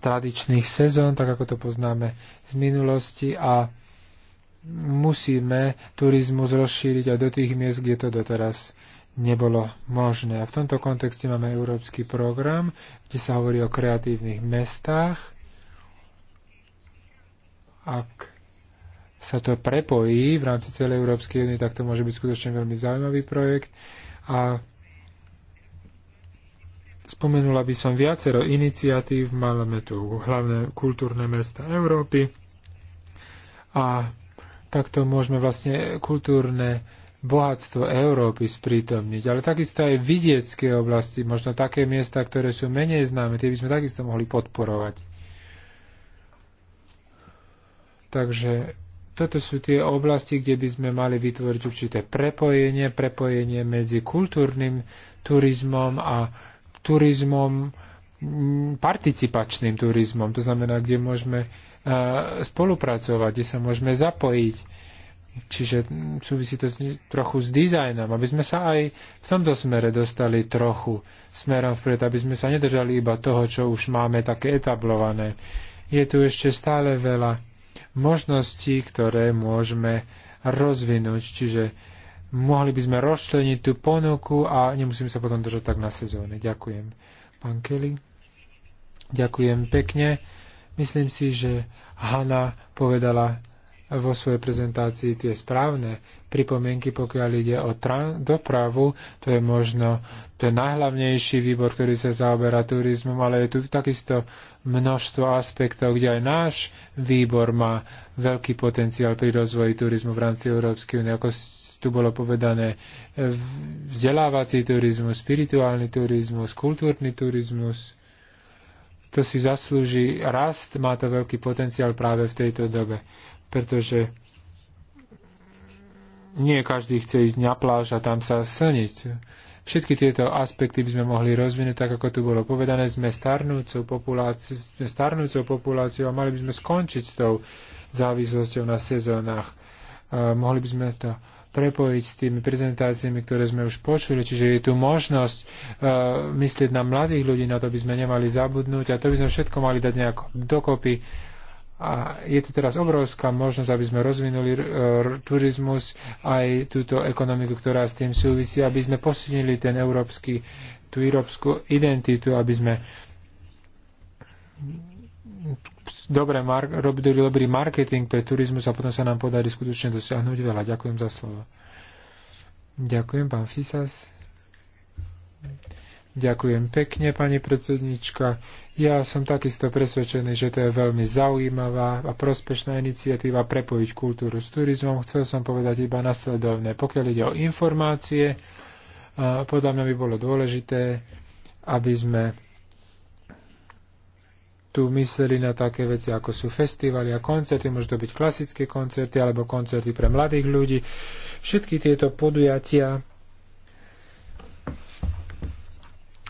tradičných sezón, tak ako to poznáme z minulosti a musíme turizmus rozšíriť aj do tých miest, kde to doteraz nebolo možné. A v tomto kontexte máme európsky program, kde sa hovorí o kreatívnych mestách. Ak sa to prepojí v rámci celej Európskej únie, tak to môže byť skutočne veľmi zaujímavý projekt. A spomenula by som viacero iniciatív, máme tu hlavné kultúrne mesta Európy a takto môžeme vlastne kultúrne bohatstvo Európy sprítomniť, ale takisto aj vidiecké oblasti, možno také miesta, ktoré sú menej známe, tie by sme takisto mohli podporovať. Takže toto sú tie oblasti, kde by sme mali vytvoriť určité prepojenie, prepojenie medzi kultúrnym turizmom a turizmom participačným turizmom, to znamená, kde môžeme spolupracovať, kde sa môžeme zapojiť Čiže mm, súvisí to s, trochu s dizajnom, aby sme sa aj v tomto smere dostali trochu smerom vpred, aby sme sa nedržali iba toho, čo už máme také etablované. Je tu ešte stále veľa možností, ktoré môžeme rozvinúť, čiže mohli by sme rozčleniť tú ponuku a nemusím sa potom držať tak na sezóne. Ďakujem. Pán Kelly, ďakujem pekne. Myslím si, že Hanna povedala vo svojej prezentácii tie správne pripomienky, pokiaľ ide o dopravu. To je možno ten najhlavnejší výbor, ktorý sa zaoberá turizmom, ale je tu takisto množstvo aspektov, kde aj náš výbor má veľký potenciál pri rozvoji turizmu v rámci Európskej únie. Ako tu bolo povedané, vzdelávací turizmus, spirituálny turizmus, kultúrny turizmus, to si zaslúži rast, má to veľký potenciál práve v tejto dobe pretože nie každý chce ísť na pláž a tam sa slniť. Všetky tieto aspekty by sme mohli rozvinúť, tak ako tu bolo povedané, sme starnúcou populáciou, sme starnúcou populáciou a mali by sme skončiť s tou závislosťou na sezónach. Uh, mohli by sme to prepojiť s tými prezentáciami, ktoré sme už počuli. Čiže je tu možnosť uh, myslieť na mladých ľudí, na to by sme nemali zabudnúť a to by sme všetko mali dať nejako dokopy a je to teraz obrovská možnosť, aby sme rozvinuli e, turizmus aj túto ekonomiku, ktorá s tým súvisí, aby sme posunili ten európsky, tú európsku identitu, aby sme dobre mar- robili dobrý marketing pre turizmus a potom sa nám podarí skutočne dosiahnuť veľa. Ďakujem za slovo. Ďakujem, pán Fisas. Ďakujem pekne, pani predsednička. Ja som takisto presvedčený, že to je veľmi zaujímavá a prospešná iniciatíva prepojiť kultúru s turizmom. Chcel som povedať iba nasledovné. Pokiaľ ide o informácie, podľa mňa by bolo dôležité, aby sme tu mysleli na také veci, ako sú festivaly a koncerty, môžu to byť klasické koncerty alebo koncerty pre mladých ľudí. Všetky tieto podujatia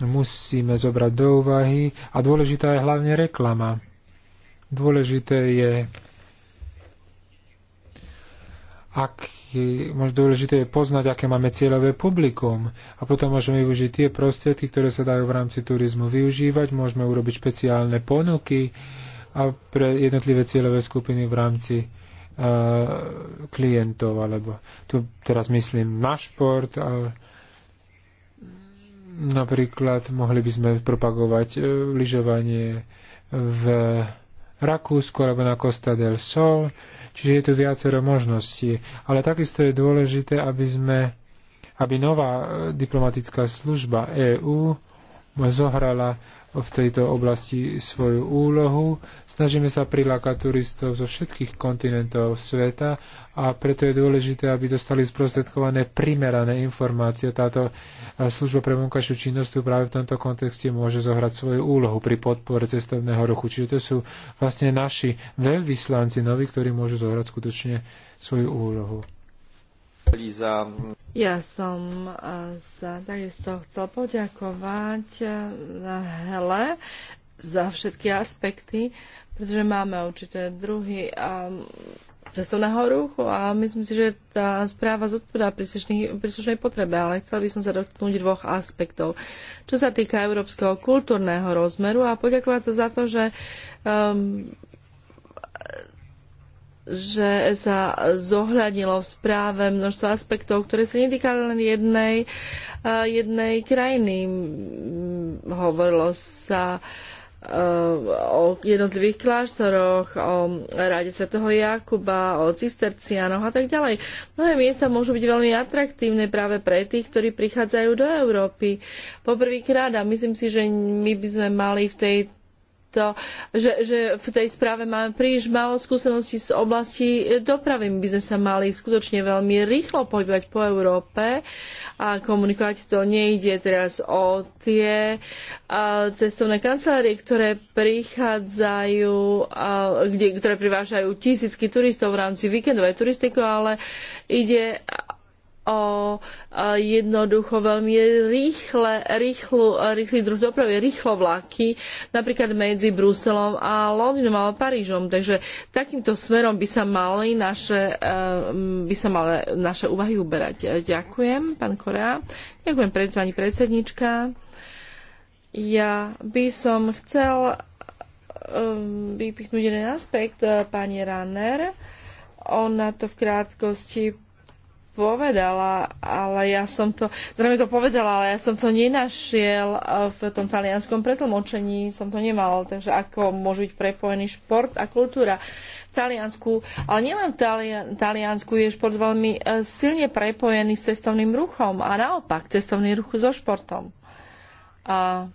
musíme zobrať do úvahy a dôležitá je hlavne reklama. Dôležité je ak, možno dôležité je poznať, aké máme cieľové publikum a potom môžeme využiť tie prostriedky, ktoré sa dajú v rámci turizmu využívať, môžeme urobiť špeciálne ponuky a pre jednotlivé cieľové skupiny v rámci uh, klientov, alebo tu teraz myslím na šport, uh, Napríklad mohli by sme propagovať e, lyžovanie v Rakúsku alebo na Costa del Sol, čiže je tu viacero možností. Ale takisto je dôležité, aby sme aby nová e, diplomatická služba EÚ zohrala v tejto oblasti svoju úlohu. Snažíme sa prilákať turistov zo všetkých kontinentov sveta a preto je dôležité, aby dostali sprostredkované primerané informácie. Táto eh, služba pre vonkajšiu činnosť tu práve v tomto kontexte môže zohrať svoju úlohu pri podpore cestovného ruchu. Čiže to sú vlastne naši veľvyslanci noví, ktorí môžu zohrať skutočne svoju úlohu. Ja som eh, sa takisto chcel poďakovať eh, Hele za všetky aspekty, pretože máme určité druhy ehm, cestovného ruchu a myslím si, že tá správa zodpovedá príslušnej potrebe, ale chcel by som sa dotknúť dvoch aspektov. Čo sa týka európskeho kultúrneho rozmeru a poďakovať sa za to, že um, že sa zohľadnilo v správe množstvo aspektov, ktoré sa netýkali len jednej, jednej krajiny. Hovorilo sa e, o jednotlivých kláštoroch, o ráde svätého Jakuba, o cistercianoch a tak ďalej. Mnohé miesta môžu byť veľmi atraktívne práve pre tých, ktorí prichádzajú do Európy poprvýkrát a myslím si, že my by sme mali v tej to, že, že v tej správe máme príliš málo skúseností z oblasti dopravy. My by sme sa mali skutočne veľmi rýchlo pohybovať po Európe a komunikovať to. Nejde teraz o tie cestovné kancelárie, ktoré prichádzajú, kde, ktoré privážajú tisícky turistov v rámci víkendovej turistiky, ale ide o jednoducho veľmi rýchle, rýchlu, rýchly druh dopravy, rýchlo vlaky, napríklad medzi Bruselom a Londýnom alebo Parížom. Takže takýmto smerom by sa mali naše, e, by sa mali naše úvahy uberať. Ďakujem, pán Korea. Ďakujem pani predsednička. Ja by som chcel e, vypichnúť jeden aspekt, e, pani Ranner. Ona to v krátkosti povedala, ale ja som to, zrejme to povedala, ale ja som to nenašiel eh, v tom talianskom pretlmočení, som to nemal, takže ako môže byť prepojený šport a kultúra. V Taliansku, ale nielen v Talian, Taliansku je šport veľmi eh, silne prepojený s cestovným ruchom a naopak cestovný ruch so športom. A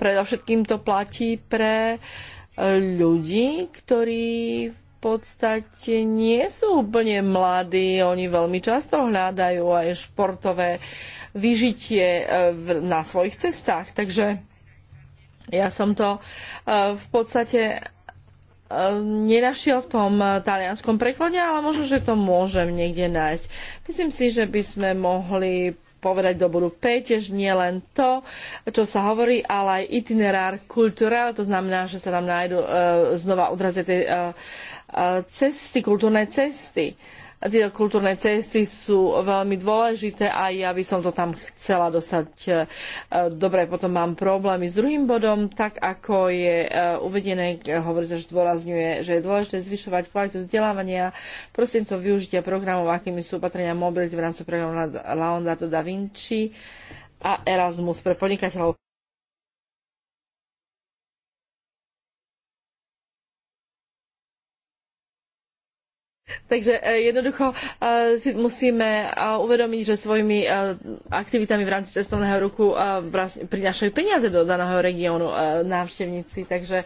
predovšetkým to platí pre eh, ľudí, ktorí v podstate nie sú úplne mladí, oni veľmi často hľadajú aj športové vyžitie eh, na svojich cestách. Takže ja som to eh, v podstate eh, nenašiel v tom talianskom preklade, ale možno, že to môžem niekde nájsť. Myslím si, že by sme mohli povedať do bodu 5, nie len to, čo sa hovorí, ale aj itinerár kulturál, to znamená, že sa tam nájdú e, znova odrazie tie e, e cesty, kultúrne cesty. E, tieto kultúrne cesty sú veľmi dôležité a ja by som to tam chcela dostať. E, dobre, potom mám problémy s druhým bodom, tak ako je e, uvedené, hovorí sa, že dôrazňuje, že je dôležité zvyšovať kvalitu vzdelávania prostredníctvom využitia programov, akými sú opatrenia mobility v rámci programu Leonardo da Vinci a Erasmus pre podnikateľov. Takže e, jednoducho e, si musíme e, uvedomiť, že svojimi aktivitami v rámci cestovného ruchu prinášajú peniaze do daného regiónu návštevníci. Takže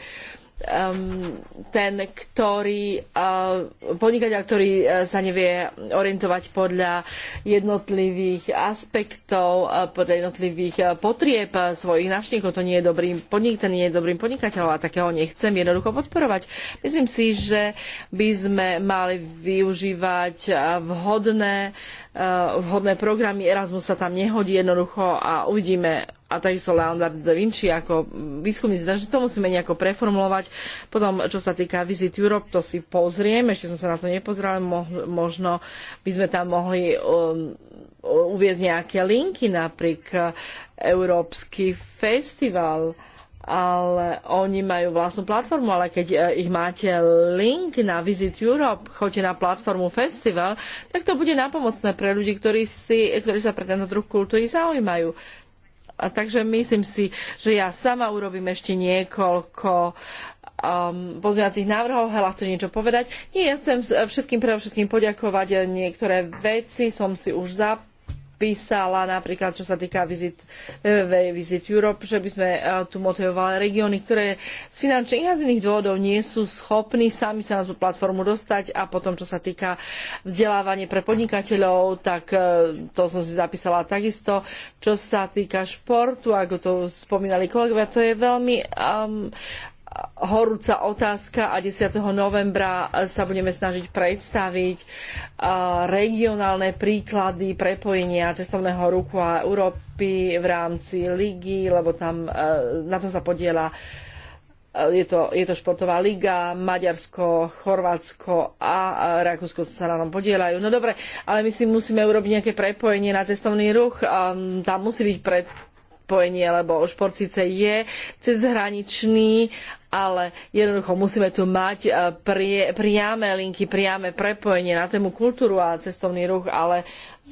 um, ten, ktorý uh, podnikateľ, ktorý uh, sa nevie orientovať podľa jednotlivých aspektov, uh, podľa jednotlivých uh, potrieb uh, svojich návštevníkov, to nie je dobrý podnik, ten nie je dobrým podnikateľom a takého nechcem jednoducho podporovať. Myslím si, že by sme mali využívať uh, vhodné uh, vhodné programy. Erasmus sa tam nehodí jednoducho a uvidíme, a takisto Leonardo da Vinci ako výskumníci, takže to musíme nejako preformulovať. Potom, čo sa týka Visit Europe, to si pozriem, ešte som sa na to nepozrela, možno by sme tam mohli um, uviezť nejaké linky, napríklad eh, Európsky festival ale oni majú vlastnú platformu, ale keď eh, ich máte link na Visit Europe, choďte na platformu Festival, tak to bude napomocné pre ľudí, ktorí, si, ktorí sa pre tento druh kultúry zaujímajú. A takže myslím si, že ja sama urobím ešte niekoľko um, pozmeňovacích návrhov. Hela, chceš niečo povedať? Nie, ja chcem všetkým predovšetkým poďakovať. E, niektoré veci som si už zap písala, napríklad čo sa týka Visit, e, Visit Europe, že by sme e, tu motivovali regióny, ktoré z finančných a z iných dôvodov nie sú schopní sami sa na tú platformu dostať a potom čo sa týka vzdelávanie pre podnikateľov, tak e, to som si zapísala takisto. Čo sa týka športu, ako to spomínali kolegovia, to je veľmi um, horúca otázka a 10. novembra sa budeme snažiť predstaviť eh, regionálne príklady prepojenia cestovného ruchu a Európy v rámci ligy, lebo tam eh, na tom sa podiela eh, je to, je to športová liga, Maďarsko, Chorvátsko a Rakúsko sa na tom podielajú. No dobre, ale my si musíme urobiť nejaké prepojenie na cestovný ruch. Ehm, tam musí byť prepojenie, lebo šport síce je cezhraničný, ale jednoducho musíme tu mať e, priame linky, priame prepojenie na tému kultúru a cestovný ruch, ale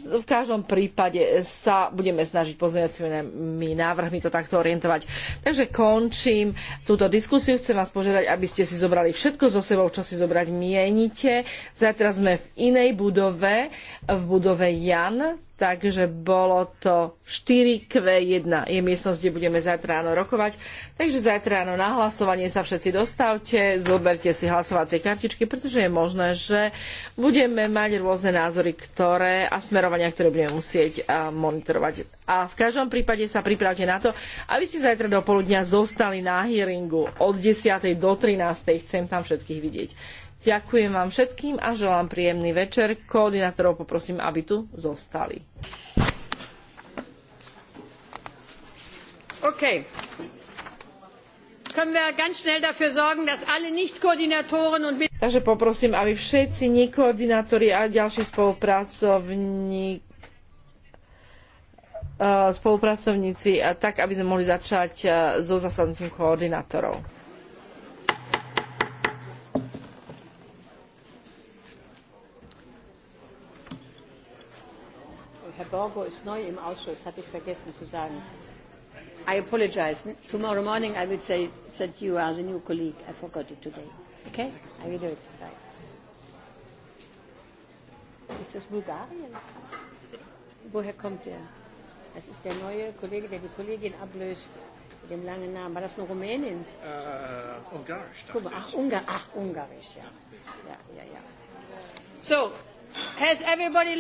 v každom prípade sa budeme snažiť pozmeňovacími návrhmi to takto orientovať. Takže končím túto diskusiu. Chcem vás požiadať, aby ste si zobrali všetko so sebou, čo si zobrať mienite. Zajtra sme v inej budove, v budove Jan, takže bolo to 4Q1 je miestnosť, kde budeme zajtra ráno rokovať. Takže zajtra ráno na hlasovanie sa všetci dostavte, zoberte si hlasovacie kartičky, pretože je možné, že budeme mať rôzne názory, ktoré a smerom varovania, ktoré budeme musieť monitorovať. A v každom prípade sa pripravte na to, aby ste zajtra do poludnia zostali na hearingu od 10. do 13. Chcem tam všetkých vidieť. Ďakujem vám všetkým a želám príjemný večer. Koordinátorov poprosím, aby tu zostali. Okay. Takže poprosím, aby všetci nekoordinátori a ďalší spolupracovník e, spolupracovníci, tak aby sme mohli začať e, so zasadnutím koordinátorov. Herr Borgo ist neu im Ausschuss, hatte ich vergessen zu sagen. I apologize. Tomorrow morning I will say that you are the new colleague. I forgot it today. Okay? I will do it. Bye. Is this Bulgarien? Woher kommt der? Das ist der neue Kollege, der die Kollegin ablöst, mit dem langen Namen. War das nur Rumänien? Äh, Ungarisch. Guck mal, ach, Ungar, ach, Ungarisch, ja. ja, ja, ja. So, has everybody